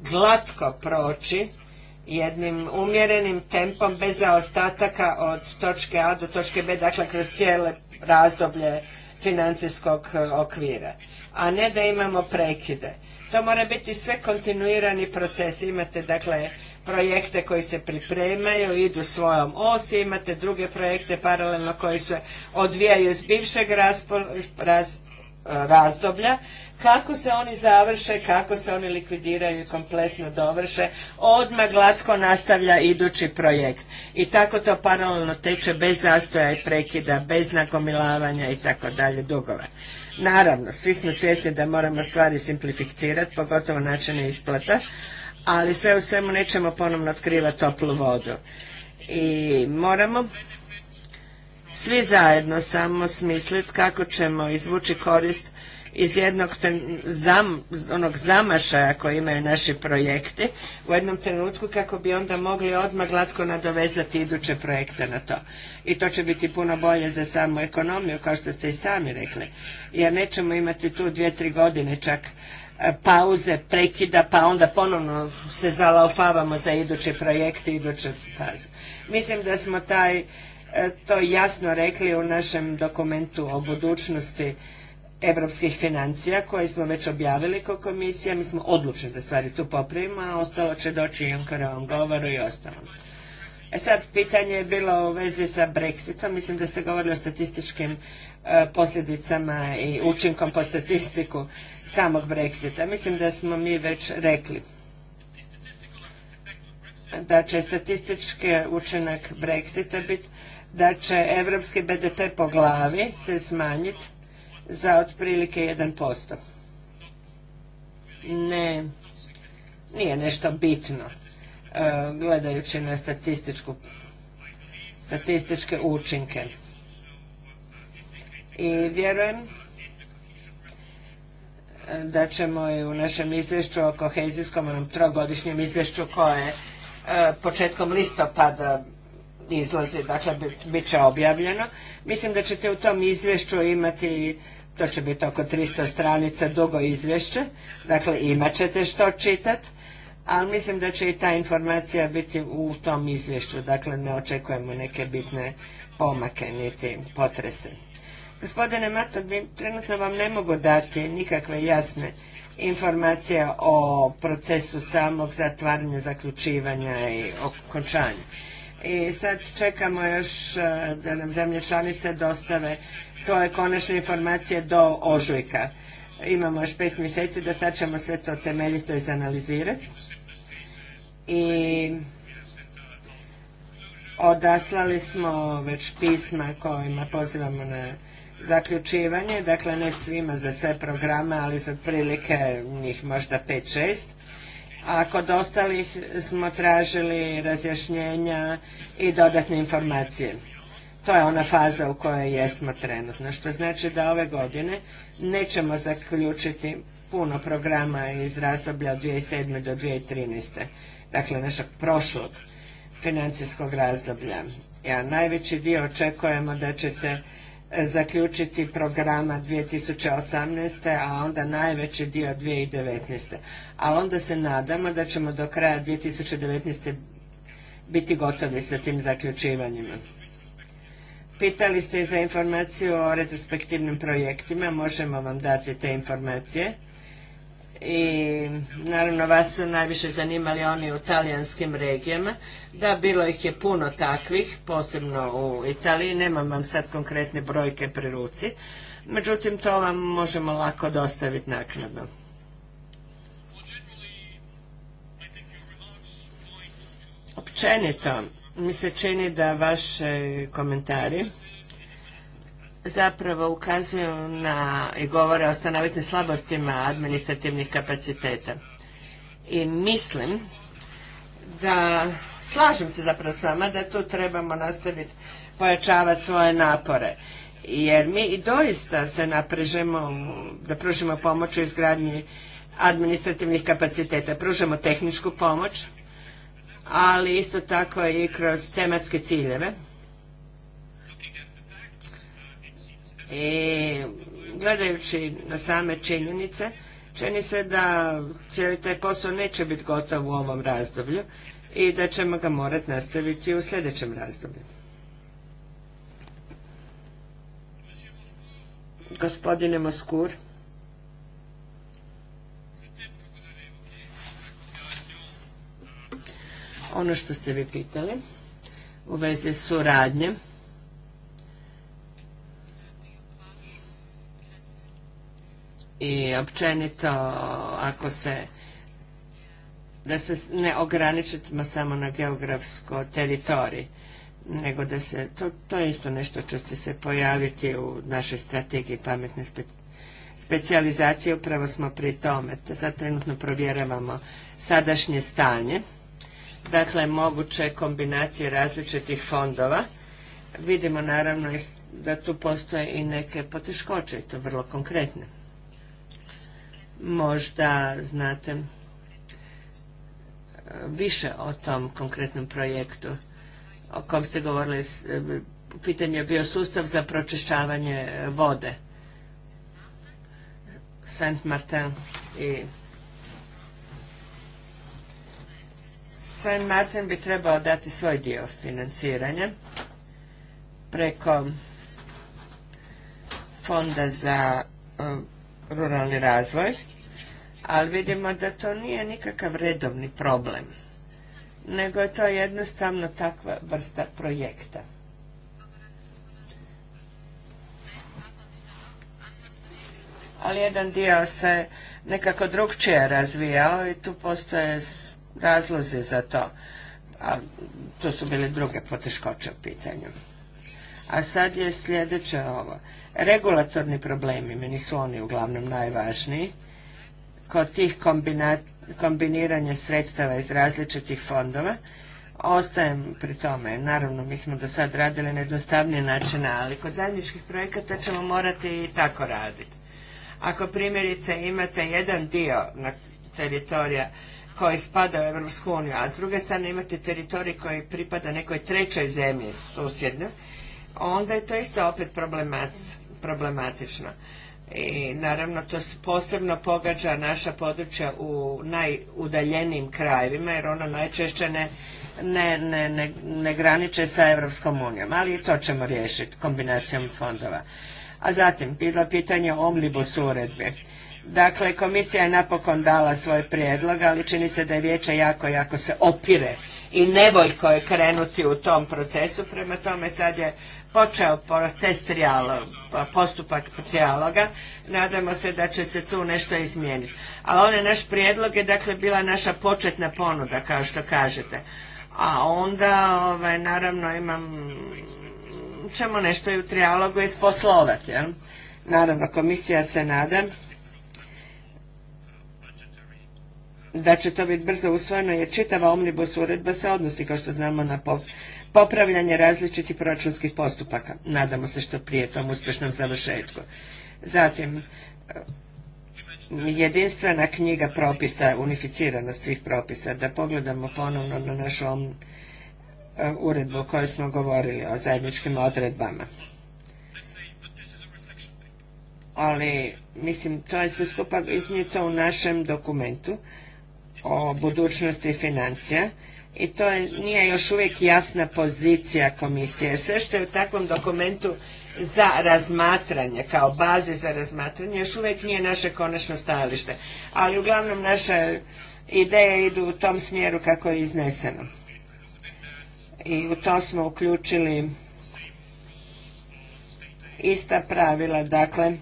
glatko proći jednim umjerenim tempom bez zaostataka od točke A do točke B, dakle kroz cijele razdoblje financijskog e, okvira, a ne da imamo prekide. To mora biti sve kontinuirani proces. Imate dakle projekte koji se pripremaju, idu svojom osi, imate druge projekte paralelno koji se odvijaju iz bivšeg razdoblja, E, razdoblja, kako se oni završe, kako se oni likvidiraju i kompletno dovrše, odmah glatko nastavlja idući projekt. I tako to paralelno teče bez zastoja i prekida, bez nagomilavanja i tako dalje dugova. Naravno, svi smo svjesni da moramo stvari simplificirati, pogotovo načine isplata, ali sve u svemu nećemo ponovno otkrivati toplu vodu. I moramo svi zajedno samo smisliti kako ćemo izvući korist iz jednog onog zamašaja koji imaju naši projekti u jednom trenutku kako bi onda mogli odmah glatko nadovezati iduće projekte na to. I to će biti puno bolje za samu ekonomiju, kao što ste i sami rekli. Jer nećemo imati tu dvije, tri godine čak e, pauze, prekida, pa onda ponovno se zalaofavamo za iduće projekte, iduće faze. Mislim da smo taj E, to jasno rekli u našem dokumentu o budućnosti europskih financija koje smo već objavili kao komisija. Mi smo odlučni da stvari tu popravimo, a ostalo će doći i Junckerovom govoru i ostalom. E sad, pitanje je bilo u vezi sa Brexitom. Mislim da ste govorili o statističkim e, posljedicama i učinkom po statistiku samog Brexita. Mislim da smo mi već rekli da će statistički učinak Brexita biti da će evropski BDP po glavi se smanjiti za otprilike 1%. Ne, nije nešto bitno e, gledajući na statističku statističke učinke. I vjerujem e, da ćemo i u našem izvješću o kohezijskom, onom trogodišnjem izvješću koje e, početkom listopada izlazi, dakle bit će objavljeno. Mislim da ćete u tom izvješću imati, to će biti oko 300 stranica dugo izvješće, dakle imat ćete što čitat, ali mislim da će i ta informacija biti u tom izvješću, dakle ne očekujemo neke bitne pomake niti potrese. Gospodine Mato, trenutno vam ne mogu dati nikakve jasne informacije o procesu samog zatvaranja, zaključivanja i okončanja i sad čekamo još e, da nam zemlje članice dostave svoje konačne informacije do ožujka. Imamo još pet mjeseci, da tad ćemo sve to temeljito izanalizirati i odaslali smo već pisma kojima pozivamo na zaključivanje, dakle ne svima za sve programe, ali za prilike njih možda pet, 6 a kod ostalih smo tražili razjašnjenja i dodatne informacije. To je ona faza u kojoj jesmo trenutno, što znači da ove godine nećemo zaključiti puno programa iz razdoblja od 2007. do 2013. Dakle, našeg prošlog financijskog razdoblja. Ja najveći dio očekujemo da će se zaključiti programa 2018. a onda najveći dio 2019. Ali onda se nadamo da ćemo do kraja 2019. biti gotovi sa tim zaključivanjima. Pitali ste i za informaciju o retrospektivnim projektima, možemo vam dati te informacije i naravno vas su najviše zanimali oni u talijanskim regijama. Da, bilo ih je puno takvih, posebno u Italiji, nemam vam sad konkretne brojke pri ruci, međutim to vam možemo lako dostaviti naknadno. Općenito mi se čini da vaše komentari zapravo ukazuju na i govore o stanovitim slabostima administrativnih kapaciteta. I mislim da, slažem se zapravo s vama, da tu trebamo nastaviti pojačavati svoje napore. Jer mi i doista se naprežemo da pružimo pomoć u izgradnji administrativnih kapaciteta. Pružamo tehničku pomoć, ali isto tako i kroz tematske ciljeve I gledajući na same činjenice, čini se da cijeli taj posao neće biti gotov u ovom razdoblju i da ćemo ga morati nastaviti u sljedećem razdoblju. Gospodine Moskur. Ono što ste vi pitali u vezi suradnje i općenito ako se da se ne ograničimo samo na geografsko teritorij, nego da se, to, to je isto nešto što će se pojaviti u našoj strategiji pametne spe, specijalizacije, upravo smo pri tome. Sad trenutno provjeravamo sadašnje stanje, dakle moguće kombinacije različitih fondova. Vidimo naravno da tu postoje i neke poteškoće i to vrlo konkretne možda znate e, više o tom konkretnom projektu o kom ste govorili. E, u pitanju je bio sustav za pročišćavanje e, vode. Saint Martin i Saint Martin bi trebao dati svoj dio financiranja preko fonda za ruralni razvoj, ali vidimo da to nije nikakav redovni problem, nego je to jednostavno takva vrsta projekta. Ali jedan dio se nekako drugčije razvijao i tu postoje razlozi za to. A tu su bile druge poteškoće u pitanju. A sad je sljedeće ovo regulatorni problemi, meni su oni uglavnom najvažniji, kod tih kombiniranja sredstava iz različitih fondova, ostajem pri tome. Naravno, mi smo do sad radili na jednostavniji način, ali kod zajedničkih projekata ćemo morati i tako raditi. Ako primjerice imate jedan dio teritorija koji spada u Europsku uniju, a s druge strane imate teritorij koji pripada nekoj trećoj zemlji susjednoj, onda je to isto opet problematično. I naravno to posebno pogađa naša područja u najudaljenijim krajevima jer ona najčešće ne, ne, ne, ne graniče sa Europskom unijom, ali i to ćemo riješiti kombinacijom fondova. A zatim, bilo pitanje o omnibus uredbe. Dakle, komisija je napokon dala svoj prijedlog, ali čini se da je vijeće jako, jako se opire i nevoljko je krenuti u tom procesu, prema tome sad je počeo proces trijaloga, postupak trijaloga, nadamo se da će se tu nešto izmijeniti. A je naš prijedlog je dakle bila naša početna ponuda, kao što kažete. A onda, ovaj, naravno, imam, ćemo nešto i u trijalogu isposlovati, Naravno, komisija se nada da će to biti brzo usvojeno jer čitava omnibus uredba se odnosi kao što znamo na popravljanje različitih proračunskih postupaka. Nadamo se što prije tom uspješnom završetku. Zatim, jedinstvena knjiga propisa, unificiranost svih propisa, da pogledamo ponovno na našom e, uredbu o kojoj smo govorili, o zajedničkim odredbama. Ali, mislim, to je sve skupa iznijeto u našem dokumentu o budućnosti financija i to nije još uvijek jasna pozicija komisije. Sve što je u takvom dokumentu za razmatranje, kao bazi za razmatranje, još uvijek nije naše konačno stajalište. Ali uglavnom naše ideje idu u tom smjeru kako je izneseno. I u to smo uključili ista pravila, dakle,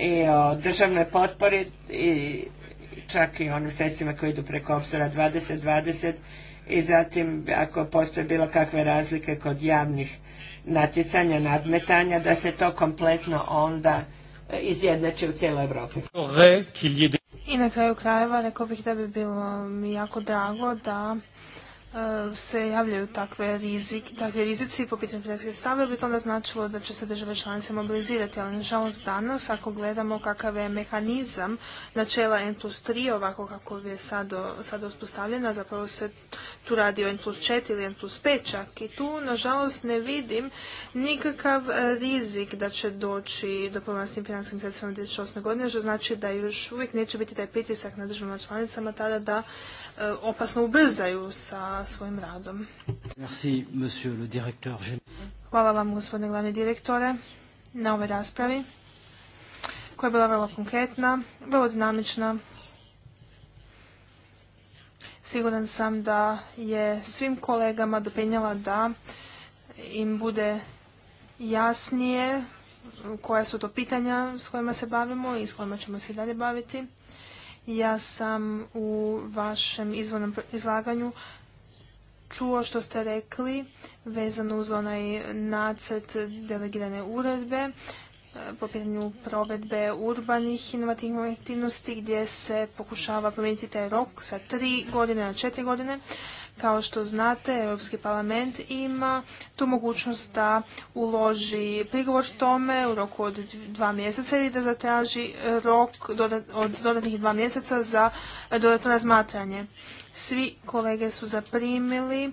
i o državnoj potpori i čak i onim sredstvima koji idu preko obzora 2020 i zatim ako postoje bilo kakve razlike kod javnih natjecanja, nadmetanja, da se to kompletno onda e, izjednači u cijeloj Europi. I na kraju krajeva rekao bih da bi bilo mi jako drago da E, se javljaju takve, rizik, takve rizici po pitanju financijskih sredstava, bi to onda značilo da će se države članice mobilizirati, ali nažalost danas ako gledamo kakav je mehanizam načela N plus 3, ovako kako je sada sad uspostavljena, zapravo se tu radi o N plus 4 ili N plus 5 čak i tu nažalost ne vidim nikakav e, rizik da će doći do problema s tim financijskim sredstvima 2008. godine, što znači da još uvijek neće biti taj pritisak na državama članicama tada da E, opasno ubrzaju sa svojim radom. Hvala vam, gospodine glavni direktore, na ovoj raspravi koja je bila vrlo konkretna, vrlo dinamična. Siguran sam da je svim kolegama dopenjala da im bude jasnije koja su to pitanja s kojima se bavimo i s kojima ćemo se dalje baviti. Ja sam u vašem izvornom izlaganju čuo što ste rekli vezano uz onaj nacrt delegirane uredbe e, po pitanju provedbe urbanih inovativnih aktivnosti gdje se pokušava promijeniti taj rok sa tri godine na četiri godine. Kao što znate, Europski parlament ima tu mogućnost da uloži prigovor tome u roku od dva mjeseca ili da zatraži e, rok od dodatnih dva mjeseca za e, dodatno razmatranje. Svi kolege su zaprimili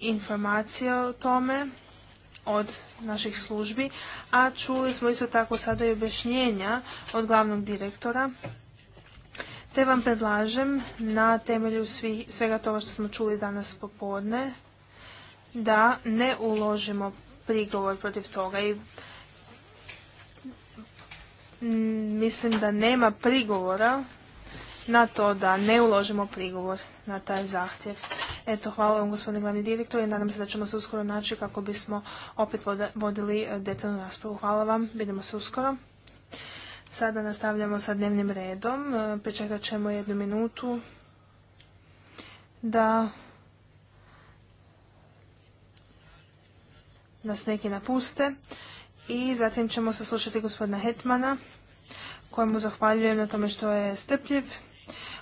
informacije o tome od naših službi, a čuli smo isto tako sada i objašnjenja od glavnog direktora te vam predlažem na temelju svega toga što smo čuli danas popodne da ne uložimo prigovor protiv toga i mislim da nema prigovora na to da ne uložimo prigovor na taj zahtjev. Eto, hvala vam gospodine glavni direktor i nadam se da ćemo se uskoro naći kako bismo opet vodili e, detaljnu raspravu. Hvala vam, vidimo se uskoro. Sada nastavljamo sa dnevnim redom. E, pričekat ćemo jednu minutu da nas neki napuste i zatim ćemo saslušati gospodina Hetmana kojemu zahvaljujem na tome što je strpljiv.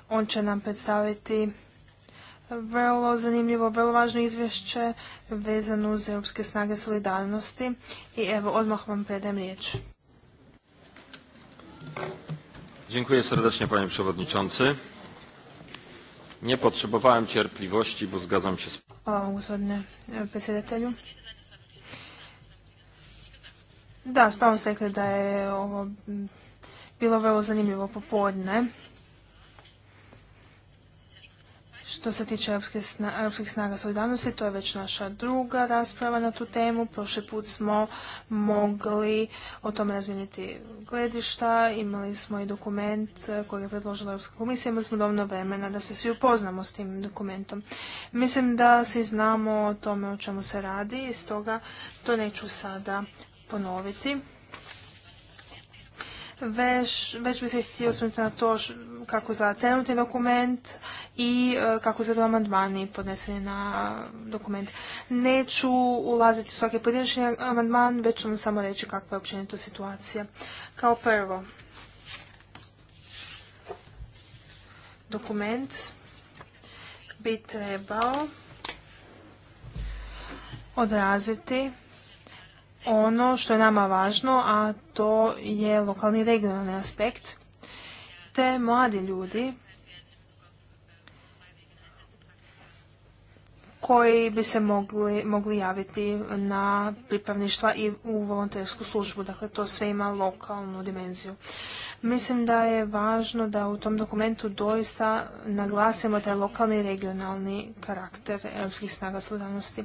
On će nam predstaviti vrlo zanimljivo, vrlo važno izvješće vezano uz Europske snage solidarnosti i evo odmah vam predajem riječ. Dziękuję serdecznie panie przewodniczący. Nie potrzebowałem cierpliwości, bo zgadzam się z... O, gospodine predsjedatelju. Da, s pravom ste rekli da je ovo što se tiče europskih snaga solidarnosti, to je već naša druga rasprava na tu temu. Prošli put smo mogli o tome razmijeniti gledišta, imali smo i dokument eh, koji je predložila Europska komisija, imali smo dovoljno vremena da se svi upoznamo s tim dokumentom. Mislim da svi znamo o tome o čemu se radi i stoga to neću sada ponoviti. Već, već bi se htio osvrnuti na to kako za trenutni dokument i e, kako za amandmani podneseni na dokument. Neću ulaziti u svaki pojedinačni amandman, već ću vam samo reći kakva je općenito situacija. Kao prvo, dokument bi trebao odraziti ono što je nama važno, a to je lokalni i regionalni aspekt te mladi ljudi koji bi se mogli, mogli javiti na pripravništva i u volontersku službu. Dakle, to sve ima lokalnu dimenziju. Mislim da je važno da u tom dokumentu doista naglasimo taj lokalni i regionalni karakter Europskih snaga solidarnosti.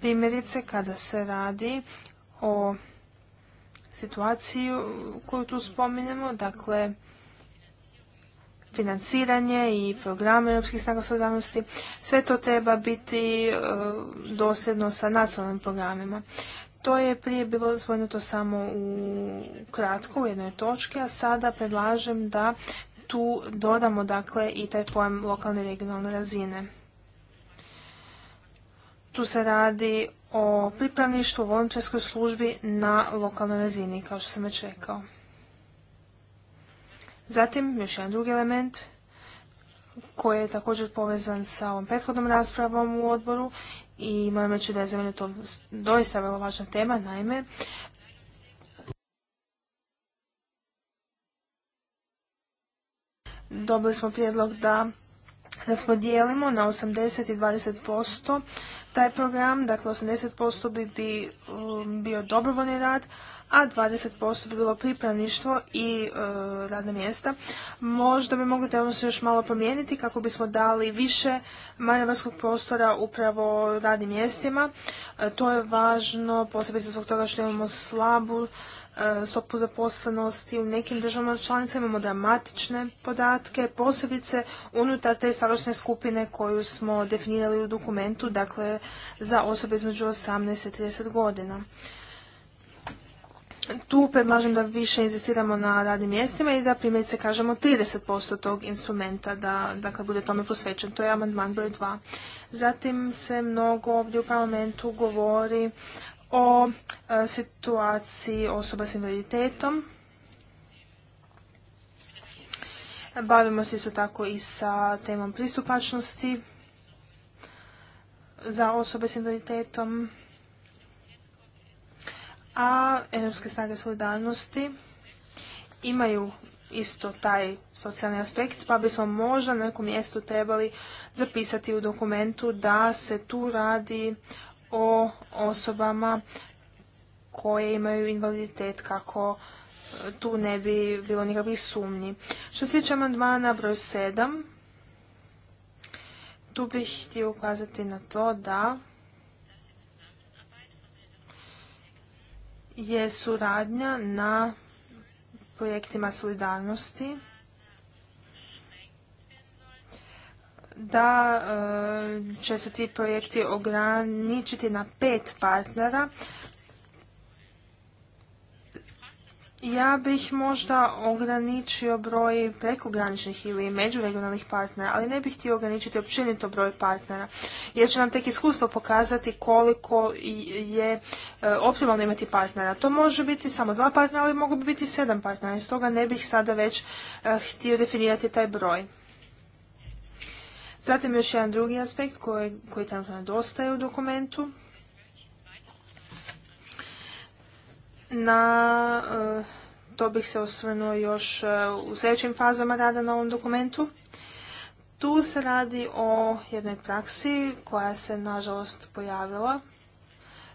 Primjerice, kada se radi o situaciju koju tu spominjemo, dakle, financiranje i programe Europskih snaga solidarnosti, sve to treba biti e, dosljedno sa nacionalnim programima. To je prije bilo spomenuto samo u kratko, u jednoj točki, a sada predlažem da tu dodamo dakle i taj pojam lokalne i regionalne razine. Tu se radi o pripravništvu, volontarskoj službi na lokalnoj razini, kao što sam već rekao. Zatim, još jedan drugi element koji je također povezan sa ovom prethodnom raspravom u odboru i moram reći da je za mene to doista vrlo važna tema, naime, dobili smo prijedlog da raspodijelimo na 80 i 20% taj program, dakle 80% bi um, bio dobrovoljni rad, a 20% bi bilo pripravništvo i radne radna mjesta. Možda bi mogli te odnose još malo promijeniti kako bismo dali više manevarskog prostora upravo radnim mjestima. E, to je važno posebice zbog toga što imamo slabu e, stopu zaposlenosti, u nekim državama članicama imamo dramatične podatke, posebice unutar te starosne skupine koju smo definirali u dokumentu, dakle za osobe između 18 i 30 godina tu predlažem da više inzistiramo na radnim mjestima i da primjerice kažemo 30% tog instrumenta da kad bude tome posvećen. To je amandman broj 2. Zatim se mnogo ovdje u parlamentu govori o e, situaciji osoba s invaliditetom. Bavimo se isto tako i sa temom pristupačnosti za osobe s invaliditetom a Europske snage solidarnosti imaju isto taj socijalni aspekt, pa bismo možda na nekom mjestu trebali zapisati u dokumentu da se tu radi o osobama koje imaju invaliditet kako e, tu ne bi bilo nikakvih sumnji. Što se tiče amandmana broj 7, tu bih htio ukazati na to da je suradnja na projektima solidarnosti da e, će se ti projekti ograničiti na pet partnera Ja bih možda ograničio broj prekograničnih ili međuregionalnih partnera, ali ne bih htio ograničiti općenito broj partnera, jer će nam tek iskustvo pokazati koliko je e, optimalno imati partnera. To može biti samo dva partnera, ali mogu biti sedam partnera, i stoga ne bih sada već e, htio definirati taj broj. Zatim još jedan drugi aspekt koji, koji trenutno nedostaje u dokumentu, Na e, to bih se osvrnuo još e, u sljedećim fazama rada na ovom dokumentu. Tu se radi o jednoj praksi koja se nažalost pojavila.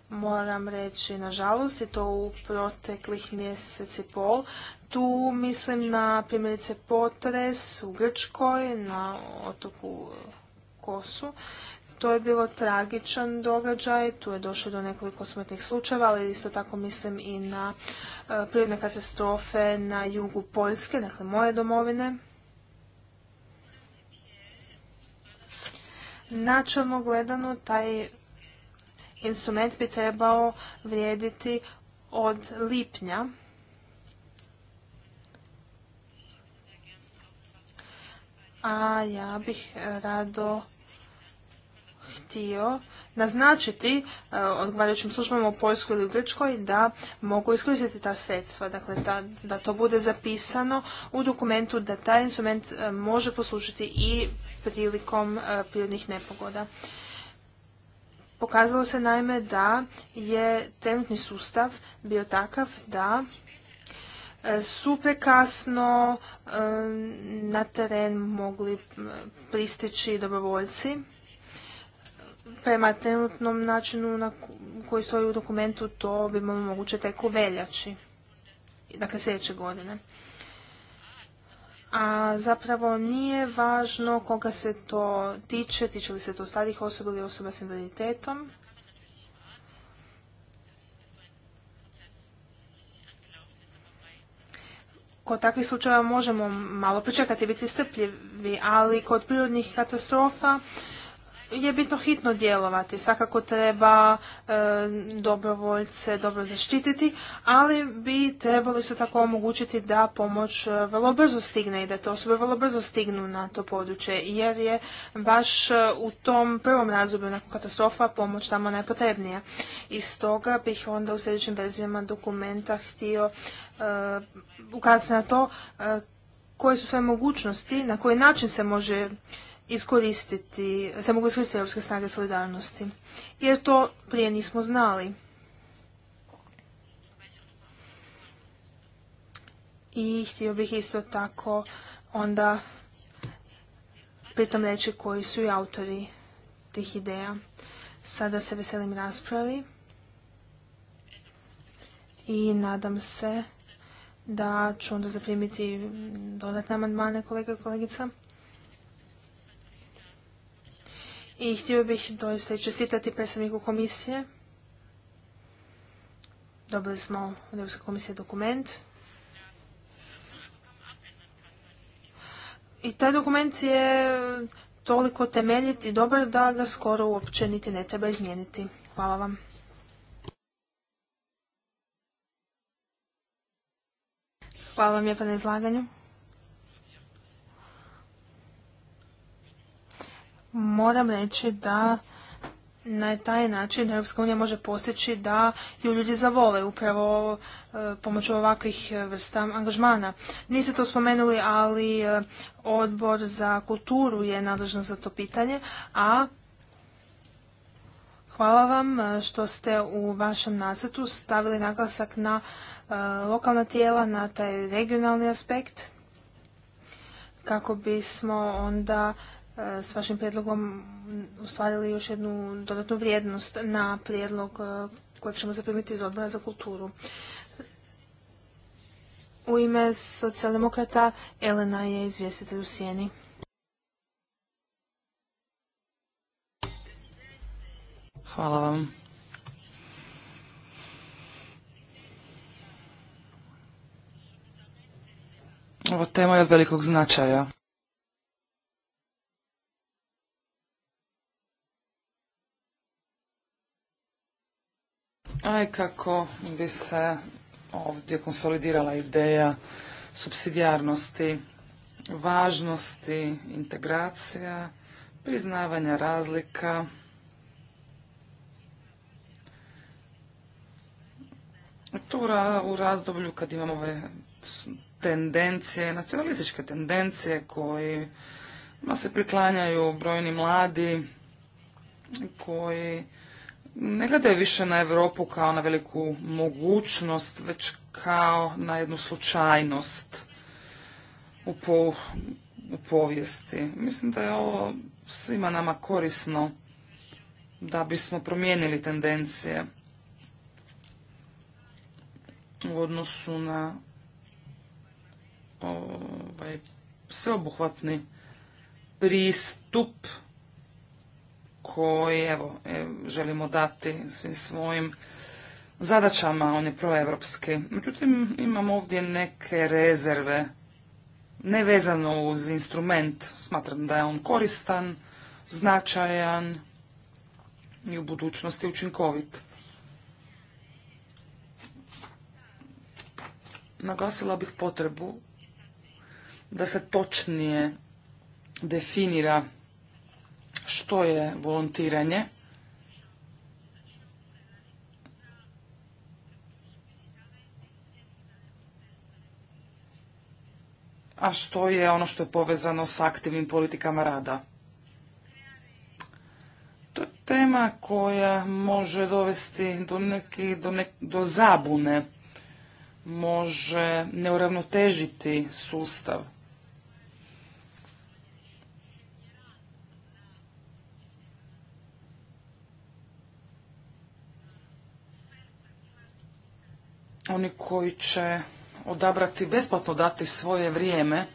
Moram reći nažalost i to u proteklih mjeseci i pol. Tu mislim na primjerice potres u Grčkoj, na otoku Kosu to je bilo tragičan događaj, tu je došlo do nekoliko smrtnih slučajeva, ali isto tako mislim i na e, prirodne katastrofe na jugu Poljske, dakle moje domovine. Načelno gledano taj instrument bi trebao vrijediti od lipnja. A ja bih rado htio naznačiti e, odgovarajućim službama u Poljskoj ili u Grčkoj da mogu iskoristiti ta sredstva. Dakle, da, to bude zapisano u dokumentu da taj instrument e, može poslužiti i prilikom e, prirodnih nepogoda. Pokazalo se naime da je trenutni sustav bio takav da su prekasno na teren mogli pristići dobrovoljci prema trenutnom načinu na koji stoji u dokumentu, to bi bilo moguće tek u veljači, dakle sljedeće godine. A zapravo nije važno koga se to tiče, tiče li se to starih osoba ili osoba s invaliditetom. kod takvih slučajeva možemo malo pričekati i biti strpljivi, ali kod prirodnih katastrofa je bitno hitno djelovati. Svakako treba e, dobrovoljce dobro zaštititi, ali bi trebali isto tako omogućiti da pomoć e, vrlo brzo stigne i da te osobe vrlo brzo stignu na to područje, jer je baš e, u tom prvom razdoblju nakon katastrofa pomoć tamo najpotrebnija. I stoga bih onda u sljedećim verzijama dokumenta htio ukazati na to koje su sve mogućnosti, na koji način se može iskoristiti, se mogu iskoristiti europske snage solidarnosti. Jer to prije nismo znali. I htio bih isto tako onda pritom reći koji su i autori tih ideja. Sada se veselim raspravi i nadam se da ću onda zaprimiti dodatne amandmane kolega i kolegica. i htio bih doista i čestitati predstavniku komisije. Dobili smo od Europske komisije dokument. I taj dokument je toliko temeljit i dobar da ga skoro uopće niti ne treba izmijeniti. Hvala vam. Hvala vam lijepa na izlaganju. moram reći da na taj način Europska unija može postići da ju ljudi zavole upravo e, pomoću ovakvih e, vrsta angažmana. Niste to spomenuli, ali e, odbor za kulturu je nadležan za to pitanje, a hvala vam što ste u vašem nacrtu stavili naglasak na lokalna tijela, na taj regionalni aspekt kako bismo onda s vašim prijedlogom ustvarili još jednu dodatnu vrijednost na prijedlog e, kojeg ćemo zaprimiti iz odbora za kulturu. U ime socijaldemokrata Elena je izvjestitelj u Sjeni. Hvala vam. Ovo tema je od velikog značaja. a kako bi se ovdje konsolidirala ideja subsidijarnosti, važnosti, integracija, priznavanja razlika, To u razdoblju kad imamo ove tendencije, nacionalističke tendencije koji se priklanjaju brojni mladi koji ne gledaju više na Europu kao na veliku mogućnost, već kao na jednu slučajnost u, u povijesti. Mislim da je ovo svima nama korisno da bismo promijenili tendencije u odnosu na ovaj sveobuhvatni pristup koji evo, e, želimo dati svim svojim zadaćama, one proeuropske. Međutim, imamo ovdje neke rezerve, ne vezano uz instrument, smatram da je on koristan, značajan i u budućnosti učinkovit. Naglasila bih potrebu da se točnije definira što je volontiranje. a što je ono što je povezano s aktivnim politikama rada. To je tema koja može dovesti do, neki, do, ne, do zabune, može neuravnotežiti sustav. oni koji će odabrati besplatno dati svoje vrijeme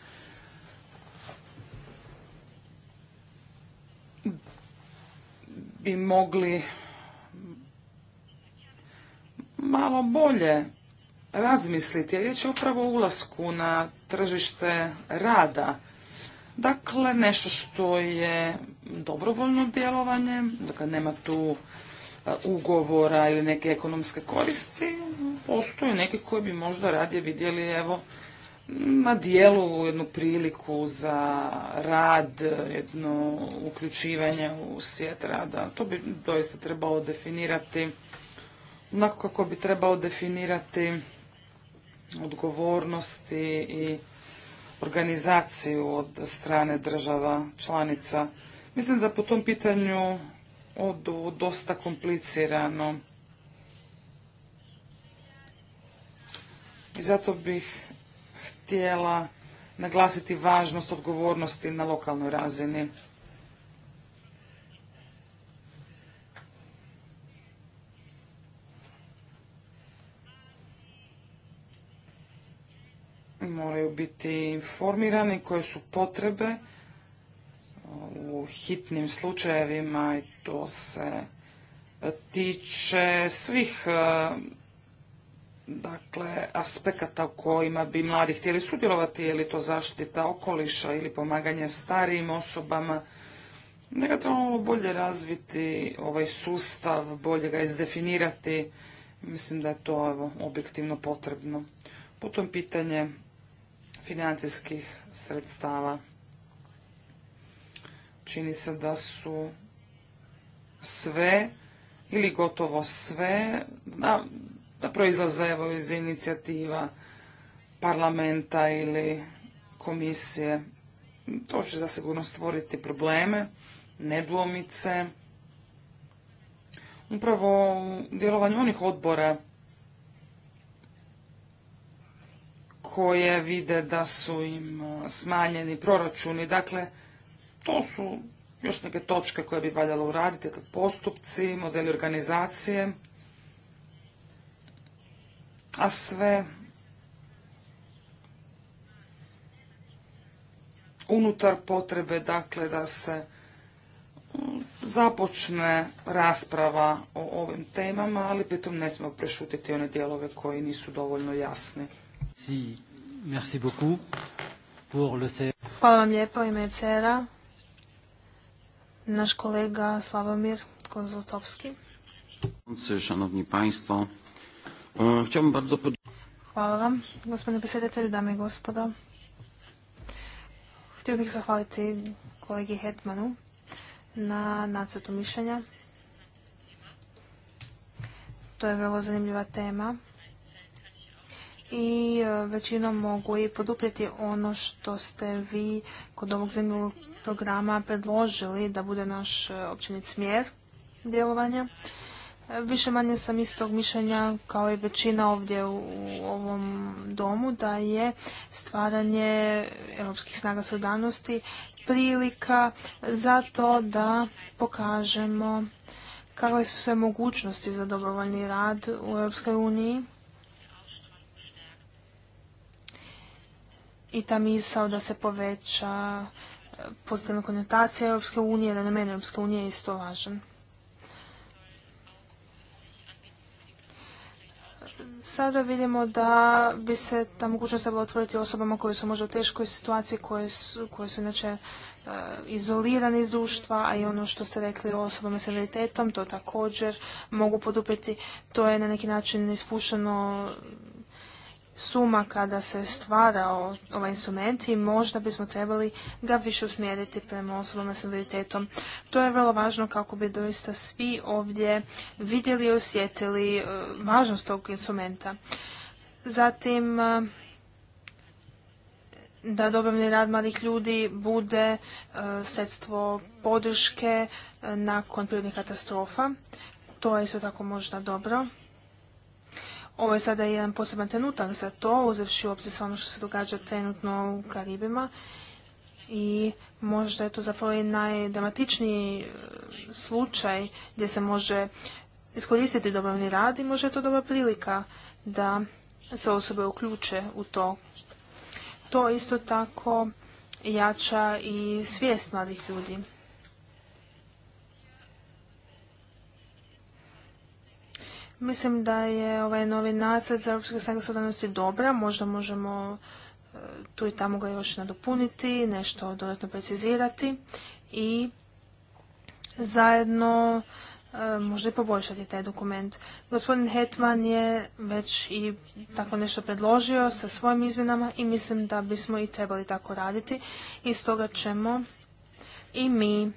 bi mogli malo bolje razmisliti. Riječ je upravo o ulasku na tržište rada. Dakle, nešto što je dobrovoljno djelovanje, dakle nema tu ugovora ili neke ekonomske koristi, postoje neki koji bi možda radije vidjeli evo na dijelu jednu priliku za rad, jedno uključivanje u svijet rada. To bi doista trebalo definirati onako kako bi trebalo definirati odgovornosti i organizaciju od strane država članica. Mislim da po tom pitanju odu dosta komplicirano. I zato bih htjela naglasiti važnost odgovornosti na lokalnoj razini. moraju biti informirani koje su potrebe u hitnim slučajevima i to se tiče svih dakle, aspekata u kojima bi mladi htjeli sudjelovati, je li to zaštita okoliša ili pomaganje starijim osobama. ga trebamo bolje razviti ovaj sustav, bolje ga izdefinirati. Mislim da je to evo, objektivno potrebno. Potom pitanje financijskih sredstava. Čini se da su sve ili gotovo sve da da proizlaze evo iz inicijativa parlamenta ili komisije. To će zasigurno stvoriti probleme, nedoumice. Upravo u djelovanju onih odbora koje vide da su im e, smanjeni proračuni. Dakle, to su još neke točke koje bi valjalo uraditi, postupci, modeli organizacije a sve unutar potrebe dakle da se mm, započne rasprava o ovim temama, ali pritom ne smijemo prešutiti one dijelove koji nisu dovoljno jasni. Hvala vam lijepo ime Cera. Naš kolega Slavomir Konzultovski. Szanowni Państwo, Hvala vam, gospodine predsjedatelju, dame i gospodo. Htio bih zahvaliti kolegi Hetmanu na nacrtu mišljenja. To je vrlo zanimljiva tema i e, većinom mogu i poduprijeti ono što ste vi kod ovog zanimljivog programa predložili da bude naš e, općenit smjer djelovanja. Više manje sam istog mišljenja kao i većina ovdje u ovom domu da je stvaranje europskih snaga solidarnosti prilika za to da pokažemo kakve su sve mogućnosti za dobrovoljni rad u Europskoj uniji. I ta misao da se poveća pozitivna konotacija Europske unije, da nam Europske unije je isto važan. sada vidimo da bi se ta mogućnost trebala otvoriti osobama koje su možda u teškoj situaciji, koje su, inače eh, izolirane iz društva, a i ono što ste rekli o osobama s invaliditetom, to također mogu poduprijeti. To je na neki način ispušteno suma kada se stvara ovaj instrument i možda bismo trebali ga više usmjeriti prema osobama s invaliditetom. To je vrlo važno kako bi doista svi ovdje vidjeli i osjetili e, važnost tog instrumenta. Zatim, e, da dobavni rad mladih ljudi bude e, sredstvo podrške nakon prirodnih katastrofa. To je isto tako možda dobro. Ovo je sada jedan poseban trenutak za to, uzevši u obzir sve ono što se događa trenutno u Karibima i možda je to zapravo i najdramatičniji e, slučaj gdje se može iskoristiti dobrovni rad i možda je to dobra prilika da se osobe uključe u to. To isto tako jača i svijest mladih ljudi. Mislim da je ovaj novi nacrt za Europske snage solidarnosti dobra, možda možemo e, tu i tamo ga još nadopuniti, nešto dodatno precizirati i zajedno e, možda i poboljšati taj dokument. Gospodin Hetman je već i tako nešto predložio sa svojim izmjenama i mislim da bismo i trebali tako raditi i stoga ćemo i mi e,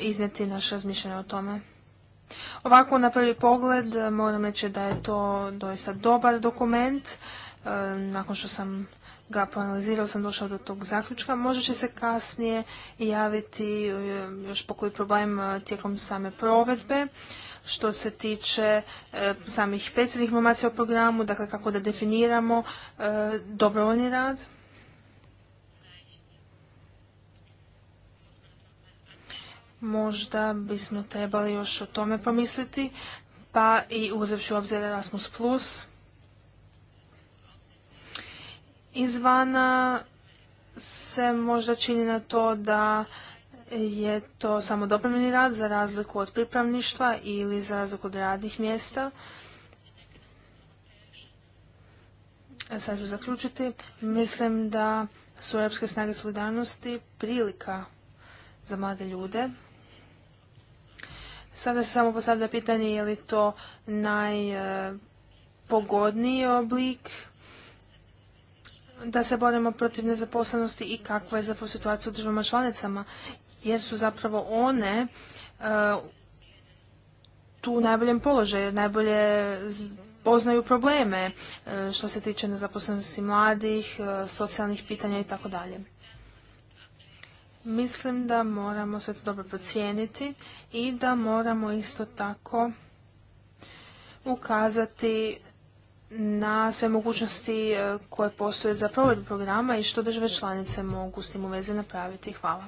iznijeti naše razmišljanje o tome. Ovako na prvi pogled moram reći da je to doista dobar dokument. E, nakon što sam ga poanalizirao sam došao do tog zaključka. Može će se kasnije javiti e, još po koji problem e, tijekom same provedbe što se tiče samih predsjednih informacija o programu, dakle kako da definiramo dobrovoljni rad. Možda bismo trebali još o tome pomisliti, pa i uzevši u obzir Erasmus+. Izvana se možda čini na to da je to samo dopremljeni rad za razliku od pripravništva ili za razliku od radnih mjesta. Sad ću zaključiti. Mislim da su Europske snage solidarnosti prilika za mlade ljude Sada se samo postavlja pitanje je li to najpogodniji e, oblik da se borimo protiv nezaposlenosti i kakva je zapravo situacija u državama članicama, jer su zapravo one e, tu u najboljem položaju, najbolje poznaju probleme e, što se tiče nezaposlenosti mladih, socijalnih pitanja i tako dalje. Mislim da moramo sve to dobro procijeniti i da moramo isto tako ukazati na sve mogućnosti e, koje postoje za provedbu programa i što države članice mogu s tim u vezi napraviti. Hvala.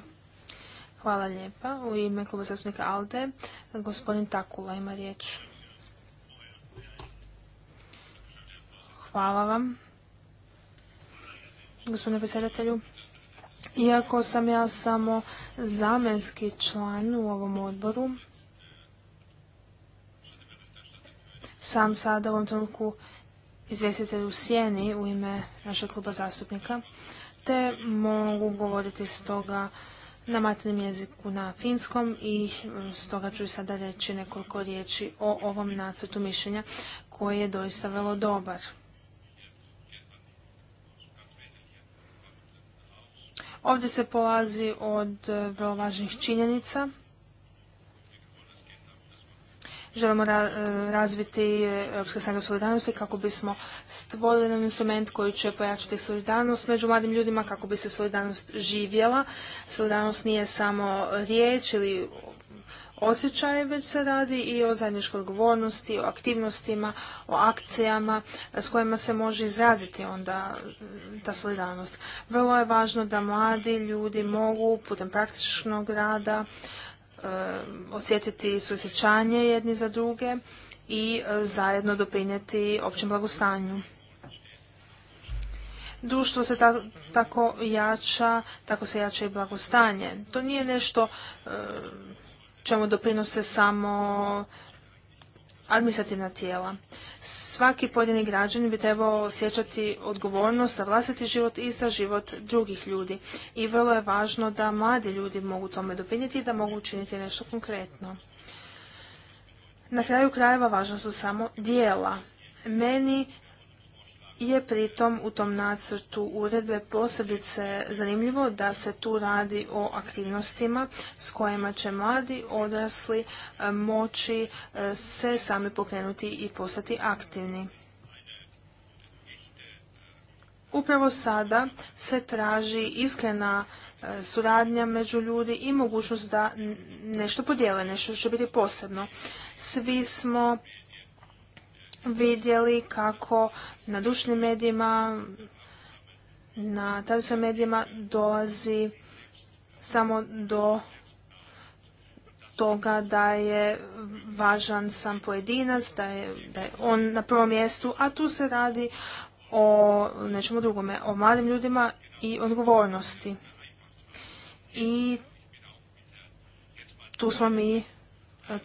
Hvala lijepa. U ime kluba zastupnika ALDE, gospodin Takula ima riječ. Hvala vam. Gospodine predsjedatelju. Iako sam ja samo zamenski član u ovom odboru, sam sada u ovom trenutku izvjestitelj u sjeni u ime našeg kluba zastupnika, te mogu govoriti stoga na maternjem jeziku na finskom i stoga ću sada reći nekoliko riječi o ovom nacrtu mišljenja koji je doista vrlo dobar. Ovdje se polazi od e, vrlo važnih činjenica. Želimo e, razviti e, Europske snage solidarnosti kako bismo stvorili jedan instrument koji će pojačati solidarnost među mladim ljudima, kako bi se solidarnost živjela. Solidarnost nije samo riječ ili osjećaje, već se radi i o zajedničkoj odgovornosti, o aktivnostima, o akcijama s kojima se može izraziti onda ta solidarnost. Vrlo je važno da mladi ljudi mogu putem praktičnog rada e, osjetiti susjećanje jedni za druge i e, zajedno doprinijeti općem blagostanju. Društvo se tako jača, tako se jača i blagostanje. To nije nešto e, čemu doprinose samo administrativna tijela. Svaki pojedini građan bi trebao osjećati odgovornost za vlastiti život i za život drugih ljudi. I vrlo je važno da mladi ljudi mogu tome doprinijeti i da mogu učiniti nešto konkretno. Na kraju krajeva važno su samo dijela. Meni je pritom u tom nacrtu uredbe posebice zanimljivo da se tu radi o aktivnostima s kojima će mladi odrasli e, moći e, se sami pokrenuti i postati aktivni. Upravo sada se traži iskrena e, suradnja među ljudi i mogućnost da nešto podijele, nešto što će biti posebno. Svi smo vidjeli kako na dušnim medijima, na tradicionalnim medijima dolazi samo do toga da je važan sam pojedinac, da je, da je on na prvom mjestu, a tu se radi o nečemu drugome, o mladim ljudima i odgovornosti. I tu smo mi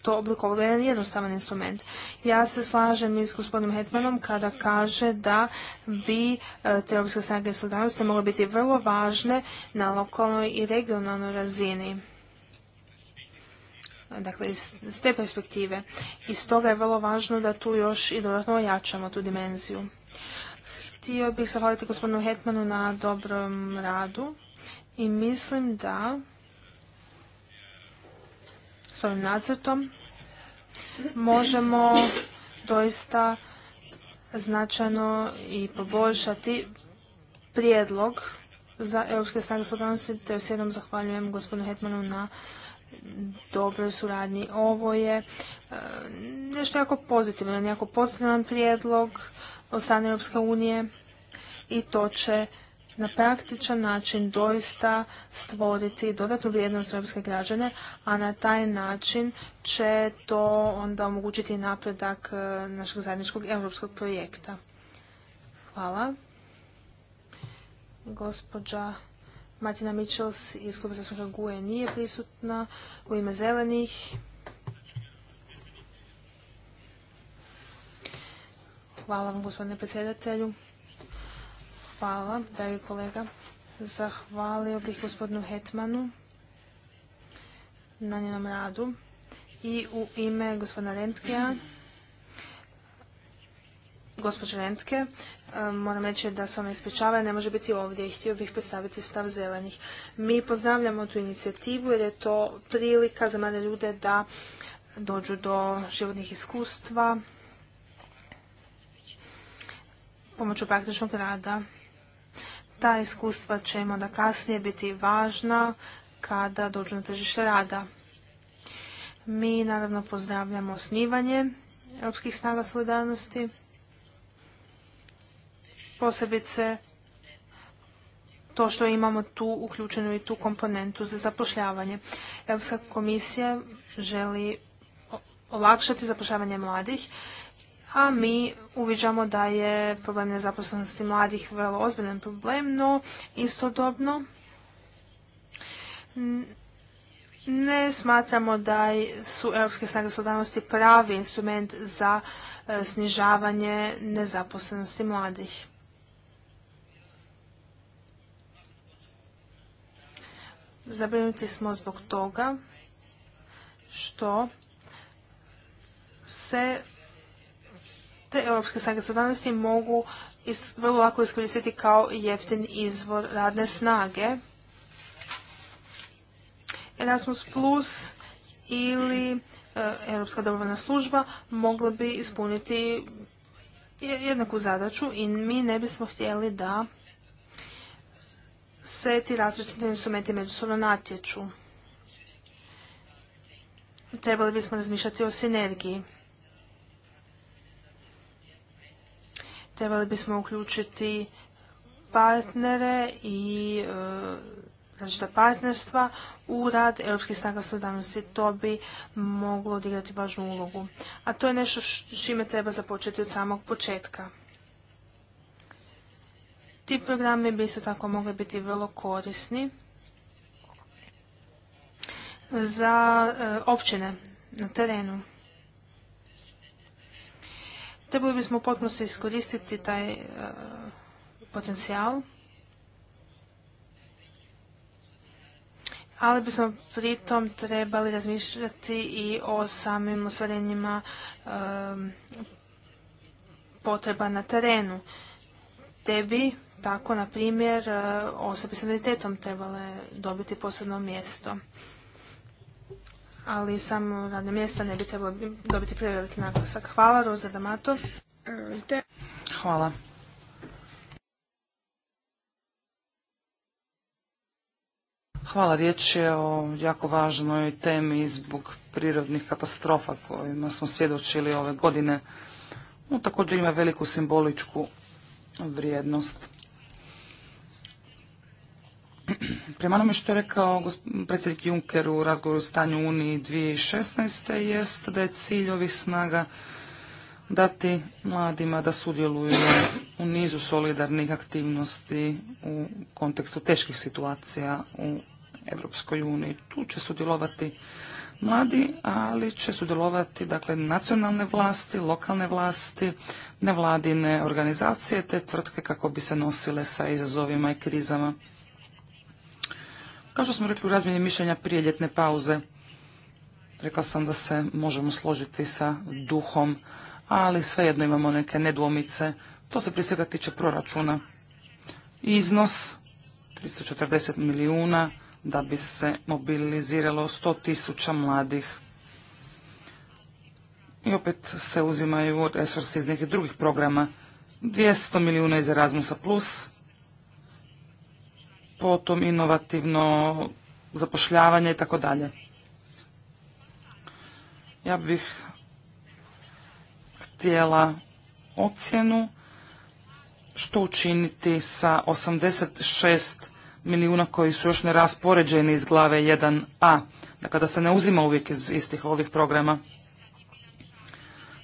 to oblikovalo jedan jednostavan instrument. Ja se slažem i s gospodinom Hetmanom kada kaže da bi e, te europske snage solidarnosti mogle biti vrlo važne na lokalnoj i regionalnoj razini. Dakle, s te perspektive. I stoga je vrlo važno da tu još i dodatno ojačamo tu dimenziju. Htio bih zahvaliti gospodinu Hetmanu na dobrom radu i mislim da ovim nacrtom možemo doista značajno i poboljšati prijedlog za Europske snage slobodnosti. te još jednom zahvaljujem gospodinu Hetmanu na dobroj suradnji. Ovo je e, nešto jako pozitivno, jako pozitivan prijedlog od strane Europske unije i to će na praktičan način doista stvoriti dodatnu vrijednost za europske građane, a na taj način će to onda omogućiti napredak e, našeg zajedničkog europskog projekta. Hvala. Gospođa Martina Michels iz Kluba za Guje nije prisutna u ime zelenih. Hvala vam gospodine predsjedatelju. Hvala, dragi kolega. Zahvalio bih gospodinu Hetmanu na njenom radu i u ime gospodina Rentke, gospođe Rentke. Eh, moram reći da se ona ispričava ne može biti ovdje i htio bih predstaviti stav zelenih. Mi pozdravljamo tu inicijativu jer je to prilika za mlade ljude da dođu do životnih iskustva pomoću praktičnog rada ta iskustva ćemo da kasnije biti važna kada dođu na tržište rada. Mi naravno pozdravljamo osnivanje Europskih snaga solidarnosti, posebice to što imamo tu uključenu i tu komponentu za zapošljavanje. Europska komisija želi olakšati zapošljavanje mladih a mi uviđamo da je problem nezaposlenosti mladih vrlo ozbiljan problem, no istodobno ne smatramo da su Europske snage solidarnosti pravi instrument za e, snižavanje nezaposlenosti mladih. Zabrinuti smo zbog toga što se te europske snage solidarnosti mogu vrlo lako iskoristiti kao jeftin izvor radne snage. Erasmus Plus ili e, Europska dobrovoljna služba mogla bi ispuniti jednaku zadaću i mi ne bismo htjeli da se ti različiti instrumenti međusobno natječu. Trebali bismo razmišljati o sinergiji. trebali bismo uključiti partnere i e, različita partnerstva u rad Europskih snaga solidarnosti. To bi moglo odigrati važnu ulogu. A to je nešto s čime treba započeti od samog početka. Ti programi bi isto tako mogli biti vrlo korisni za e, općine na terenu. Trebali bismo potpuno se iskoristiti taj e, potencijal, ali bismo pritom trebali razmišljati i o samim ostvarenjima e, potreba na terenu. Te bi tako, na primjer, e, osobe s invaliditetom trebale dobiti posebno mjesto ali samo radne mjesta ne bi trebalo dobiti preveliki naglasak. Hvala, Roza Damato. Hvala. Hvala, riječ je o jako važnoj temi zbog prirodnih katastrofa kojima smo svjedočili ove godine. No, također ima veliku simboličku vrijednost. Prema onome što je rekao predsjednik Juncker u razgovoru o stanju Uniji 2016. jest da je cilj ovih snaga dati mladima da sudjeluju u nizu solidarnih aktivnosti u kontekstu teških situacija u Europskoj uniji. Tu će sudjelovati mladi, ali će sudjelovati dakle nacionalne vlasti, lokalne vlasti, nevladine organizacije te tvrtke kako bi se nosile sa izazovima i krizama. Kao što smo rekli u razmjeni mišljenja prije ljetne pauze, rekla sam da se možemo složiti sa duhom, ali svejedno imamo neke nedoumice. To se prije svega tiče proračuna. Iznos 340 milijuna da bi se mobiliziralo 100 tisuća mladih. I opet se uzimaju resursi iz nekih drugih programa. 200 milijuna iz Erasmusa Plus, potom inovativno zapošljavanje i tako dalje. Ja bih htjela ocjenu što učiniti sa 86 milijuna koji su još neraspoređeni iz glave 1a, dakle da se ne uzima uvijek iz istih ovih programa.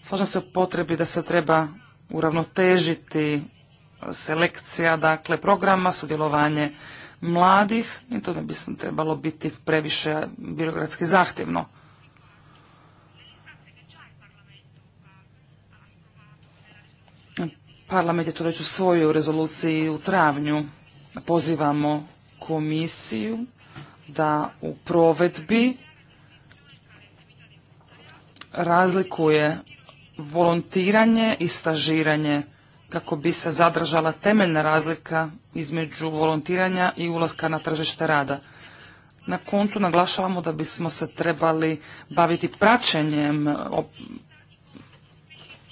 Slažem se o potrebi da se treba uravnotežiti selekcija, dakle programa, sudjelovanje mladih i to ne bi trebalo biti previše birokratski zahtjevno. Parlament je to već u svojoj rezoluciji u travnju. Pozivamo komisiju da u provedbi razlikuje volontiranje i stažiranje kako bi se zadržala temeljna razlika između volontiranja i ulaska na tržište rada. Na koncu naglašavamo da bismo se trebali baviti praćenjem eh,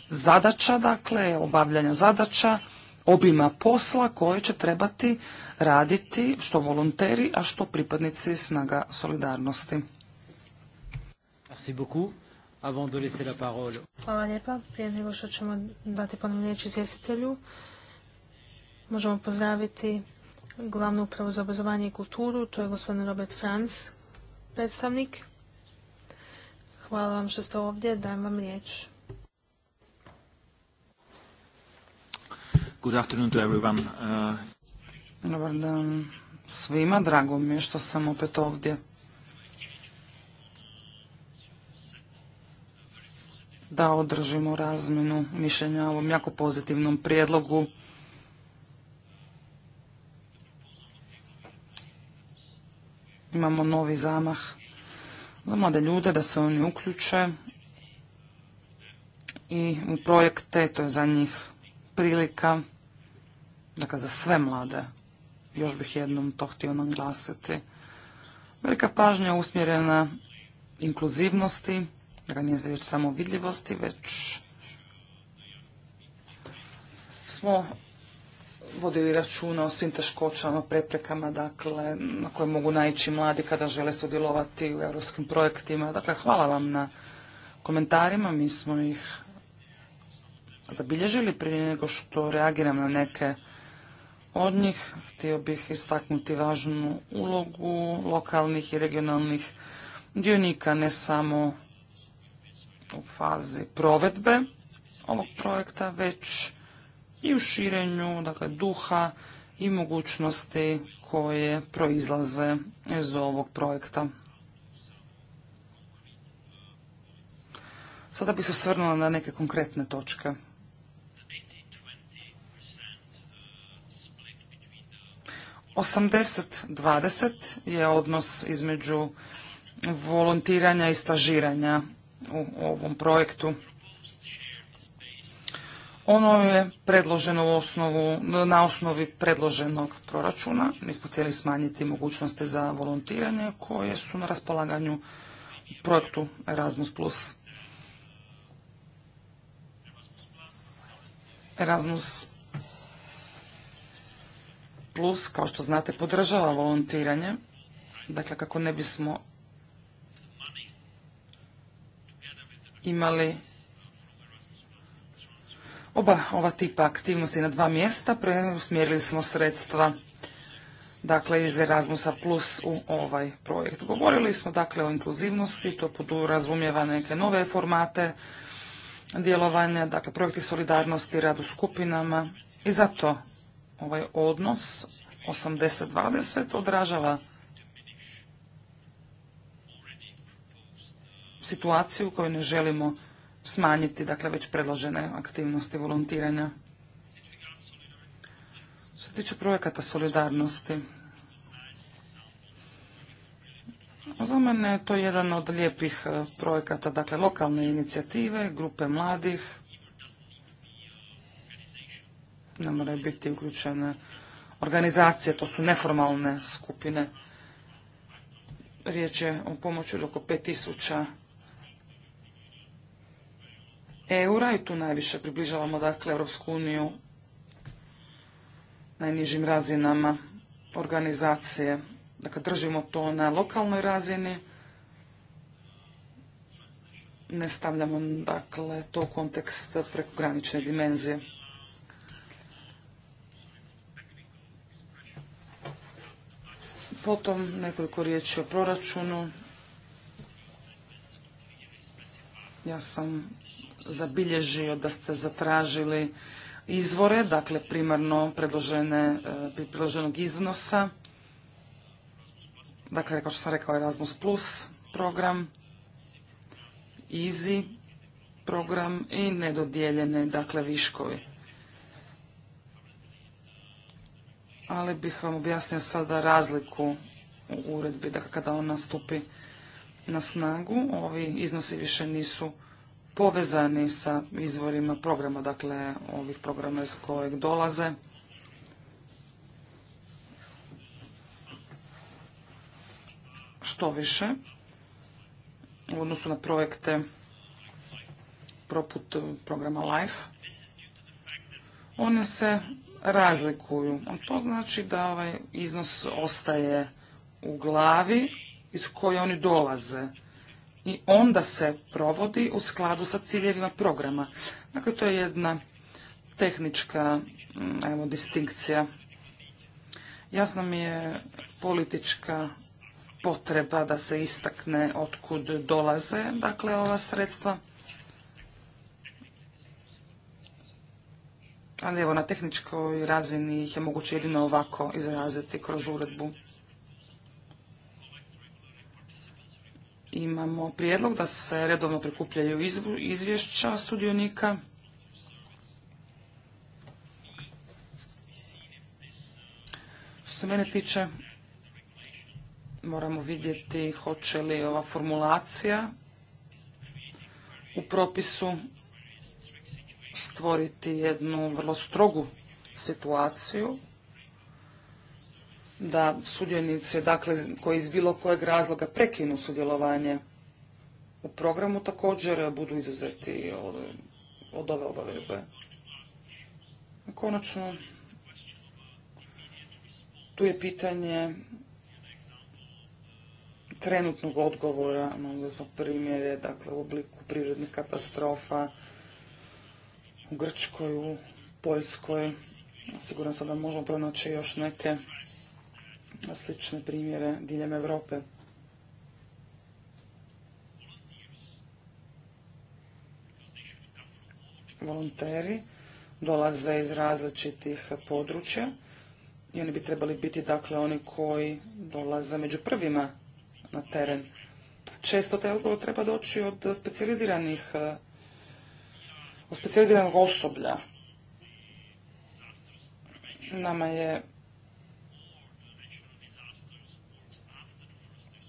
zadaća, dakle, obavljanja zadaća, obima posla koje će trebati raditi što volonteri, a što pripadnici snaga solidarnosti. Merci beaucoup. Avant de Hvala lijepa. Prije nego što ćemo dati ponovno riječ izvjestitelju, možemo pozdraviti glavnu upravu za obrazovanje i kulturu, to je gospodin Robert Franz, predstavnik. Hvala vam što ste ovdje, dajem vam riječ. Good afternoon uh, Dobar dan svima, drago mi je što sam opet ovdje. da održimo razmenu mišljenja o ovom jako pozitivnom prijedlogu. Imamo novi zamah za mlade ljude, da se oni uključe i u projekte, to je za njih prilika, dakle za sve mlade. Još bih jednom to htio naglasiti. Velika pažnja usmjerena inkluzivnosti, Dakle, nije samo vidljivosti, već smo vodili računa o svim teškoćama, preprekama, dakle, na koje mogu naići mladi kada žele sudjelovati u europskim projektima. Dakle, hvala vam na komentarima, mi smo ih zabilježili prije nego što reagiram na neke od njih. Htio bih istaknuti važnu ulogu lokalnih i regionalnih dionika, ne samo u fazi provedbe ovog projekta, već i u širenju dakle, duha i mogućnosti koje proizlaze iz ovog projekta. Sada bih se svrnula na neke konkretne točke. 80 dvadeset je odnos između volontiranja i stažiranja u ovom projektu. Ono je predloženo u osnovu, na osnovi predloženog proračuna. Mi smo htjeli smanjiti mogućnosti za volontiranje koje su na raspolaganju u projektu Erasmus+. Erasmus Plus, kao što znate, podržava volontiranje. Dakle, kako ne bismo imali oba ova tipa aktivnosti na dva mjesta, preusmjerili smo sredstva dakle iz Erasmusa Plus u ovaj projekt. Govorili smo dakle o inkluzivnosti, to podrazumijeva neke nove formate djelovanja, dakle projekti solidarnosti, rad u skupinama i zato ovaj odnos 80-20 odražava situaciju koju ne želimo smanjiti, dakle već predložene aktivnosti volontiranja. Što se tiče projekata solidarnosti, za mene je to jedan od lijepih e, projekata, dakle lokalne inicijative, grupe mladih, ne moraju biti uključene organizacije, to su neformalne skupine. Riječ je o pomoći od oko 5000 eura i tu najviše približavamo dakle Europsku uniju najnižim razinama organizacije. Dakle, držimo to na lokalnoj razini. Ne stavljamo dakle to u kontekst prekogranične dimenzije. Potom nekoliko riječi o proračunu. Ja sam zabilježio da ste zatražili izvore, dakle primarno predložene, e, predloženog iznosa. Dakle, kao što sam rekao, Erasmus Plus program, EASY program i nedodijeljene, dakle, viškovi. Ali bih vam objasnio sada razliku u uredbi, dakle, kada ona stupi na snagu, ovi iznosi više nisu povezani sa izvorima programa, dakle ovih programa iz kojeg dolaze. Što više, u odnosu na projekte proput programa LIFE, one se razlikuju. A to znači da ovaj iznos ostaje u glavi iz koje oni dolaze i onda se provodi u skladu sa ciljevima programa. Dakle, to je jedna tehnička mm, evo, distinkcija. Jasna mi je politička potreba da se istakne otkud dolaze dakle ova sredstva. Ali evo, na tehničkoj razini ih je moguće jedino ovako izraziti kroz uredbu. imamo prijedlog da se redovno prikupljaju izvješća sudionika. Što se mene tiče, moramo vidjeti hoće li ova formulacija u propisu stvoriti jednu vrlo strogu situaciju da sudjenice dakle, koji iz bilo kojeg razloga prekinu sudjelovanje u programu također budu izuzeti od, ove obaveze. Konačno, tu je pitanje trenutnog odgovora, odnosno primjere, dakle u obliku prirodnih katastrofa u Grčkoj, u Poljskoj. Siguran sam da možemo pronaći još neke slične primjere diljem Europe. Volonteri dolaze iz različitih područja i oni bi trebali biti dakle oni koji dolaze među prvima na teren. Često taj odgovor treba doći od specializiranih od osoblja. Nama je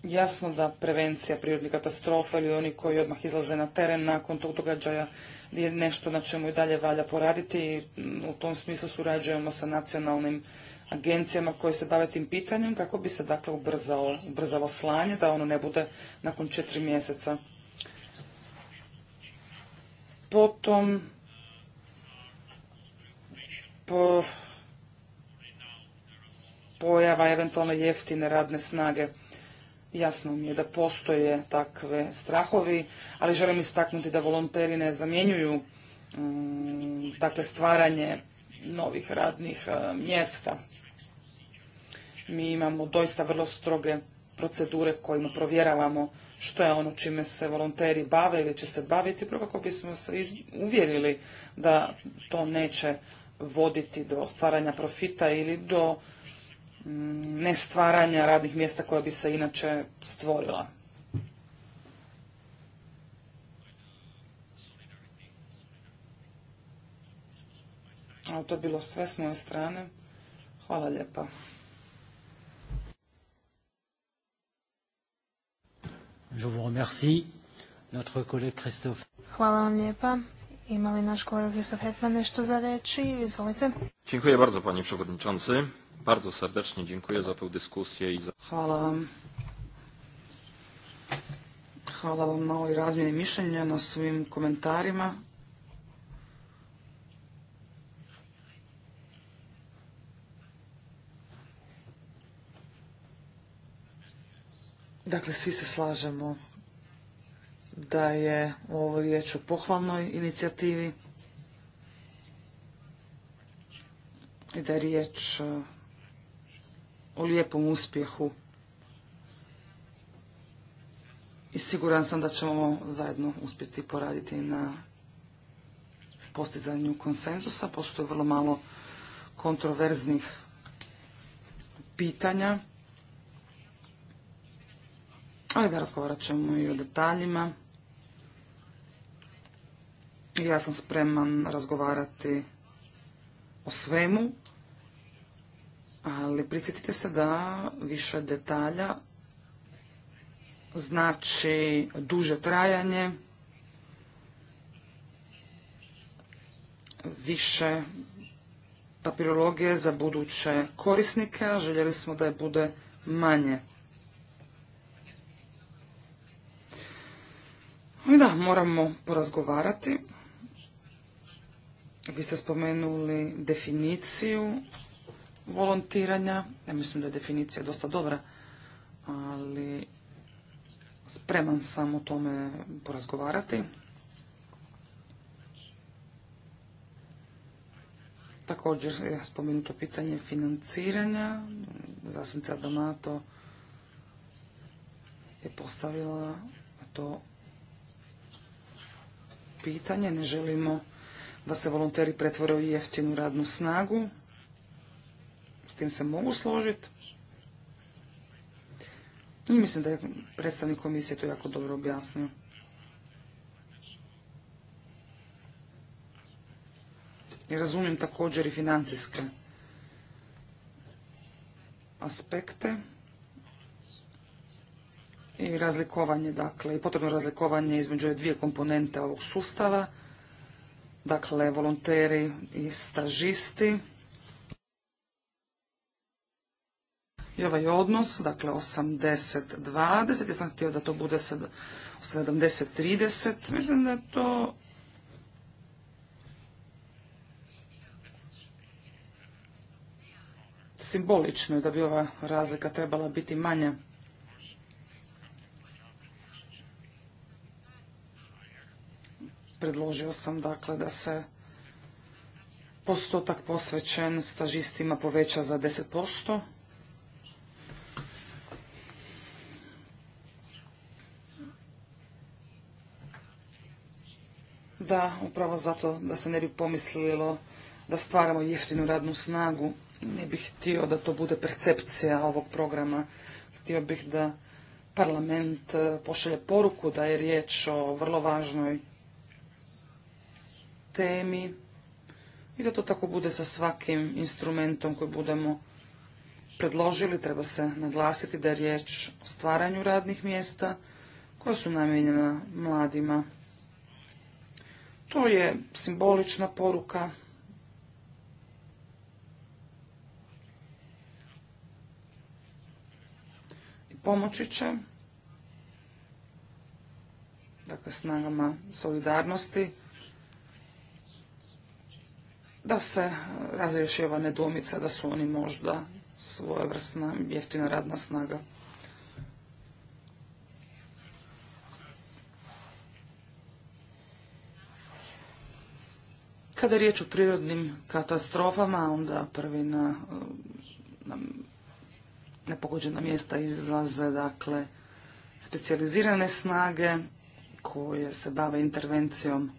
jasno da prevencija prirodnih katastrofa ili oni koji odmah izlaze na teren nakon tog događaja je nešto na čemu i dalje valja poraditi i u tom smislu surađujemo sa nacionalnim agencijama koje se bave tim pitanjem kako bi se dakle ubrzalo, slanje da ono ne bude nakon četiri mjeseca. Potom po, pojava eventualno jeftine radne snage. Jasno mi je da postoje takve strahovi, ali želim istaknuti da volonteri ne zamjenjuju mm, dakle, stvaranje novih radnih e, mjesta. Mi imamo doista vrlo stroge procedure kojima provjeravamo što je ono čime se volonteri bave ili će se baviti, prvo kako bismo se uvjerili da to neće voditi do stvaranja profita ili do Mm, nestvaranja radnih mjesta koja bi se inače stvorila. Ali to je bilo sve s moje strane. Hvala lijepa. Je vous remercie. Notre collègue Christophe. Hvala vam lijepa. Ima naš kolega Kristof Hetman nešto za reći? Izvolite. Dziękuję bardzo, panie przewodniczący. Bardzo serdecznie za i za... Hvala vam. na ovoj razmjeni mišljenja, na svim komentarima. Dakle, svi se slažemo da je ovo riječ o pohvalnoj inicijativi i da je riječ o lijepom uspjehu i siguran sam da ćemo zajedno uspjeti poraditi na postizanju konsenzusa. Postoje vrlo malo kontroverznih pitanja. Ali da razgovarat ćemo i o detaljima. Ja sam spreman razgovarati o svemu ali prisjetite se da više detalja znači duže trajanje, više papirologije za buduće korisnike, a željeli smo da je bude manje. I da, moramo porazgovarati. Vi ste spomenuli definiciju volontiranja. Ja mislim da je definicija dosta dobra, ali spreman sam o tome porazgovarati. Također je spomenuto pitanje financiranja. Zastupnica Damato je postavila to pitanje. Ne želimo da se volonteri pretvore u jeftinu radnu snagu tim se mogu složiti. Mislim da je predstavnik komisije to jako dobro objasnio. I razumijem također i financijske aspekte i razlikovanje, dakle, i potrebno razlikovanje između dvije komponente ovog sustava, dakle, volonteri i stažisti, I ovaj odnos, dakle 80-20, ja sam htio da to bude 70-30, mislim da je to simbolično da bi ova razlika trebala biti manja. Predložio sam dakle da se postotak posvećen stažistima poveća za 10%. Da, upravo zato da se ne bi pomislilo da stvaramo jeftinu radnu snagu. Ne bih htio da to bude percepcija ovog programa. Htio bih da parlament e, pošalje poruku da je riječ o vrlo važnoj temi i da to tako bude sa svakim instrumentom koji budemo predložili. Treba se naglasiti da je riječ o stvaranju radnih mjesta koja su namijenjena mladima. To je simbolična poruka. I pomoći će dakle, snagama solidarnosti da se razriješi ova nedomica da su oni možda svojevrsna jeftina radna snaga. Kada je riječ o prirodnim katastrofama, onda prvi na, na nepogođena mjesta izlaze, dakle, specijalizirane snage koje se bave intervencijom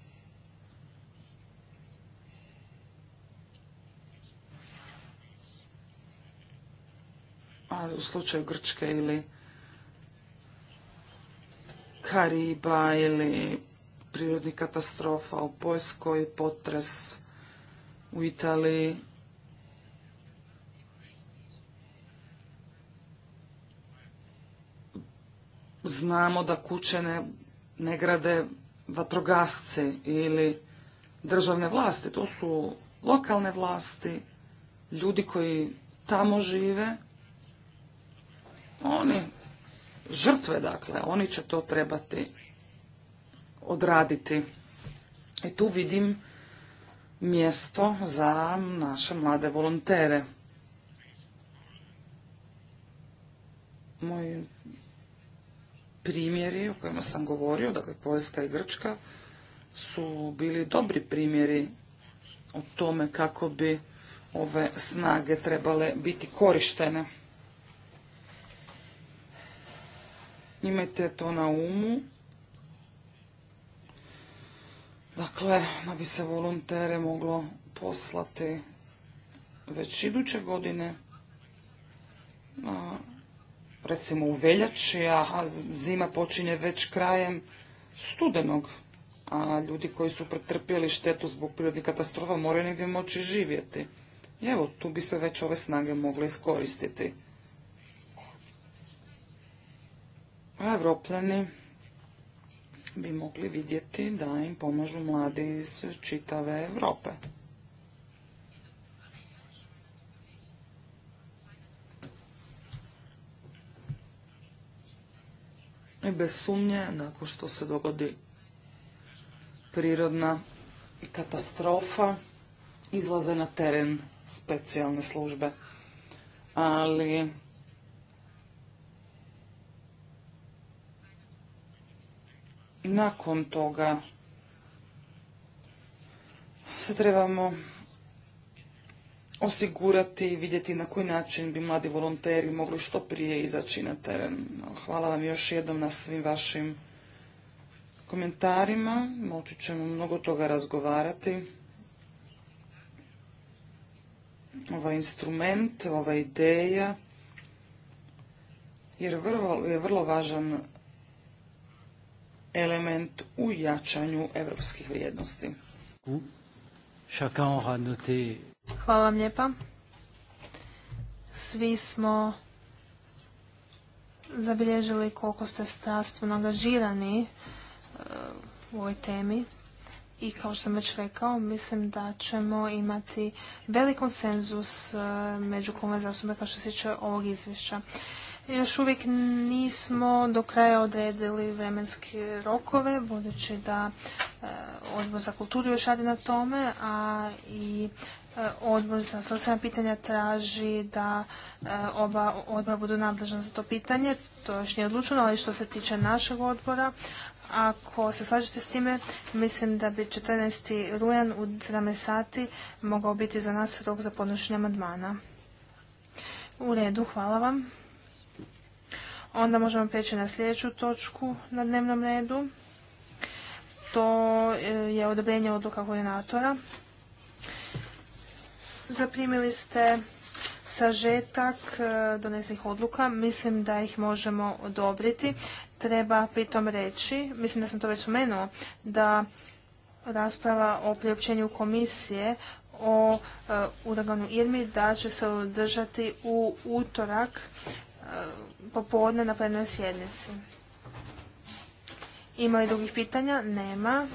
u slučaju Grčke ili Kariba ili prirodnih katastrofa u Poljskoj, potres u Italiji. Znamo da kuće ne, grade vatrogasci ili državne vlasti. To su lokalne vlasti, ljudi koji tamo žive. Oni žrtve, dakle, oni će to trebati odraditi. I tu vidim mjesto za naše mlade volontere. Moji primjeri o kojima sam govorio, dakle Poljska i Grčka, su bili dobri primjeri o tome kako bi ove snage trebale biti korištene. Imajte to na umu Dakle, da bi se volontere moglo poslati već iduće godine, recimo u veljači, a zima počinje već krajem studenog, a ljudi koji su pretrpjeli štetu zbog prirodnih katastrofa moraju negdje moći živjeti. I evo, tu bi se već ove snage mogle iskoristiti. Evropljani bi mogli vidjeti da im pomažu mladi iz čitave Europe. I bez sumnje, nakon što se dogodi prirodna katastrofa, izlaze na teren specijalne službe. Ali Nakon toga se trebamo osigurati i vidjeti na koji način bi mladi volonteri mogli što prije izaći na teren. Hvala vam još jednom na svim vašim komentarima. Moći ćemo mnogo toga razgovarati. Ovaj instrument, ova ideja jer je vrlo važan element u jačanju europskih vrijednosti. Hvala vam lijepa. Svi smo zabilježili koliko ste strastveno angažirani e, u ovoj temi. I kao što sam već rekao, mislim da ćemo imati velik konsenzus e, među kome zastupnika što se tiče ovog izvješća još uvijek nismo do kraja odredili vremenske rokove, budući da e, odbor za kulturu još radi na tome, a i e, odbor za socijalna pitanja traži da e, oba odbora budu nadležna za to pitanje. To još nije odlučeno, ali što se tiče našeg odbora, ako se slažete s time, mislim da bi 14. rujan u 17 sati mogao biti za nas rok za podnošenje amandmana. U redu, hvala vam. Onda možemo preći na sljedeću točku na dnevnom redu. To e, je odobrenje odluka koordinatora. Zaprimili ste sažetak e, donesenih odluka. Mislim da ih možemo odobriti. Treba pritom reći, mislim da sam to već spomenuo, da rasprava o priopćenju komisije o e, uraganu Irmi da će se održati u utorak popodne na plenoj sjednici. Ima li drugih pitanja? Nema.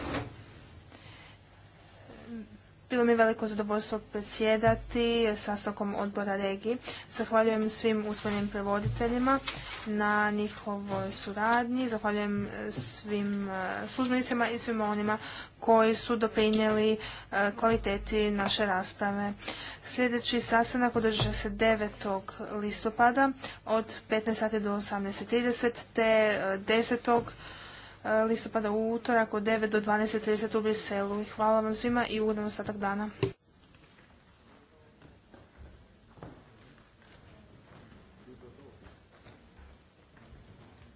Bilo mi veliko zadovoljstvo predsjedati sastavkom odbora regiji. Zahvaljujem svim usvojenim prevoditeljima na njihovoj suradnji. Zahvaljujem e, svim e, službenicima i svima onima koji su doprinijeli e, kvaliteti naše rasprave. Sljedeći sastanak održava se 9. listopada od 15. do 18.30 te 10. E, listopada u utorak od 9 do 12.30 u Briselu. Hvala vam svima i ugodan ostatak dana.